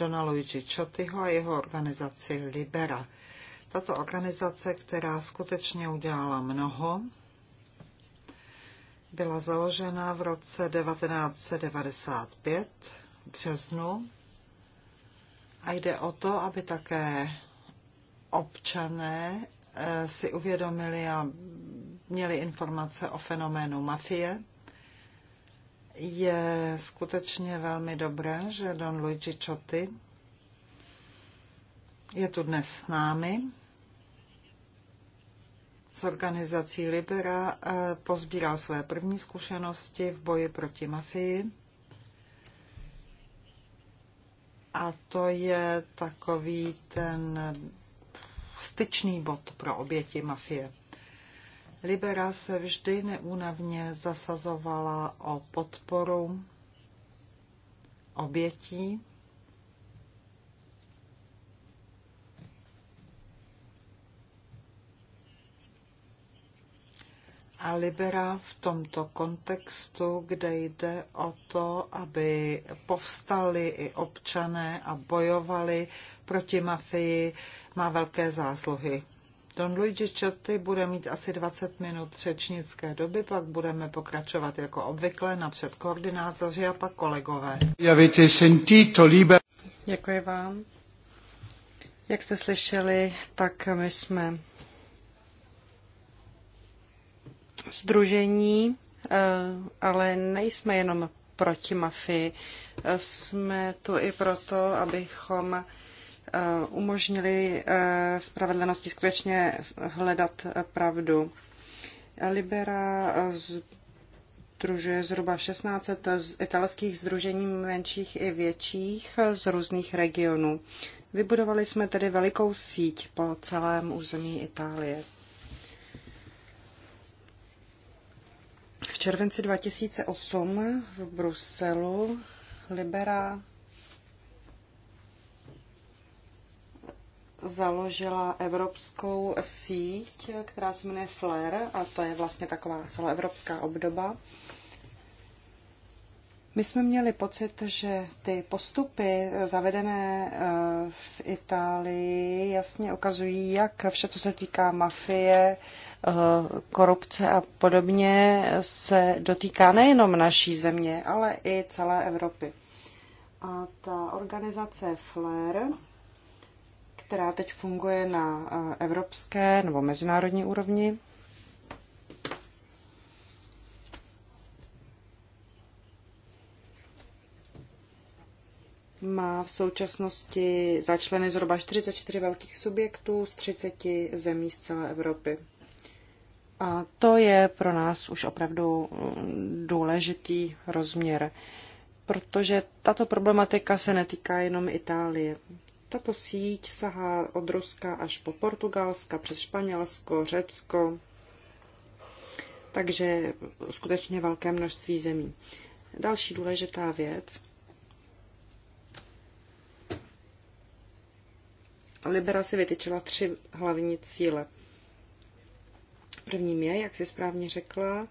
Dona Luigi Čotyho a jeho organizaci Libera. Tato organizace, která skutečně udělala mnoho, byla založena v roce 1995 v březnu a jde o to, aby také občané eh, si uvědomili a měli informace o fenoménu mafie, je skutečně velmi dobré, že Don Luigi Ciotti je tu dnes s námi s organizací Libera, eh, pozbíral své první zkušenosti v boji proti mafii. A to je takový ten styčný bod pro oběti mafie. Libera se vždy neúnavně zasazovala o podporu obětí. A Libera v tomto kontextu, kde jde o to, aby povstali i občané a bojovali proti mafii, má velké zásluhy. Don Luigi Ciotti bude mít asi 20 minut řečnické doby, pak budeme pokračovat jako obvykle napřed koordinátoři a pak kolegové. Děkuji vám. Jak jste slyšeli, tak my jsme združení, eh, ale nejsme jenom proti mafii. Jsme tu i proto, abychom Eh, umožnili eh, spravedlnosti skutečně hledat pravdu. Libera eh, združuje zhruba 16 italských združení menších i větších z různých regionů. Vybudovali jsme tedy velikou síť po celém území Itálie. V červenci 2008 v Bruselu Libera založila evropskou síť, která se jmenuje FLAIR a to je vlastně taková celoevropská obdoba. My jsme měli pocit, že ty postupy zavedené eh, v Itálii jasně ukazují, jak vše, co se týká mafie, eh, korupce a podobně, se dotýká nejenom naší země, ale i celé Evropy. A ta organizace FLAIR která teď funguje na eh, evropské nebo mezinárodní úrovni. Má v současnosti začleny zhruba 44 velkých subjektů z 30 zemí z celé Evropy. A to je pro nás už opravdu mm, důležitý rozměr, protože tato problematika se netýká jenom Itálie. Tato síť sahá od Ruska až po Portugalska, přes Španělsko, Řecko, takže skutečně velké množství zemí. Další důležitá věc. Libera si vytyčila tři hlavní cíle. Prvním je, jak si správně řekla,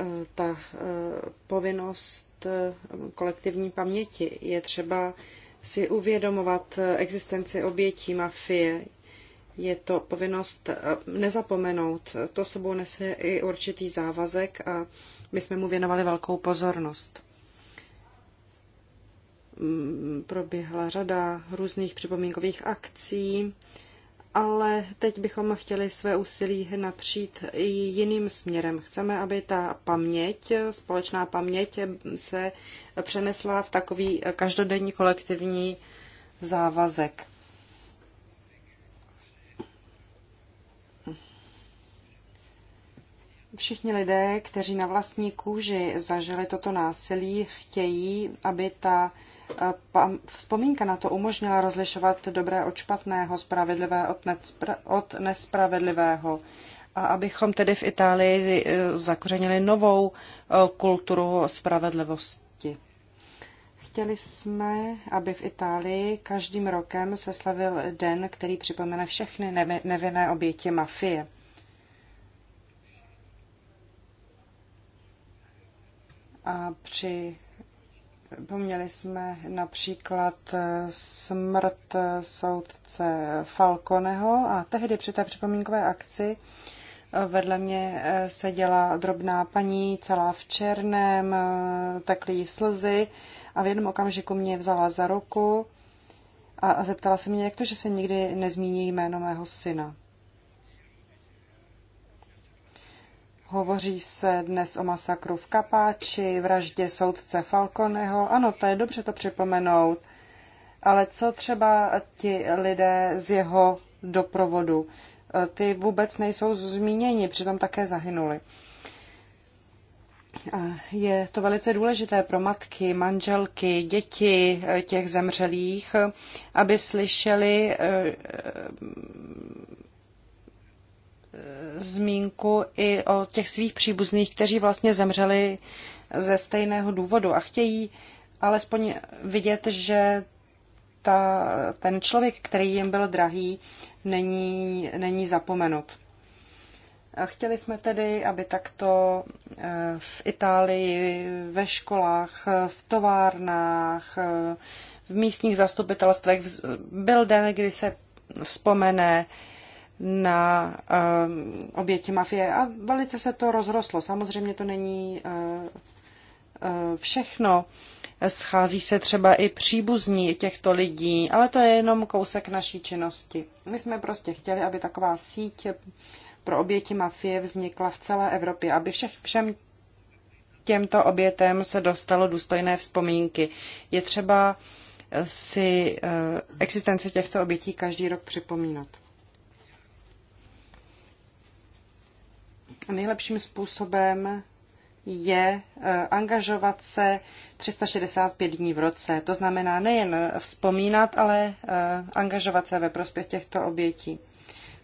eh, ta eh, povinnost eh, kolektivní paměti. Je třeba si uvědomovat existenci obětí mafie. Je to povinnost eh, nezapomenout. To sebou nese i určitý závazek a my jsme mu věnovali velkou pozornost. Mm, proběhla řada různých připomínkových akcí ale teď bychom chtěli své úsilí napřít i jiným směrem. Chceme, aby ta paměť, společná paměť se přenesla v takový každodenní kolektivní závazek. Všichni lidé, kteří na vlastní kůži zažili toto násilí, chtějí, aby ta vzpomínka na to umožnila rozlišovat dobré od špatného, spravedlivé od, od nespravedlivého. A abychom tedy v Itálii eh, zakořenili novou eh, kulturu spravedlivosti. Chtěli jsme, aby v Itálii každým rokem se slavil den, který připomene všechny nevinné oběti mafie. A při Poměli jsme například eh, smrt eh, soudce Falconeho a tehdy při té připomínkové akci eh, vedle mě seděla drobná paní, celá v černém, takhle jí slzy a v jednom okamžiku mě vzala za ruku a zeptala se mě, jak to, že se nikdy nezmíní jméno mého syna. Hovoří se dnes o masakru v Kapáči, vraždě soudce Falconeho. Ano, to je dobře to připomenout. Ale co třeba ti lidé z jeho doprovodu? E, ty vůbec nejsou zmíněni, přitom také zahynuli. Je to velice důležité pro matky, manželky, děti e, těch zemřelých, aby slyšeli e, zmínku i o těch svých příbuzných, kteří vlastně zemřeli ze stejného důvodu a chtějí alespoň vidět, že ta, ten člověk, který jim byl drahý, není, není zapomenut. A chtěli jsme tedy, aby takto eh, v Itálii, ve školách, v továrnách, eh, v místních zastupitelstvech byl den, kdy se vzpomene na eh, oběti mafie a velice se to rozrostlo. Samozřejmě to není eh, eh, všechno. Schází se třeba i příbuzní těchto lidí, ale to je jenom kousek naší činnosti. My jsme prostě chtěli, aby taková síť pro oběti mafie vznikla v celé Evropě, aby všech, všem těmto obětem se dostalo důstojné vzpomínky. Je třeba si existenci těchto obětí každý rok připomínat. nejlepším způsobem je eh, angažovat se 365 dní v roce. To znamená nejen vzpomínat, ale eh, angažovat se ve prospěch těchto obětí.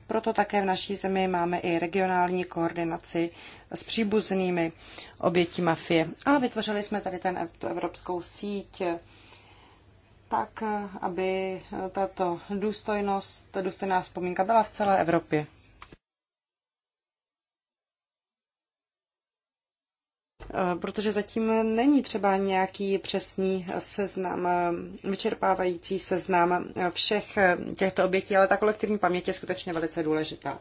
Proto také v naší zemi máme i regionální koordinaci s příbuznými obětí mafie. A vytvořili jsme tady ten, evropskou síť tak, eh, aby tato důstojnost, důstojná vzpomínka byla v celé Evropě. Eh, protože zatím není třeba nějaký přesný seznam, eh, vyčerpávající seznam eh, všech těchto obětí, ale ta kolektivní paměť je skutečně velice důležitá.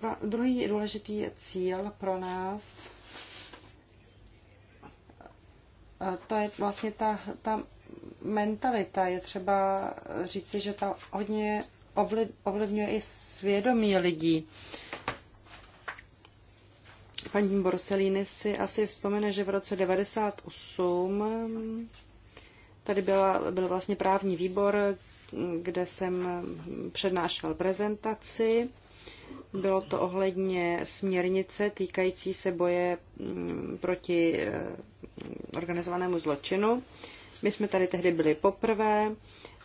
Pro, druhý důležitý cíl pro nás, to je vlastně ta, ta mentalita. Je třeba říci, že ta hodně ovlivňuje i svědomí lidí Paní Borsellini si asi vzpomene, že v roce 98 tady byla, byl vlastně právní výbor, kde jsem přednášel prezentaci. Bylo to ohledně směrnice týkající se boje mm, proti eh, organizovanému zločinu. My jsme tady tehdy byli poprvé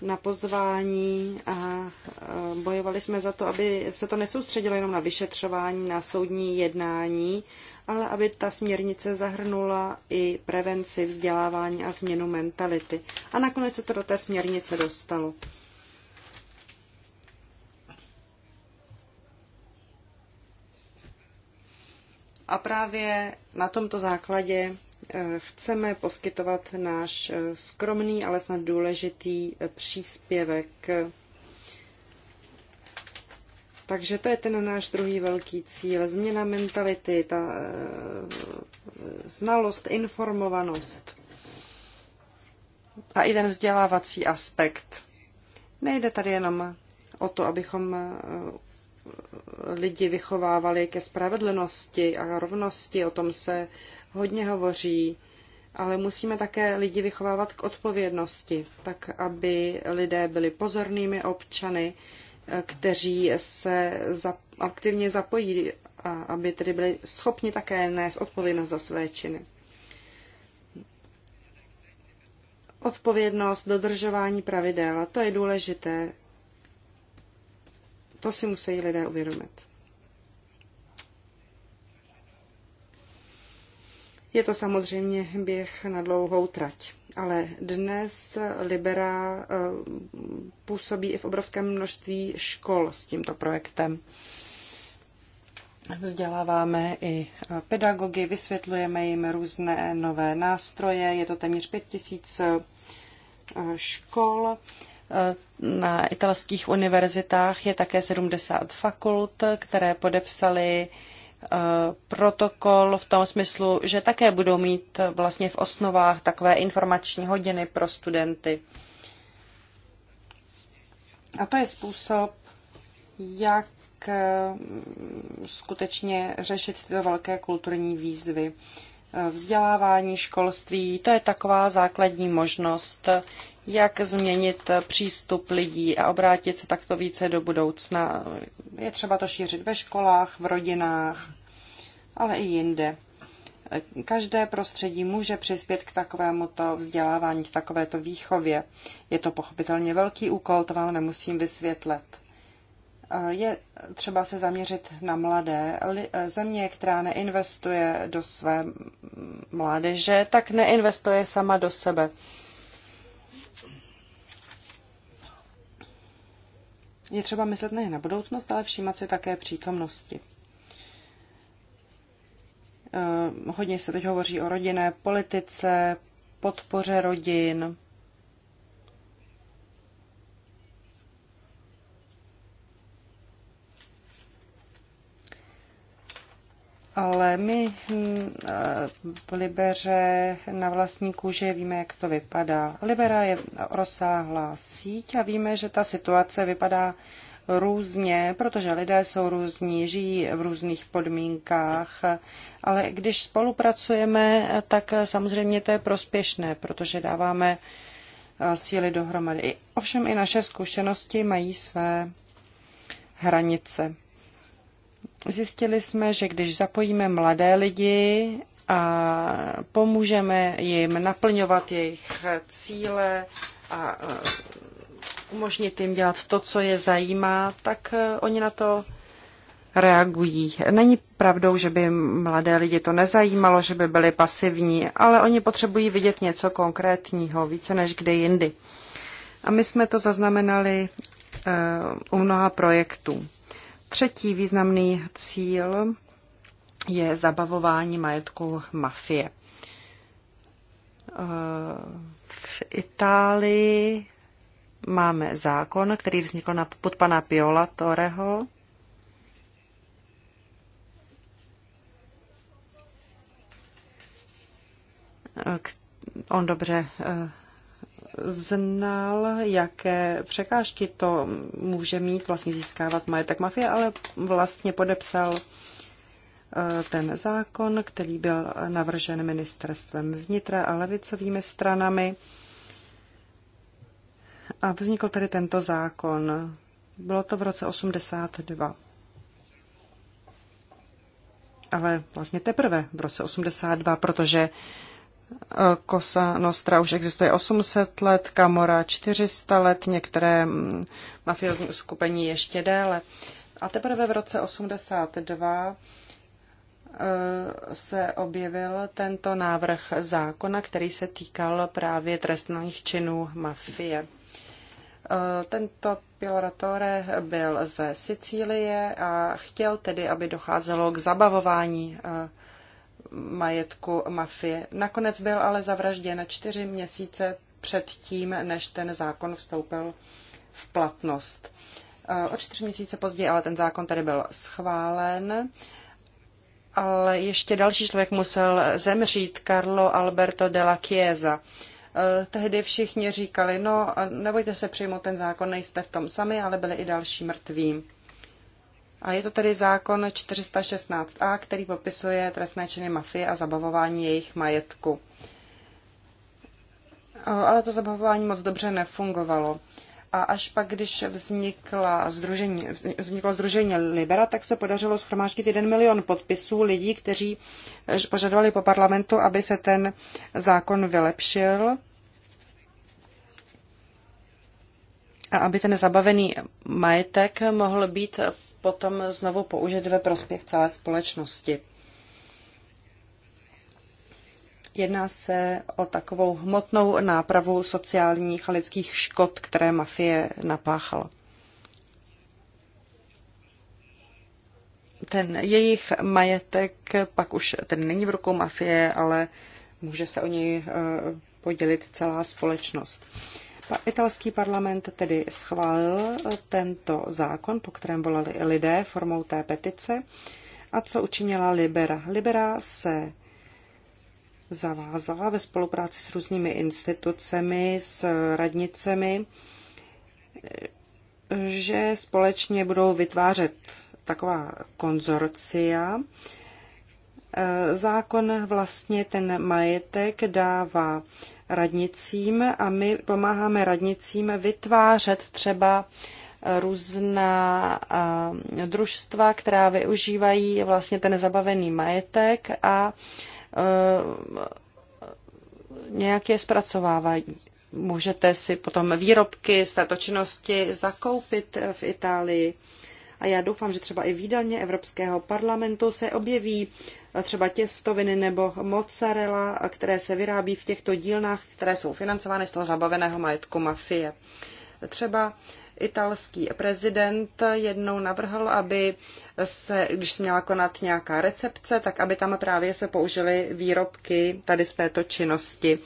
na pozvání a bojovali jsme za to, aby se to nesoustředilo jenom na vyšetřování, na soudní jednání, ale aby ta směrnice zahrnula i prevenci, vzdělávání a změnu mentality. A nakonec se to do té směrnice dostalo. A právě na tomto základě chceme poskytovat náš eh, skromný, ale snad důležitý eh, příspěvek. Takže to je ten náš druhý velký cíl. Změna mentality, ta eh, znalost, informovanost a i ten vzdělávací aspekt. Nejde tady jenom o to, abychom lidi vychovávali ke spravedlnosti a rovnosti, o tom se hodně hovoří, ale musíme také lidi vychovávat k odpovědnosti, tak aby lidé byli pozornými občany, eh, kteří se aktivně zapojí a aby tedy byli schopni také nést odpovědnost za své činy. Odpovědnost, dodržování pravidel, to je důležité. To si musí lidé uvědomit. Je to samozřejmě běh na dlouhou trať. Ale dnes Libera eh, působí i v obrovském množství škol s tímto projektem. Vzděláváme i eh, pedagogy, vysvětlujeme jim různé nové nástroje. Je to téměř 5000 eh, škol. Na italských univerzitách je také 70 fakult, které podepsaly protokol v tom smyslu, že také budou mít vlastně v osnovách takové informační hodiny pro studenty. A to je způsob, jak eh, skutečně řešit tyto velké kulturní výzvy. Eh, vzdělávání, školství, to je taková základní možnost, jak změnit přístup lidí a obrátit se takto více do budoucna. Je třeba to šířit ve školách, v rodinách, ale i jinde. Každé prostředí může přispět k takovémuto vzdělávání, k takovéto výchově. Je to pochopitelně velký úkol, to vám nemusím vysvětlet. Je třeba se zaměřit na mladé. Země, která neinvestuje do své mládeže, tak neinvestuje sama do sebe. je třeba myslet nejen na budoucnost, ale všímat si také přítomnosti. Eh, hodně se teď hovoří o rodinné politice, podpoře rodin, ale my v hm, eh, Libeře na vlastní kůži víme, jak to vypadá. Libera je rozsáhlá síť a víme, že ta situace vypadá různě, protože lidé jsou různí, žijí v různých podmínkách, ale když spolupracujeme, tak samozřejmě to je prospěšné, protože dáváme eh, síly dohromady. Ovšem i naše zkušenosti mají své hranice. Zjistili jsme, že když zapojíme mladé lidi a pomůžeme jim naplňovat jejich cíle a e, umožnit jim dělat to, co je zajímá, tak e, oni na to reagují. Není pravdou, že by mladé lidi to nezajímalo, že by byli pasivní, ale oni potřebují vidět něco konkrétního, více než kde jindy. A my jsme to zaznamenali e, u mnoha projektů. Třetí významný cíl je zabavování majetku mafie. V Itálii máme zákon, který vznikl na pod pana Piola Toreho. On dobře eh, znal, jaké překážky to může mít vlastně získávat majetek mafie, ale vlastně podepsal eh, ten zákon, který byl navržen ministerstvem vnitra a levicovými stranami. A vznikl tady tento zákon. Bylo to v roce 82. Ale vlastně teprve v roce 82, protože Kosa Nostra už existuje 800 let, Kamora 400 let, některé mm, mafiozní uskupení ještě déle. A teprve v roce 82 eh, se objevil tento návrh zákona, který se týkal právě trestných činů mafie. Eh, tento Pilatore byl ze Sicílie a chtěl tedy, aby docházelo k zabavování eh, majetku mafie. Nakonec byl ale zavražděn čtyři měsíce předtím, než ten zákon vstoupil v platnost. E, o čtyři měsíce později ale ten zákon tady byl schválen, ale ještě další člověk musel zemřít, Carlo Alberto della Chiesa. E, tehdy všichni říkali, no nebojte se přijmout ten zákon, nejste v tom sami, ale byli i další mrtví. A je to tedy zákon 416a, který popisuje trestné činy mafie a zabavování jejich majetku. Ale to zabavování moc dobře nefungovalo. A až pak, když vznikla združení, vzniklo združení Libera, tak se podařilo schromáždit jeden milion podpisů lidí, kteří požadovali po parlamentu, aby se ten zákon vylepšil a aby ten zabavený majetek mohl být potom znovu použit ve prospěch celé společnosti. Jedná se o takovou hmotnou nápravu sociálních a lidských škod, které mafie napáchala. Ten jejich majetek pak už ten není v rukou mafie, ale může se o něj eh, podělit celá společnost. Italský parlament tedy schválil eh, tento zákon, po kterém volali lidé formou té petice. A co učinila Libera? Libera se zavázala ve spolupráci s různými institucemi, s radnicemi, eh, že společně budou vytvářet taková konzorcia. Eh, zákon vlastně ten majetek dává radnicím a my pomáháme radnicím vytvářet třeba různá družstva, která využívají vlastně ten zabavený majetek a e, nějak je zpracovávají. Můžete si potom výrobky z této činnosti zakoupit v Itálii a já doufám, že třeba i výdaně Evropského parlamentu se objeví třeba těstoviny nebo mozzarella, které se vyrábí v těchto dílnách, které jsou financovány z toho zabaveného majetku mafie. Třeba italský prezident jednou navrhl, aby se, když se měla konat nějaká recepce, tak aby tam právě se použily výrobky tady z této činnosti.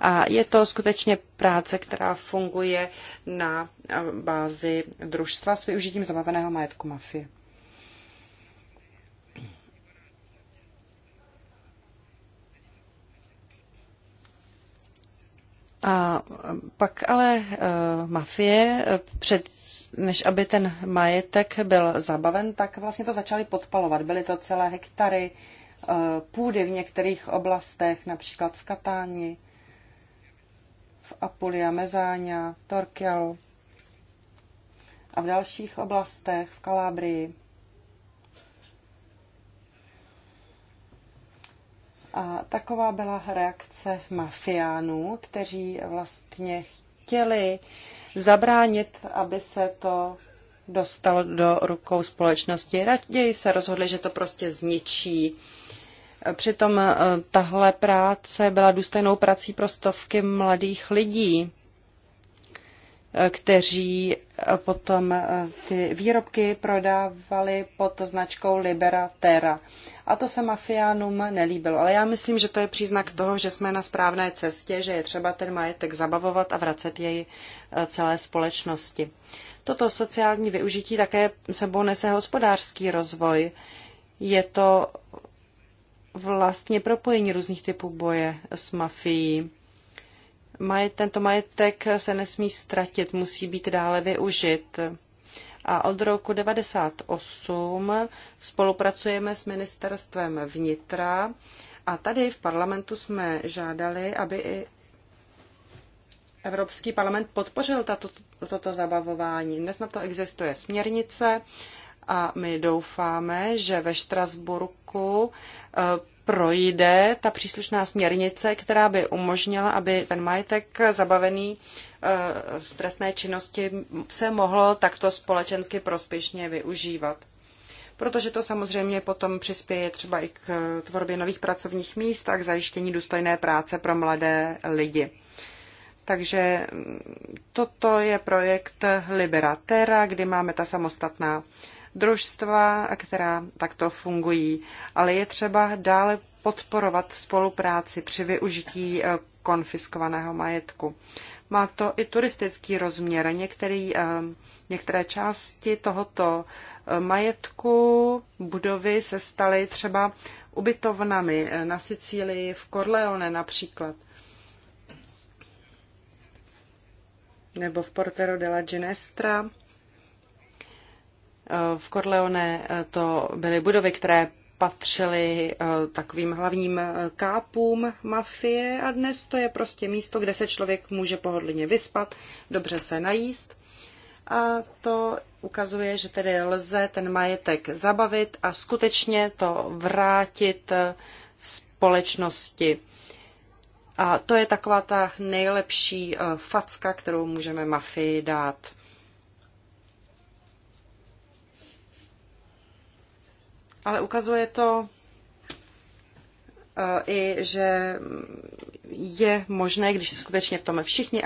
A je to skutečně práce, která funguje na bázi družstva s využitím zabaveného majetku mafie. A pak ale eh, mafie, eh, před, než aby ten majetek byl zabaven, tak vlastně to začali podpalovat. Byly to celé hektary eh, půdy v některých oblastech, například v Katáni, v Apulia, Mezáňa, Torkialu a v dalších oblastech v Kalábrii. A taková byla reakce mafiánů, kteří vlastně chtěli zabránit, aby se to dostalo do rukou společnosti. Raději se rozhodli, že to prostě zničí. Přitom eh, tahle práce byla důstojnou prací pro stovky mladých lidí, eh, kteří potom eh, ty výrobky prodávali pod značkou Libera Terra. A to se mafiánům nelíbilo. Ale já myslím, že to je příznak toho, že jsme na správné cestě, že je třeba ten majetek zabavovat a vracet jej eh, celé společnosti. Toto sociální využití také sebou nese hospodářský rozvoj. Je to vlastně propojení různých typů boje s mafií majet, tento majetek se nesmí ztratit, musí být dále využit. A od roku 1998 spolupracujeme s ministerstvem vnitra a tady v parlamentu jsme žádali, aby i Evropský parlament podpořil tato, toto zabavování. Dnes na to existuje směrnice a my doufáme, že ve Štrasburku eh, projde ta příslušná směrnice, která by umožnila, aby ten majetek zabavený eh, z trestné činnosti se mohlo takto společensky prospěšně využívat. Protože to samozřejmě potom přispěje třeba i k tvorbě nových pracovních míst a k zajištění důstojné práce pro mladé lidi. Takže mm, toto je projekt Liberatera, kdy máme ta samostatná družstva, která takto fungují. Ale je třeba dále podporovat spolupráci při využití eh, konfiskovaného majetku. Má to i turistický rozměr. Některý, eh, některé části tohoto eh, majetku budovy se staly třeba ubytovnami na Sicílii, v Corleone například. Nebo v Portero della Ginestra v Corleone eh, to byly budovy, které patřily eh, takovým hlavním eh, kápům mafie a dnes to je prostě místo, kde se člověk může pohodlně vyspat, dobře se najíst. A to ukazuje, že tedy lze ten majetek zabavit a skutečně to vrátit společnosti. A to je taková ta nejlepší facka, kterou můžeme mafii dát. ale ukazuje to e, i, že je možné, když se skutečně v tom všichni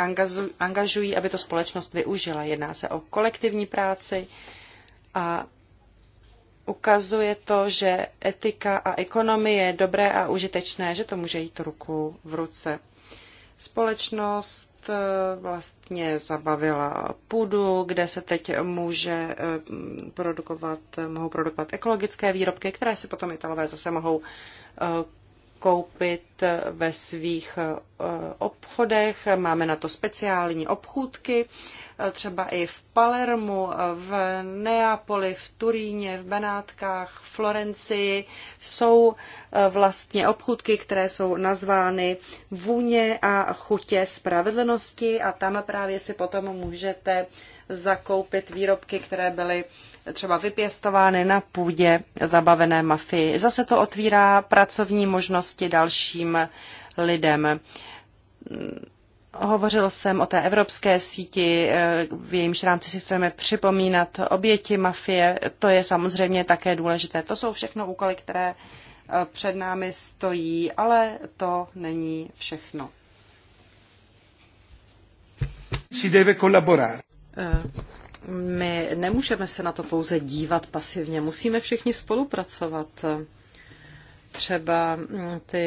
angažují, aby to společnost využila. Jedná se o kolektivní práci a ukazuje to, že etika a ekonomie je dobré a užitečné, že to může jít ruku v ruce. Společnost vlastně zabavila půdu, kde se teď může eh, produkovat, mohou produkovat ekologické výrobky, které si potom Italové zase mohou eh, koupit eh, ve svých obchodech. Máme na to speciální obchůdky třeba i v Palermu, v Neapoli, v Turíně, v Benátkách, v Florencii jsou eh, vlastně obchůdky, které jsou nazvány vůně a chutě spravedlnosti a tam právě si potom můžete zakoupit výrobky, které byly třeba vypěstovány na půdě zabavené mafii. Zase to otvírá pracovní možnosti dalším lidem. Hovořil jsem o té evropské síti, eh, v jejímž rámci si chceme připomínat oběti mafie. To je samozřejmě také důležité. To jsou všechno úkoly, které eh, před námi stojí, ale to není všechno. Si deve collaborare. Eh, my nemůžeme se na to pouze dívat pasivně, musíme všichni spolupracovat třeba mm, ty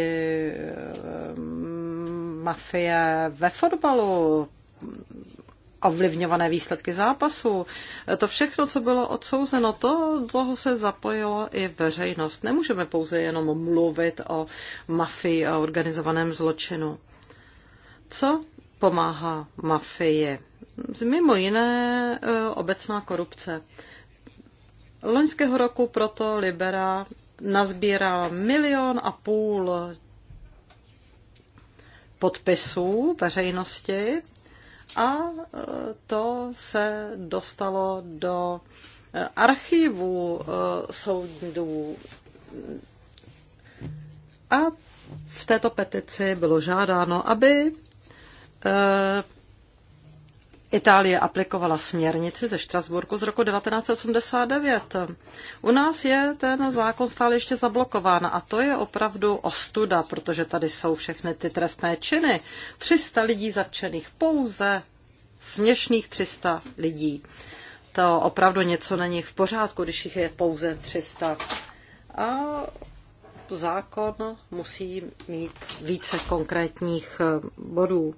mm, mafie ve fotbalu, ovlivňované výsledky zápasů. To všechno, co bylo odsouzeno, to toho se zapojilo i veřejnost. Nemůžeme pouze jenom mluvit o mafii a organizovaném zločinu. Co pomáhá mafii? Mimo jiné e, obecná korupce. Loňského roku proto Libera nazbíral milion a půl podpisů veřejnosti a e, to se dostalo do e, archivu e, soudů. A v této petici bylo žádáno, aby Itálie aplikovala směrnici ze Štrasburku z roku 1989. U nás je ten zákon stále ještě zablokován a to je opravdu ostuda, protože tady jsou všechny ty trestné činy. 300 lidí zatčených pouze, směšných 300 lidí. To opravdu něco není v pořádku, když jich je pouze 300. A zákon musí mít více konkrétních eh, bodů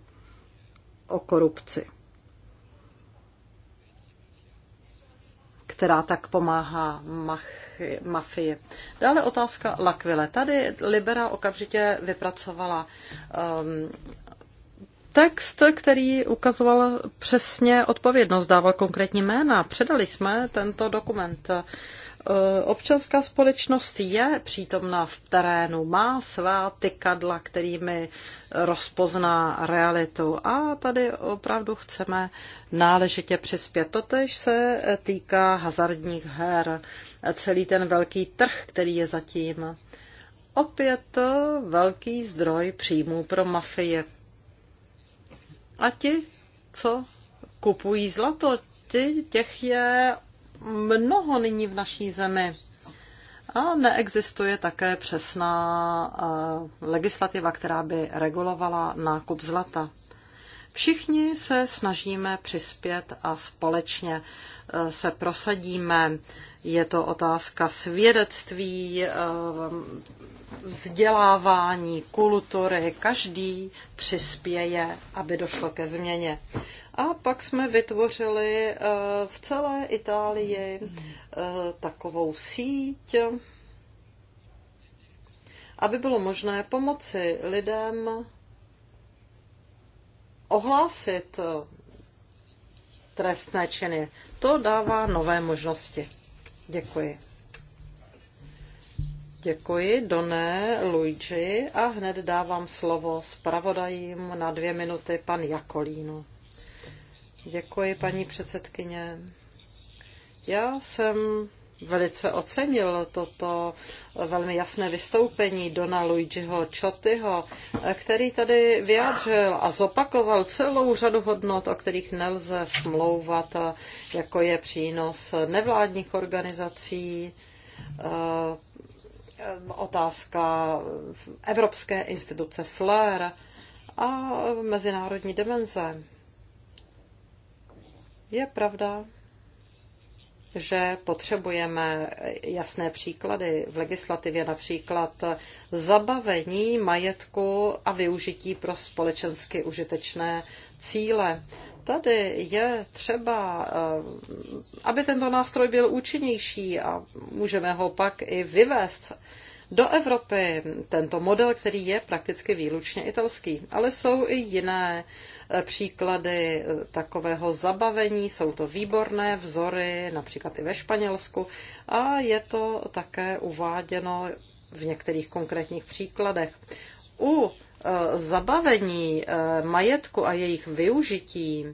o korupci. která tak pomáhá mach, mafii. Dále otázka Lakvile. Tady Libera okamžitě vypracovala um, text, který ukazoval přesně odpovědnost, dával konkrétní jména. Předali jsme tento dokument Eh, občanská společnost je přítomna v terénu, má svá tykadla, kterými rozpozná realitu a tady opravdu chceme náležitě přispět. Totež se týká hazardních her, celý ten velký trh, který je zatím. Opět to velký zdroj příjmů pro mafie. A ti, co kupují zlato, ti těch je mnoho nyní v naší zemi. A neexistuje také přesná eh, legislativa, která by regulovala nákup zlata. Všichni se snažíme přispět a společně eh, se prosadíme. Je to otázka svědectví, eh, vzdělávání, kultury. Každý přispěje, aby došlo ke změně. A pak jsme vytvořili eh, v celé Itálii eh, takovou síť, aby bylo možné pomoci lidem ohlásit eh, trestné činy. To dává nové možnosti. Děkuji. Děkuji, Doné, Luigi a hned dávám slovo zpravodajím na dvě minuty pan Jakolínu. Děkuji, paní předsedkyně. Já jsem velice ocenil toto velmi jasné vystoupení Dona Luigiho Čotyho, který tady vyjádřil a zopakoval celou řadu hodnot, o kterých nelze smlouvat, jako je přínos nevládních organizací, eh, otázka Evropské instituce FLER a mezinárodní dimenze. Je pravda, že potřebujeme jasné příklady v legislativě, například zabavení majetku a využití pro společensky užitečné cíle. Tady je třeba, eh, aby tento nástroj byl účinnější a můžeme ho pak i vyvést do Evropy. Tento model, který je prakticky výlučně italský. Ale jsou i jiné eh, příklady eh, takového zabavení, jsou to výborné vzory, například i ve Španělsku, a je to také uváděno v některých konkrétních příkladech. U eh, zabavení majetku a jejich využití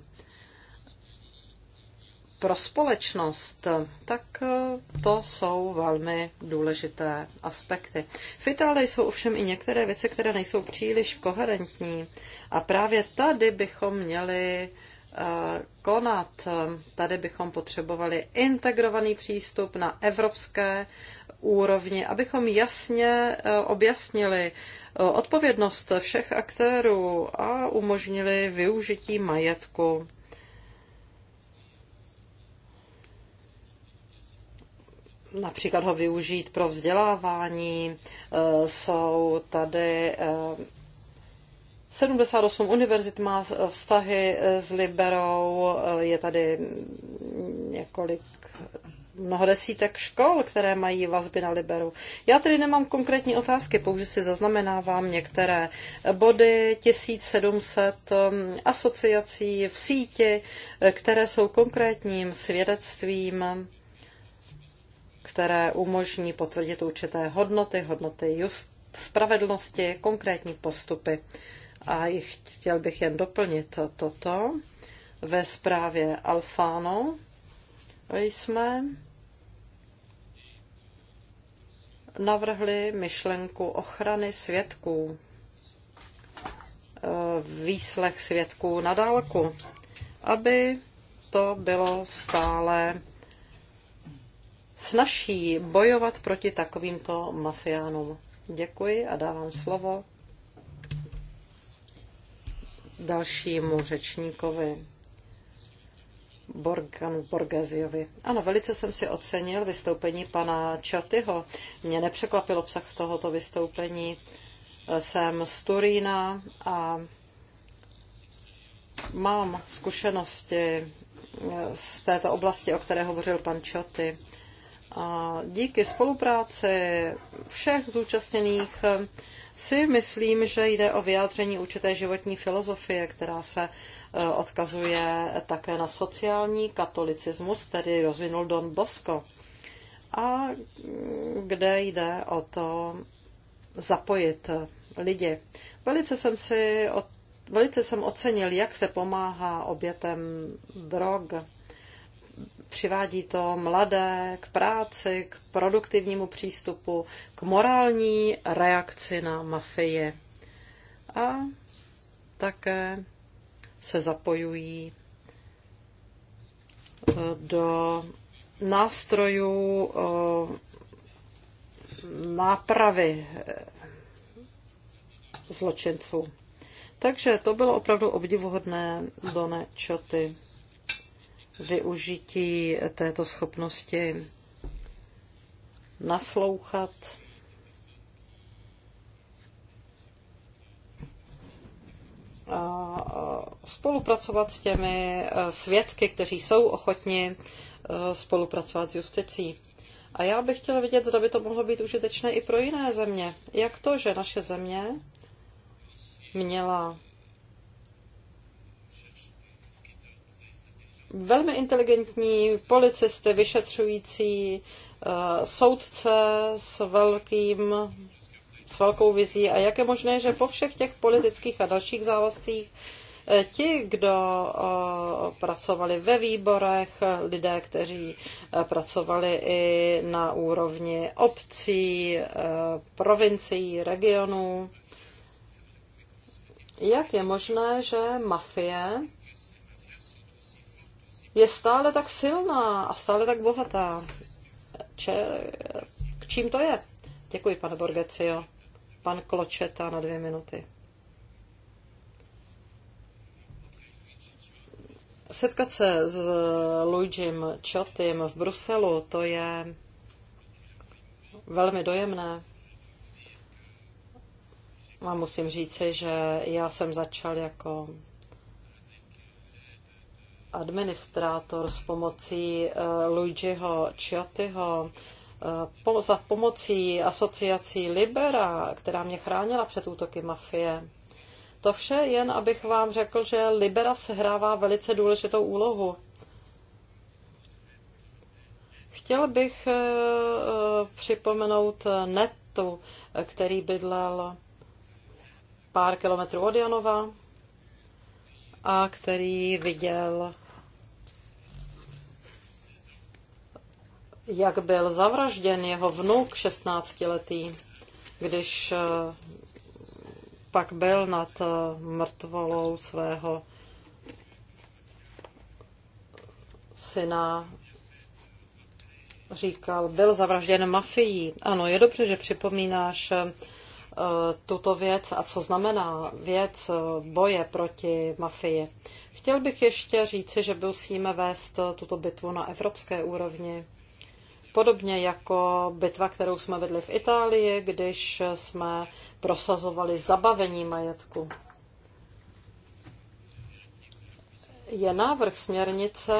pro společnost, tak eh, to jsou velmi důležité aspekty. V Itálii jsou ovšem i některé věci, které nejsou příliš koherentní a právě tady bychom měli eh, konat. Tady bychom potřebovali integrovaný přístup na evropské úrovni, abychom jasně eh, objasnili odpovědnost všech aktérů a umožnili využití majetku například ho využít pro vzdělávání. Eh, jsou tady 78 eh, univerzit má vztahy eh, s Liberou, je tady několik mnoho desítek škol, které mají vazby na Liberu. Já tedy nemám konkrétní otázky, pouze si zaznamenávám některé body 1700 ehm, asociací v síti, které jsou konkrétním svědectvím které umožní potvrdit určité hodnoty, hodnoty just spravedlnosti, konkrétní postupy. A chtěl bych jen doplnit toto. Ve zprávě Alfano jsme navrhli myšlenku ochrany svědků, eh, výslech svědků na dálku, aby to bylo stále snaží bojovat proti takovýmto mafiánům. Děkuji a dávám slovo dalšímu řečníkovi. Borgan Borgaziovi. Ano, velice jsem si ocenil vystoupení pana Čatyho. Mě nepřekvapil obsah tohoto vystoupení. Jsem z Turína a mám zkušenosti z této oblasti, o které hovořil pan Čaty. A díky spolupráci všech zúčastněných si myslím, že jde o vyjádření určité životní filozofie, která se e, odkazuje také na sociální katolicismus, který rozvinul Don Bosco a kde jde o to zapojit lidi. Velice jsem si Velice jsem ocenil, jak se pomáhá obětem drog Přivádí to mladé k práci, k produktivnímu přístupu, k morální reakci na mafii. A také se zapojují eh, do nástrojů eh, nápravy eh, zločinců. Takže to bylo opravdu obdivuhodné, Done Čoty využití této schopnosti naslouchat. A spolupracovat s těmi e, svědky, kteří jsou ochotni e, spolupracovat s justicí. A já bych chtěla vidět, zda by to mohlo být užitečné i pro jiné země. Jak to, že naše země měla velmi inteligentní policisty, vyšetřující, eh, soudce s velkým s velkou vizí a jak je možné, že po všech těch politických a dalších závazcích eh, ti, kdo eh, pracovali ve výborech, lidé, kteří pracovali i na úrovni obcí, provincií, regionů, jak je možné, že mafie je stále tak silná a stále tak bohatá. Če, k čím to je? Děkuji, pane Borgecio. Pan Kločeta na dvě minuty. Setkat se s Luigim Čotym v Bruselu, to je velmi dojemné. A musím říci, že já jsem začal jako administrátor s pomocí eh, Luigiho Ciotyho, eh, za pomocí asociací Libera, která mě chránila před útoky mafie. To vše jen, abych vám řekl, že Libera sehrává velice důležitou úlohu. Chtěl bych eh, připomenout Netu, který bydlel pár kilometrů od Janova a který viděl jak byl zavražděn jeho vnuk 16-letý, když eh, pak byl nad eh, mrtvolou svého syna říkal, byl zavražděn mafií. Ano, je dobře, že připomínáš eh, tuto věc a co znamená věc boje proti mafii. Chtěl bych ještě říci, že musíme vést tuto bitvu na evropské úrovni. Podobně jako bitva, kterou jsme vedli v Itálii, když jsme prosazovali zabavení majetku. Je návrh směrnice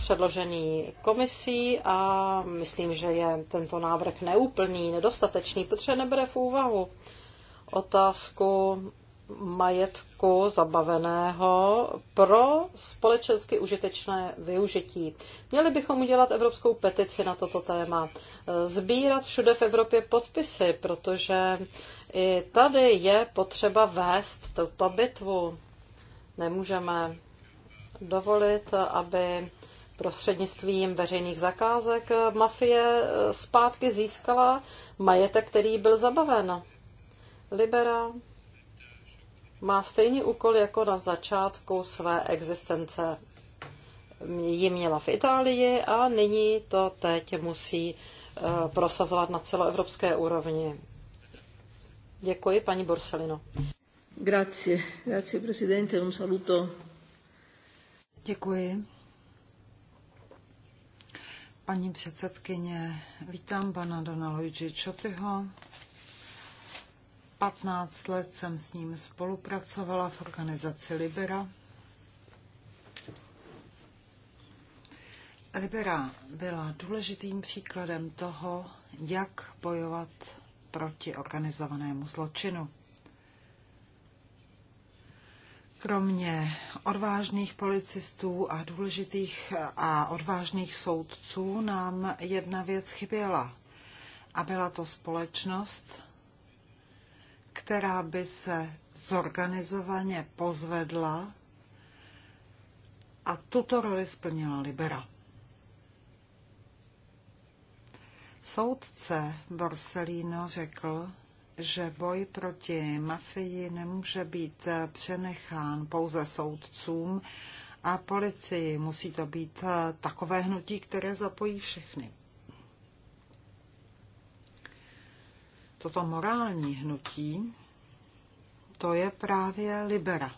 předložený komisí a myslím, že je tento návrh neúplný, nedostatečný, protože nebere v úvahu otázku majetku zabaveného pro společensky užitečné využití. Měli bychom udělat evropskou petici na toto téma, sbírat všude v Evropě podpisy, protože i tady je potřeba vést tuto bitvu. Nemůžeme dovolit, aby prostřednictvím veřejných zakázek mafie zpátky získala majetek, který byl zabaven. Libera má stejný úkol jako na začátku své existence. Ji měla v Itálii a nyní to teď musí eh, prosazovat na celoevropské úrovni. Děkuji, paní Borsellino. Grazie, grazie presidente, un saluto. Děkuji. Paní předsedkyně, vítám pana Dona Čotyho. 15 let jsem s ním spolupracovala v organizaci Libera. Libera byla důležitým příkladem toho, jak bojovat proti organizovanému zločinu. Kromě odvážných policistů a důležitých a odvážných soudců nám jedna věc chyběla. A byla to společnost, která by se zorganizovaně pozvedla a tuto roli splnila Libera. Soudce Borsellino řekl, že boj proti mafii nemůže být přenechán pouze soudcům a policii. Musí to být takové hnutí, které zapojí všechny. toto morální hnutí, to je právě libera.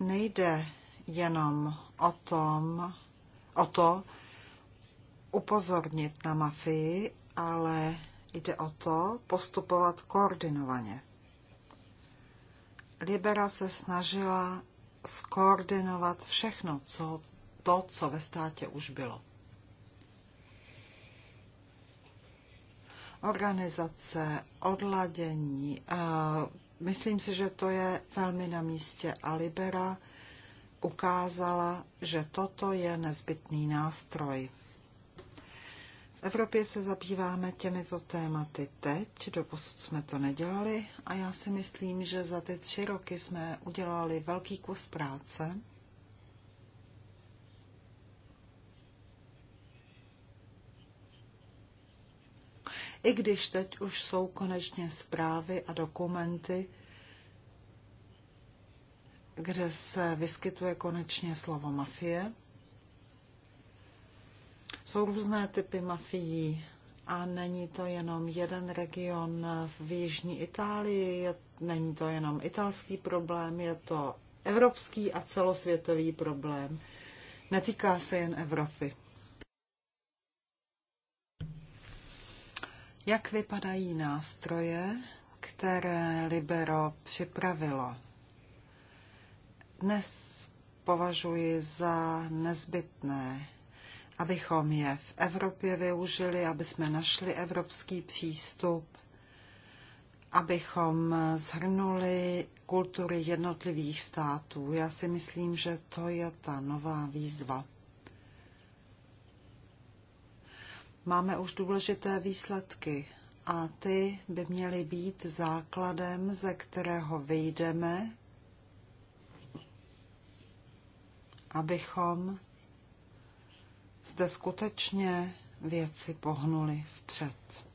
Nejde jenom o, tom, o to upozornit na mafii, ale jde o to postupovat koordinovaně. Libera se snažila skoordinovat všechno, co, to, co ve státě už bylo. organizace, odladění. Myslím si, že to je velmi na místě a Libera ukázala, že toto je nezbytný nástroj. V Evropě se zabýváme těmito tématy teď, doposud jsme to nedělali a já si myslím, že za ty tři roky jsme udělali velký kus práce i když teď už jsou konečně zprávy a dokumenty, kde se vyskytuje konečně slovo mafie. Jsou různé typy mafií a není to jenom jeden region v jižní Itálii, je, není to jenom italský problém, je to evropský a celosvětový problém. Netýká se jen Evropy. jak vypadají nástroje, které Libero připravilo. Dnes považuji za nezbytné, abychom je v Evropě využili, aby jsme našli evropský přístup, abychom zhrnuli kultury jednotlivých států. Já si myslím, že to je ta nová výzva. Máme už důležité výsledky a ty by měly být základem, ze kterého vyjdeme, abychom zde skutečně věci pohnuli vpřed.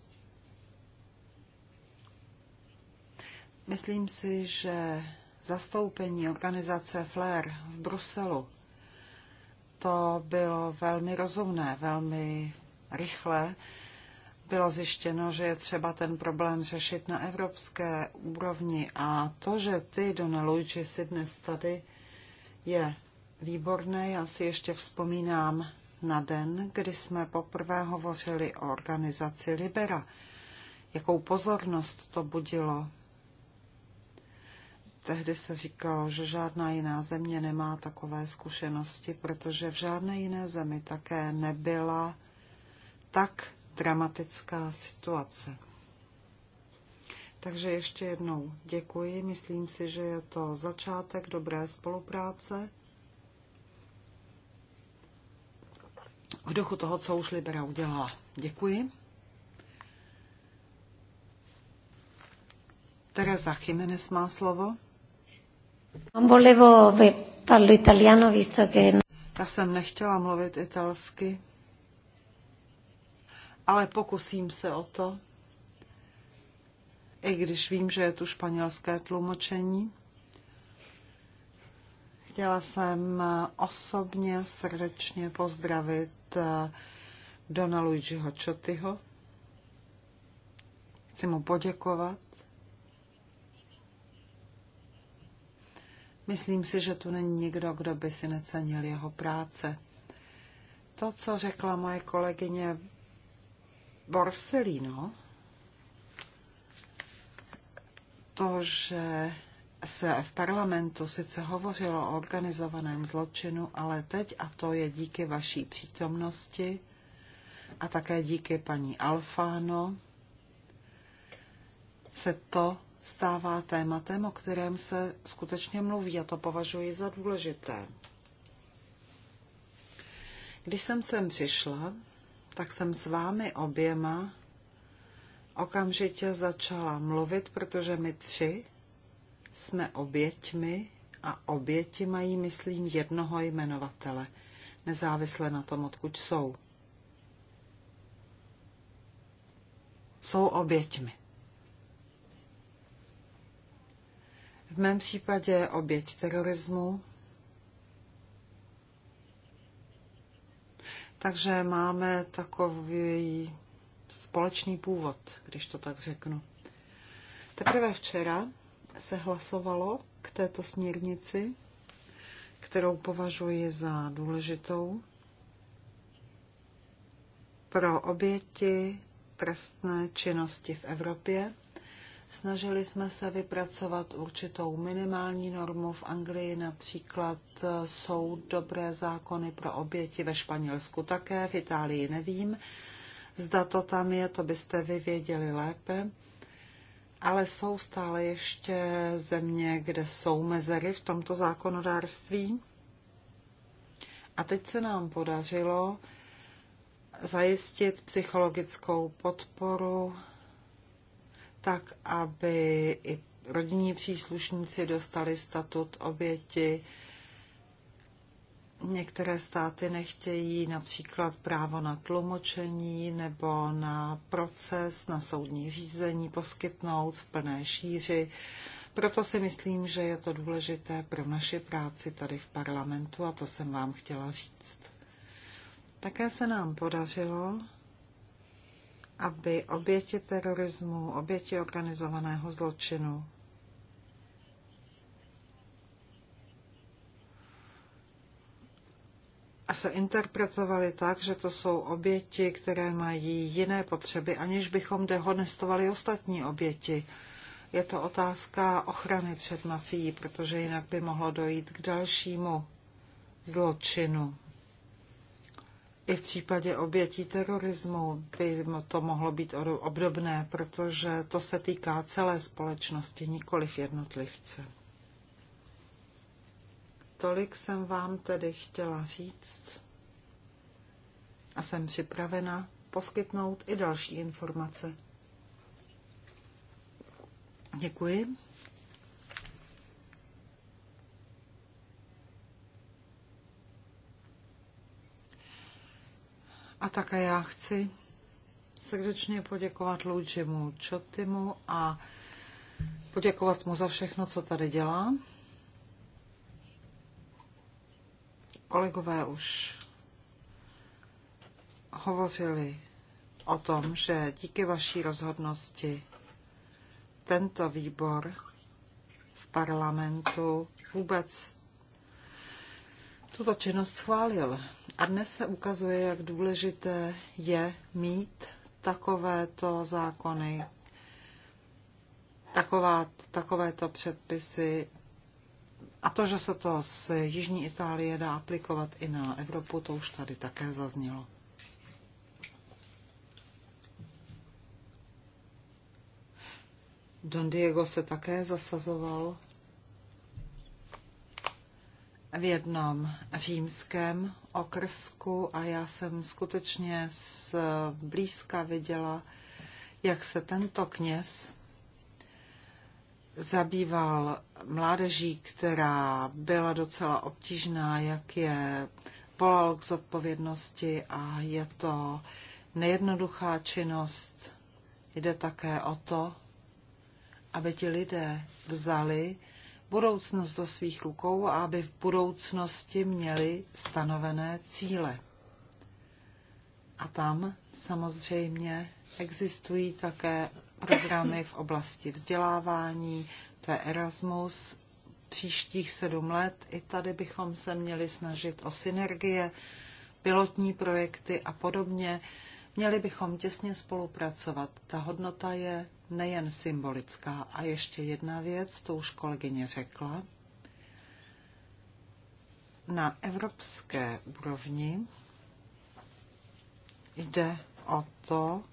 Myslím si, že zastoupení organizace FLER v Bruselu to bylo velmi rozumné, velmi rychle bylo zjištěno, že je třeba ten problém řešit na evropské úrovni. A to, že ty, Dona Luigi, si dnes tady, je výborné. Já si ještě vzpomínám na den, kdy jsme poprvé hovořili o organizaci Libera. Jakou pozornost to budilo. Tehdy se říkalo, že žádná jiná země nemá takové zkušenosti, protože v žádné jiné zemi také nebyla tak dramatická situace. Takže ještě jednou děkuji. Myslím si, že je to začátek dobré spolupráce. V duchu toho, co už Libera udělala. Děkuji. Teresa Jiménez má slovo. Já jsem nechtěla mluvit italsky, ale pokusím se o to, i když vím, že je tu španělské tlumočení. Chtěla jsem osobně srdečně pozdravit eh, Dona Luigiho Čotyho. Chci mu poděkovat. Myslím si, že tu není nikdo, kdo by si necenil jeho práce. To, co řekla moje kolegyně Borsellino to, že se v parlamentu sice hovořilo o organizovaném zločinu, ale teď, a to je díky vaší přítomnosti a také díky paní Alfáno, se to stává tématem, o kterém se skutečně mluví a to považuji za důležité. Když jsem sem přišla, tak jsem s vámi oběma okamžitě začala mluvit, protože my tři jsme oběťmi a oběti mají, myslím, jednoho jmenovatele, nezávisle na tom, odkud jsou. Jsou oběťmi. V mém případě je oběť terorismu, Takže máme takový společný původ, když to tak řeknu. Teprve včera se hlasovalo k této směrnici, kterou považuji za důležitou pro oběti trestné činnosti v Evropě. Snažili jsme se vypracovat určitou minimální normu. V Anglii například e, jsou dobré zákony pro oběti, ve Španělsku také, v Itálii nevím. Zda to tam je, to byste vy věděli lépe. Ale jsou stále ještě země, kde jsou mezery v tomto zákonodárství. A teď se nám podařilo zajistit psychologickou podporu tak aby i rodinní příslušníci dostali statut oběti. Některé státy nechtějí například právo na tlumočení nebo na proces, na soudní řízení poskytnout v plné šíři. Proto si myslím, že je to důležité pro naši práci tady v parlamentu a to jsem vám chtěla říct. Také se nám podařilo aby oběti terorismu, oběti organizovaného zločinu a se interpretovali tak, že to jsou oběti, které mají jiné potřeby, aniž bychom dehonestovali ostatní oběti. Je to otázka ochrany před mafií, protože jinak by mohlo dojít k dalšímu zločinu i v případě obětí terorismu by to mohlo být obdobné, protože to se týká celé společnosti, nikoliv jednotlivce. Tolik jsem vám tedy chtěla říct a jsem připravena poskytnout i další informace. Děkuji. A také já chci srdečně poděkovat Luigimu Čotimu a poděkovat mu za všechno, co tady dělá. Kolegové už hovořili o tom, že díky vaší rozhodnosti tento výbor v parlamentu vůbec tuto činnost schválil. A dnes se ukazuje, jak důležité je mít takovéto zákony, taková, takovéto předpisy a to, že se to z Jižní Itálie dá aplikovat i na Evropu, to už tady také zaznělo. Don Diego se také zasazoval v jednom římském okrsku a já jsem skutečně z blízka viděla, jak se tento kněz zabýval mládeží, která byla docela obtížná, jak je volal k zodpovědnosti a je to nejednoduchá činnost. Jde také o to, aby ti lidé vzali budoucnost do svých rukou a aby v budoucnosti měli stanovené cíle. A tam samozřejmě existují také programy v oblasti vzdělávání, to je Erasmus, příštích sedm let. I tady bychom se měli snažit o synergie, pilotní projekty a podobně. Měli bychom těsně spolupracovat. Ta hodnota je nejen symbolická. A ještě jedna věc, to už kolegyně řekla. Na evropské úrovni jde o to,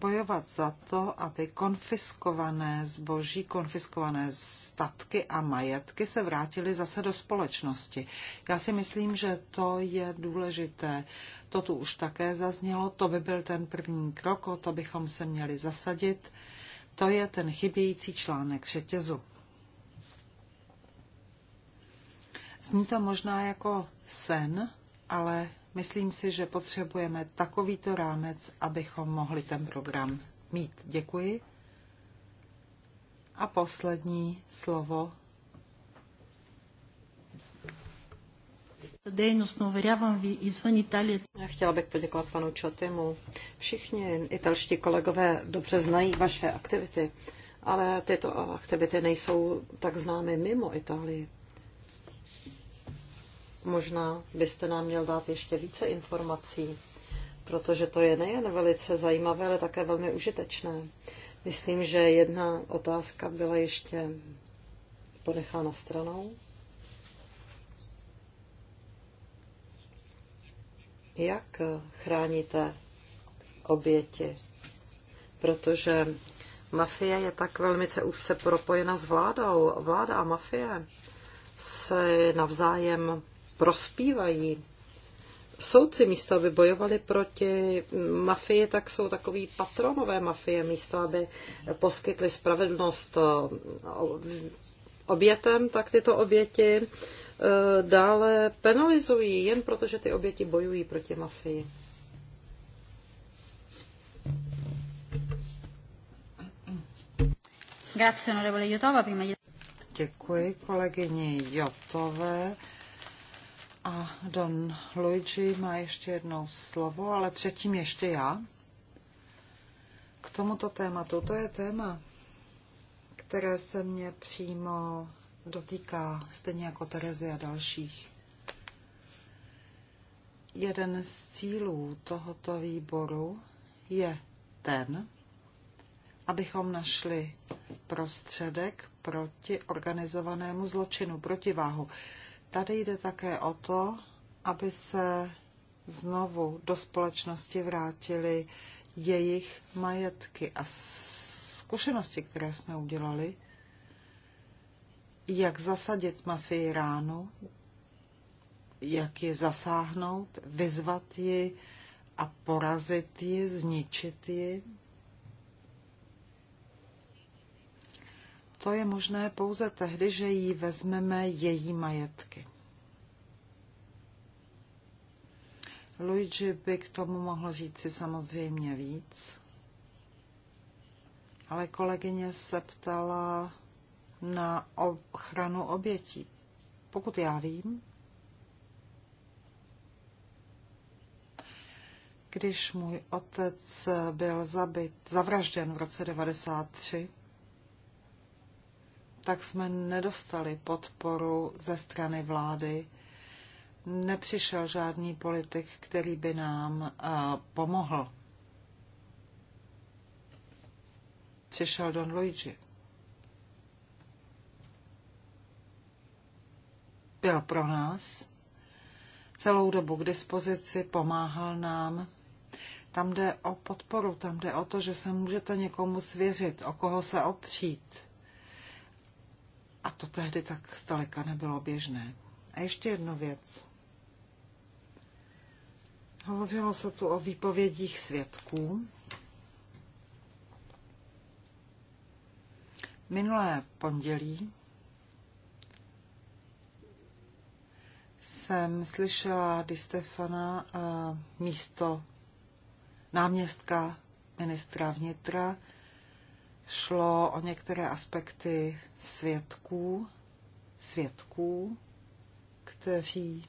bojovat za to, aby konfiskované zboží, konfiskované statky a majetky se vrátily zase do společnosti. Já si myslím, že to je důležité. To tu už také zaznělo, to by byl ten první krok, o to bychom se měli zasadit. To je ten chybějící článek řetězu. Zní to možná jako sen, ale Myslím si, že potřebujeme takovýto rámec, abychom mohli ten program mít. Děkuji. A poslední slovo. Itálie. Já chtěla bych poděkovat panu Čotimu. Všichni italští kolegové dobře znají vaše aktivity, ale tyto aktivity nejsou tak známy mimo Itálii. Možná byste nám měl dát ještě více informací, protože to je nejen velice zajímavé, ale také velmi užitečné. Myslím, že jedna otázka byla ještě ponechána stranou. Jak chráníte oběti? Protože mafie je tak velmi úzce propojena s vládou. Vláda a mafie se navzájem prospívají. Soudci místo, aby bojovali proti mafii, tak jsou takový patronové mafie místo, aby poskytli spravedlnost eh, obětem, tak tyto oběti eh, dále penalizují, jen protože ty oběti bojují proti mafii. Děkuji kolegyně Jotové a Don Luigi má ještě jednou slovo, ale předtím ještě já. K tomuto tématu. To je téma, které se mě přímo dotýká, stejně jako Terezy a dalších. Jeden z cílů tohoto výboru je ten, abychom našli prostředek proti organizovanému zločinu, protiváhu. váhu Tady jde také o to, aby se znovu do společnosti vrátili jejich majetky a zkušenosti, které jsme udělali, jak zasadit mafii ránu, jak ji zasáhnout, vyzvat ji a porazit ji, zničit ji. to je možné pouze tehdy, že jí vezmeme její majetky. Luigi by k tomu mohl říci samozřejmě víc, ale kolegyně se ptala na ochranu obětí. Pokud já vím, když můj otec byl zabit, zavražděn v roce 1993, tak jsme nedostali podporu ze strany vlády. Nepřišel žádný politik, který by nám eh, pomohl. Přišel Don Luigi. Byl pro nás celou dobu k dispozici, pomáhal nám. Tam jde o podporu, tam jde o to, že se můžete někomu svěřit, o koho se opřít a to tehdy tak zdaleka nebylo běžné. A ještě jednu věc. Hovořilo se tu o výpovědích svědků. Minulé pondělí jsem slyšela Di Stefana eh, místo náměstka ministra vnitra, šlo o některé aspekty svědků, svědků, kteří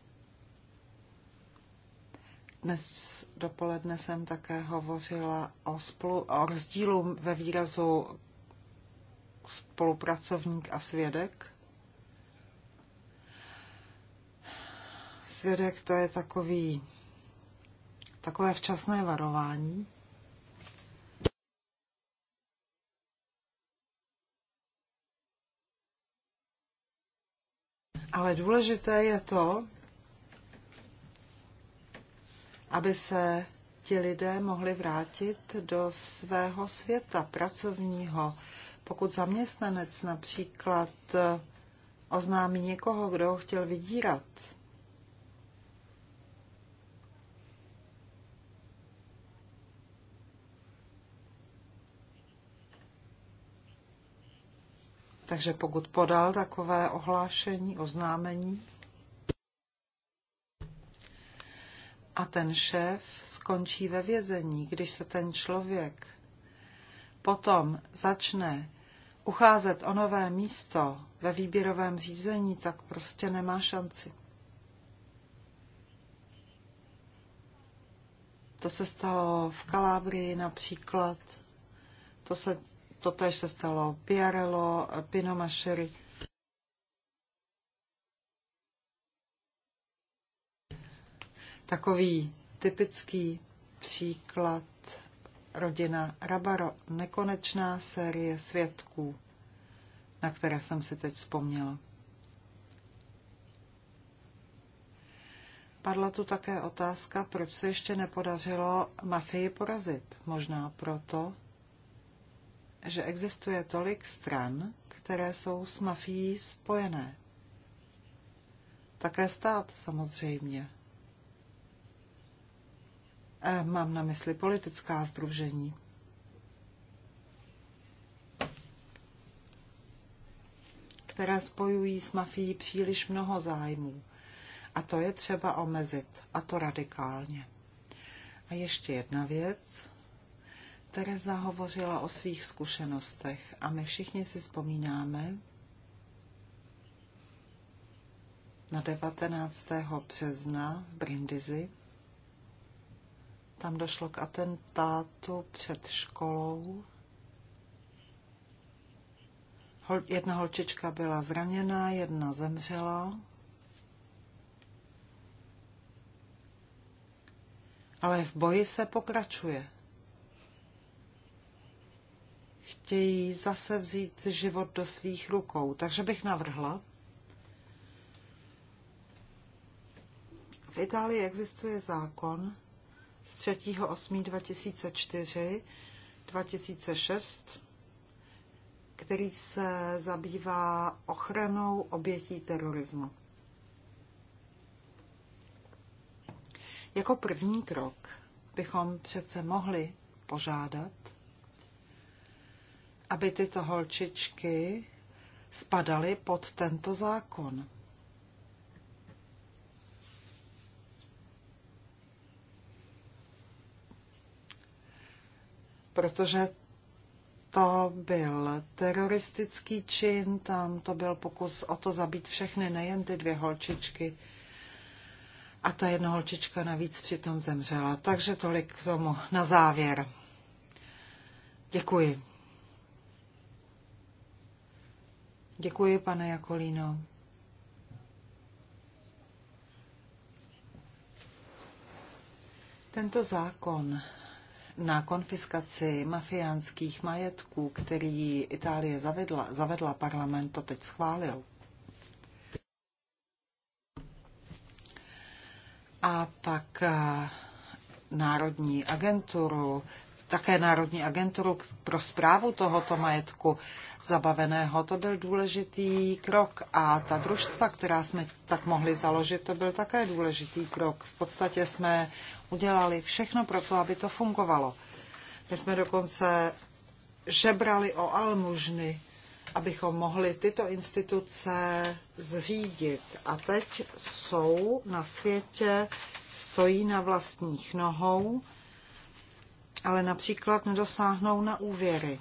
dnes dopoledne jsem také hovořila o, spolu, o rozdílu ve výrazu spolupracovník a svědek. Svědek to je takový, takové včasné varování, Ale důležité je to, aby se ti lidé mohli vrátit do svého světa pracovního. Pokud zaměstnanec například eh, oznámí někoho, kdo ho chtěl vydírat, Takže pokud podal takové ohlášení, oznámení, a ten šéf skončí ve vězení, když se ten člověk potom začne ucházet o nové místo ve výběrovém řízení, tak prostě nemá šanci. To se stalo v Kalábrii například. To se tež se stalo piarelo, Pinomašery. Takový typický příklad rodina Rabaro, nekonečná série svědků, na které jsem si teď vzpomněla. Padla tu také otázka, proč se ještě nepodařilo mafii porazit. Možná proto, že existuje tolik stran, které jsou s mafií spojené. Také stát samozřejmě. E, mám na mysli politická združení. které spojují s mafií příliš mnoho zájmů. A to je třeba omezit, a to radikálně. A ještě jedna věc. Tereza hovořila o svých zkušenostech a my všichni si vzpomínáme na 19. března v Brindisi. Tam došlo k atentátu před školou. Jedna holčička byla zraněná, jedna zemřela. Ale v boji se pokračuje chtějí zase vzít život do svých rukou. Takže bych navrhla, v Itálii existuje zákon z 382004 2006, který se zabývá ochranou obětí terorismu. Jako první krok bychom přece mohli požádat aby tyto holčičky spadaly pod tento zákon. Protože to byl teroristický čin, tam to byl pokus o to zabít všechny, nejen ty dvě holčičky. A ta jedna holčička navíc přitom zemřela. Takže tolik k tomu na závěr. Děkuji. Děkuji, pane Jakolíno. Tento zákon na konfiskaci mafiánských majetků, který Itálie zavedla, zavedla parlament, to teď schválil. A pak eh, národní agenturu také Národní agenturu pro zprávu tohoto majetku zabaveného. To byl důležitý krok a ta družstva, která jsme tak mohli založit, to byl také důležitý krok. V podstatě jsme udělali všechno pro to, aby to fungovalo. My jsme dokonce žebrali o almužny, abychom mohli tyto instituce zřídit. A teď jsou na světě, stojí na vlastních nohou, ale například nedosáhnou na úvěry.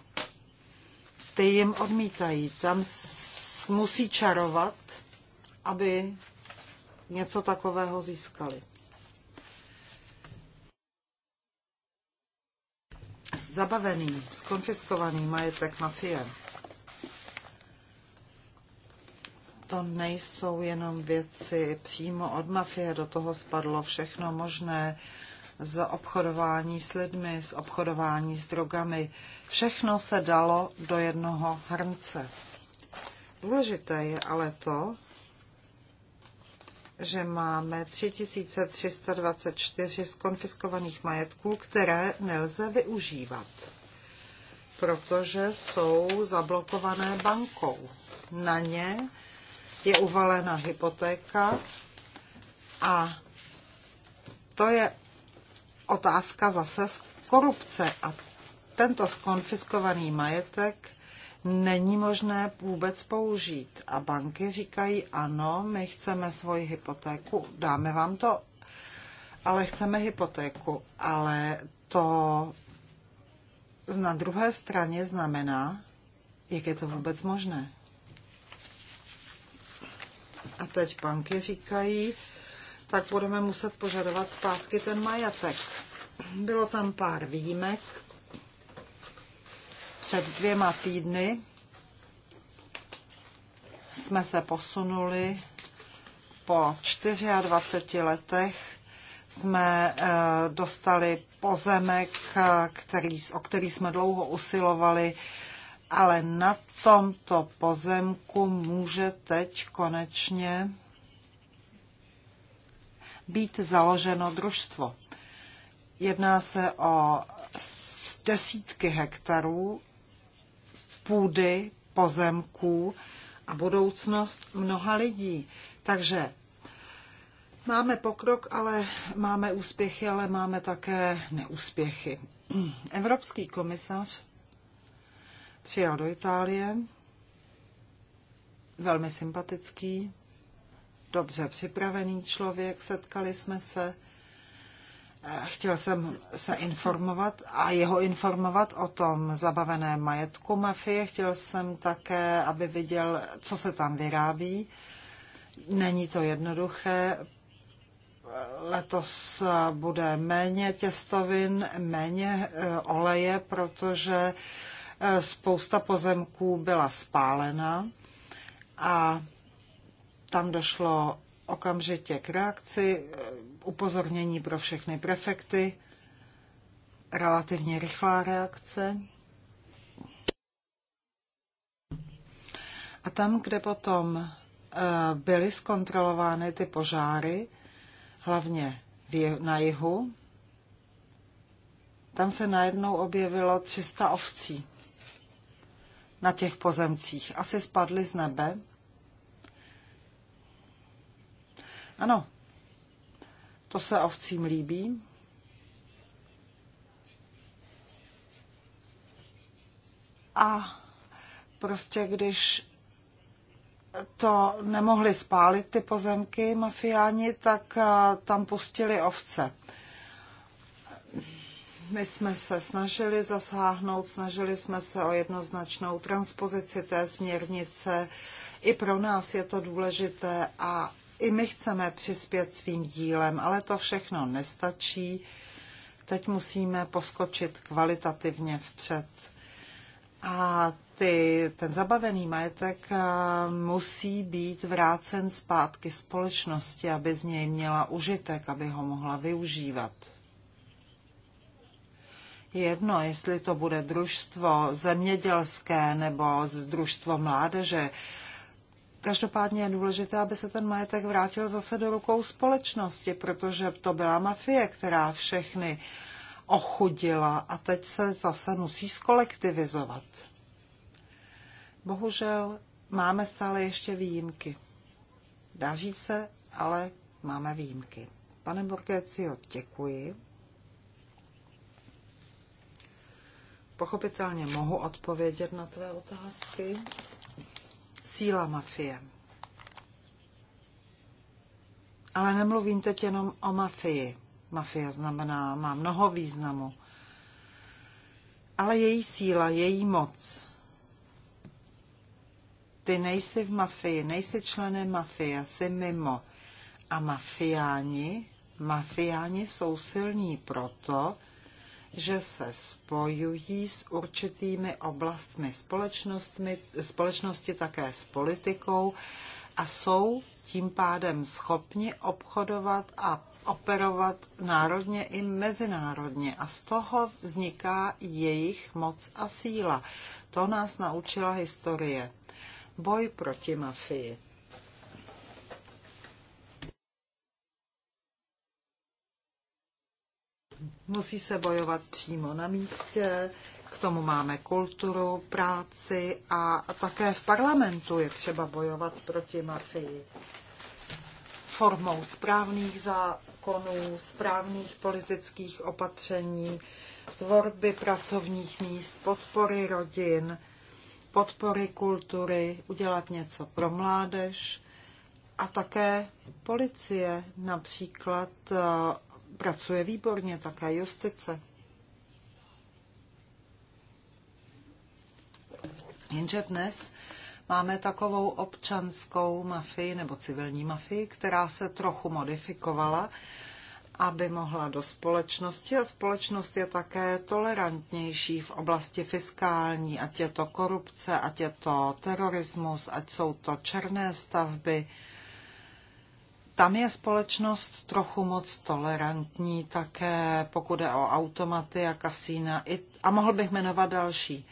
Ty jim odmítají. Tam musí čarovat, aby něco takového získali. Zabavený, skonfiskovaný majetek mafie. To nejsou jenom věci přímo od mafie, do toho spadlo všechno možné z obchodování s lidmi, z obchodování s drogami. Všechno se dalo do jednoho hrnce. Důležité je ale to, že máme 3324 skonfiskovaných majetků, které nelze využívat, protože jsou zablokované bankou. Na ně je uvalena hypotéka a to je otázka zase z korupce a tento skonfiskovaný majetek není možné vůbec použít. A banky říkají, ano, my chceme svoji hypotéku, dáme vám to, ale chceme hypotéku. Ale to na druhé straně znamená, jak je to vůbec možné. A teď banky říkají, tak budeme muset požadovat zpátky ten majetek. Bylo tam pár výjimek. Před dvěma týdny jsme se posunuli po 24 letech jsme eh, dostali pozemek, eh, který, o který jsme dlouho usilovali, ale na tomto pozemku může teď konečně být založeno družstvo. Jedná se o desítky hektarů půdy, pozemků a budoucnost mnoha lidí. Takže máme pokrok, ale máme úspěchy, ale máme také neúspěchy. Evropský komisař přijel do Itálie, velmi sympatický, dobře připravený člověk, setkali jsme se. Chtěl jsem se informovat a jeho informovat o tom zabaveném majetku mafie. Chtěl jsem také, aby viděl, co se tam vyrábí. Není to jednoduché. Letos bude méně těstovin, méně e, oleje, protože e, spousta pozemků byla spálena a tam došlo okamžitě k reakci, eh, upozornění pro všechny prefekty, relativně rychlá reakce. A tam, kde potom eh, byly zkontrolovány ty požáry, hlavně na jihu, tam se najednou objevilo 300 ovcí na těch pozemcích. Asi spadly z nebe Ano, to se ovcím líbí. A prostě když to nemohli spálit ty pozemky mafiáni, tak eh, tam pustili ovce. My jsme se snažili zasáhnout, snažili jsme se o jednoznačnou transpozici té směrnice. I pro nás je to důležité a i my chceme přispět svým dílem, ale to všechno nestačí. Teď musíme poskočit kvalitativně vpřed. A ty, ten zabavený majetek eh, musí být vrácen zpátky společnosti, aby z něj měla užitek, aby ho mohla využívat. Jedno, jestli to bude družstvo zemědělské nebo družstvo mládeže, Každopádně je důležité, aby se ten majetek vrátil zase do rukou společnosti, protože to byla mafie, která všechny ochudila a teď se zase musí skolektivizovat. Bohužel máme stále ještě výjimky. Daří se, ale máme výjimky. Pane Borgecio, děkuji. Pochopitelně mohu odpovědět na tvé otázky síla mafie. Ale nemluvím teď jenom o mafii. Mafia znamená, má mnoho významu. Ale její síla, její moc. Ty nejsi v mafii, nejsi členem mafie, jsi mimo. A mafiáni, mafiáni jsou silní proto, že se spojují s určitými oblastmi společnosti, také s politikou a jsou tím pádem schopni obchodovat a operovat národně i mezinárodně a z toho vzniká jejich moc a síla. To nás naučila historie. Boj proti mafii. Musí se bojovat přímo na místě, k tomu máme kulturu, práci a také v parlamentu je třeba bojovat proti mafii. Formou správných zákonů, správných politických opatření, tvorby pracovních míst, podpory rodin, podpory kultury, udělat něco pro mládež a také policie, například pracuje výborně, také justice. Jenže dnes máme takovou občanskou mafii nebo civilní mafii, která se trochu modifikovala, aby mohla do společnosti a společnost je také tolerantnější v oblasti fiskální, ať je to korupce, ať je to terorismus, ať jsou to černé stavby, tam je společnost trochu moc tolerantní také, pokud je o automaty a kasína. I, a mohl bych jmenovat další.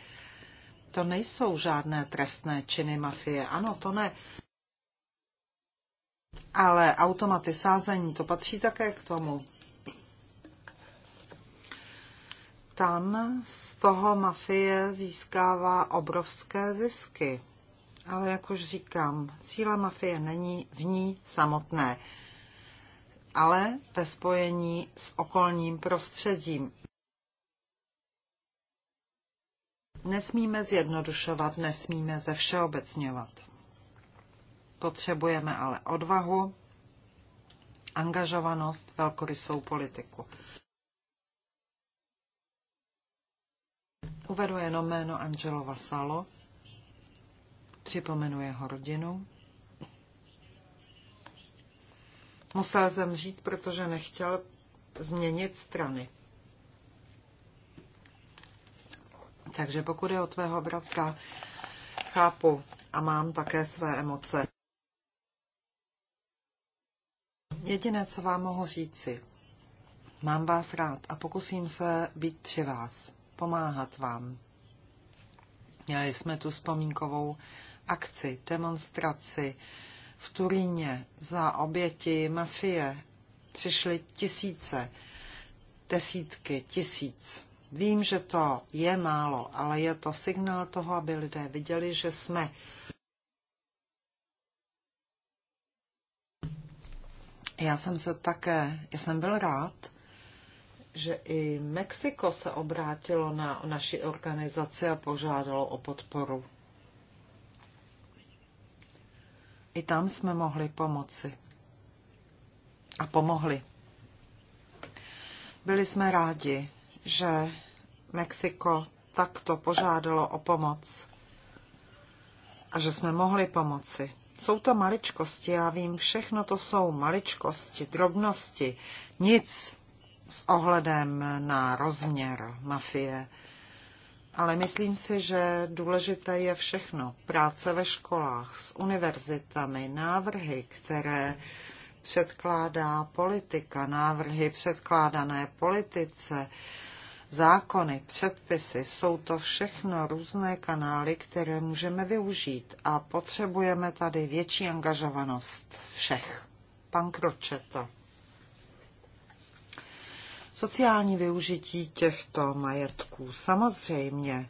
To nejsou žádné trestné činy mafie. Ano, to ne. Ale automaty sázení, to patří také k tomu. Tam z toho mafie získává obrovské zisky ale jak už říkám, síla mafie není v ní samotné, ale ve spojení s okolním prostředím. Nesmíme zjednodušovat, nesmíme ze všeobecňovat. Potřebujeme ale odvahu, angažovanost, velkorysou politiku. Uvedu jenom jméno Angelo Vasalo, připomenu jeho rodinu. Musel zemřít, protože nechtěl změnit strany. Takže pokud je o tvého bratra, chápu a mám také své emoce. Jediné, co vám mohu říci, mám vás rád a pokusím se být při vás, pomáhat vám. Měli jsme tu vzpomínkovou akci, demonstraci v Turíně za oběti mafie přišly tisíce, desítky tisíc. Vím, že to je málo, ale je to signál toho, aby lidé viděli, že jsme Já jsem se také, já jsem byl rád, že i Mexiko se obrátilo na naši organizaci a požádalo o podporu. I tam jsme mohli pomoci. A pomohli. Byli jsme rádi, že Mexiko takto požádalo o pomoc a že jsme mohli pomoci. Jsou to maličkosti, já vím, všechno to jsou maličkosti, drobnosti, nic s ohledem na rozměr mafie ale myslím si, že důležité je všechno. Práce ve školách, s univerzitami, návrhy, které předkládá politika, návrhy předkládané politice, zákony, předpisy, jsou to všechno různé kanály, které můžeme využít a potřebujeme tady větší angažovanost všech. Pan Kročeta sociální využití těchto majetků. Samozřejmě,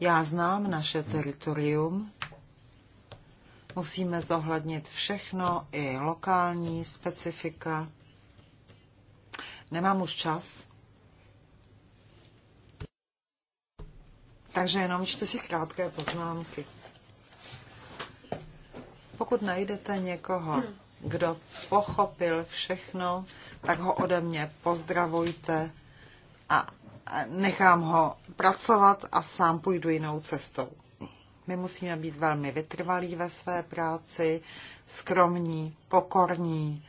já znám naše teritorium, musíme zohlednit všechno, i lokální specifika. Nemám už čas. Takže jenom čtyři krátké poznámky. Pokud najdete někoho, kdo pochopil všechno, tak ho ode mě pozdravujte a nechám ho pracovat a sám půjdu jinou cestou. My musíme být velmi vytrvalí ve své práci, skromní, pokorní.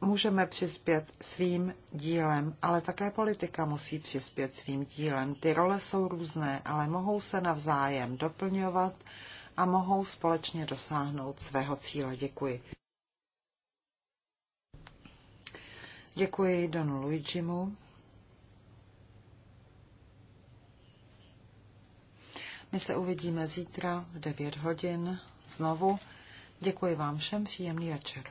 Můžeme přispět svým dílem, ale také politika musí přispět svým dílem. Ty role jsou různé, ale mohou se navzájem doplňovat a mohou společně dosáhnout svého cíle. Děkuji. Děkuji Donu Luigimu. My se uvidíme zítra v 9 hodin znovu. Děkuji vám všem, příjemný večer.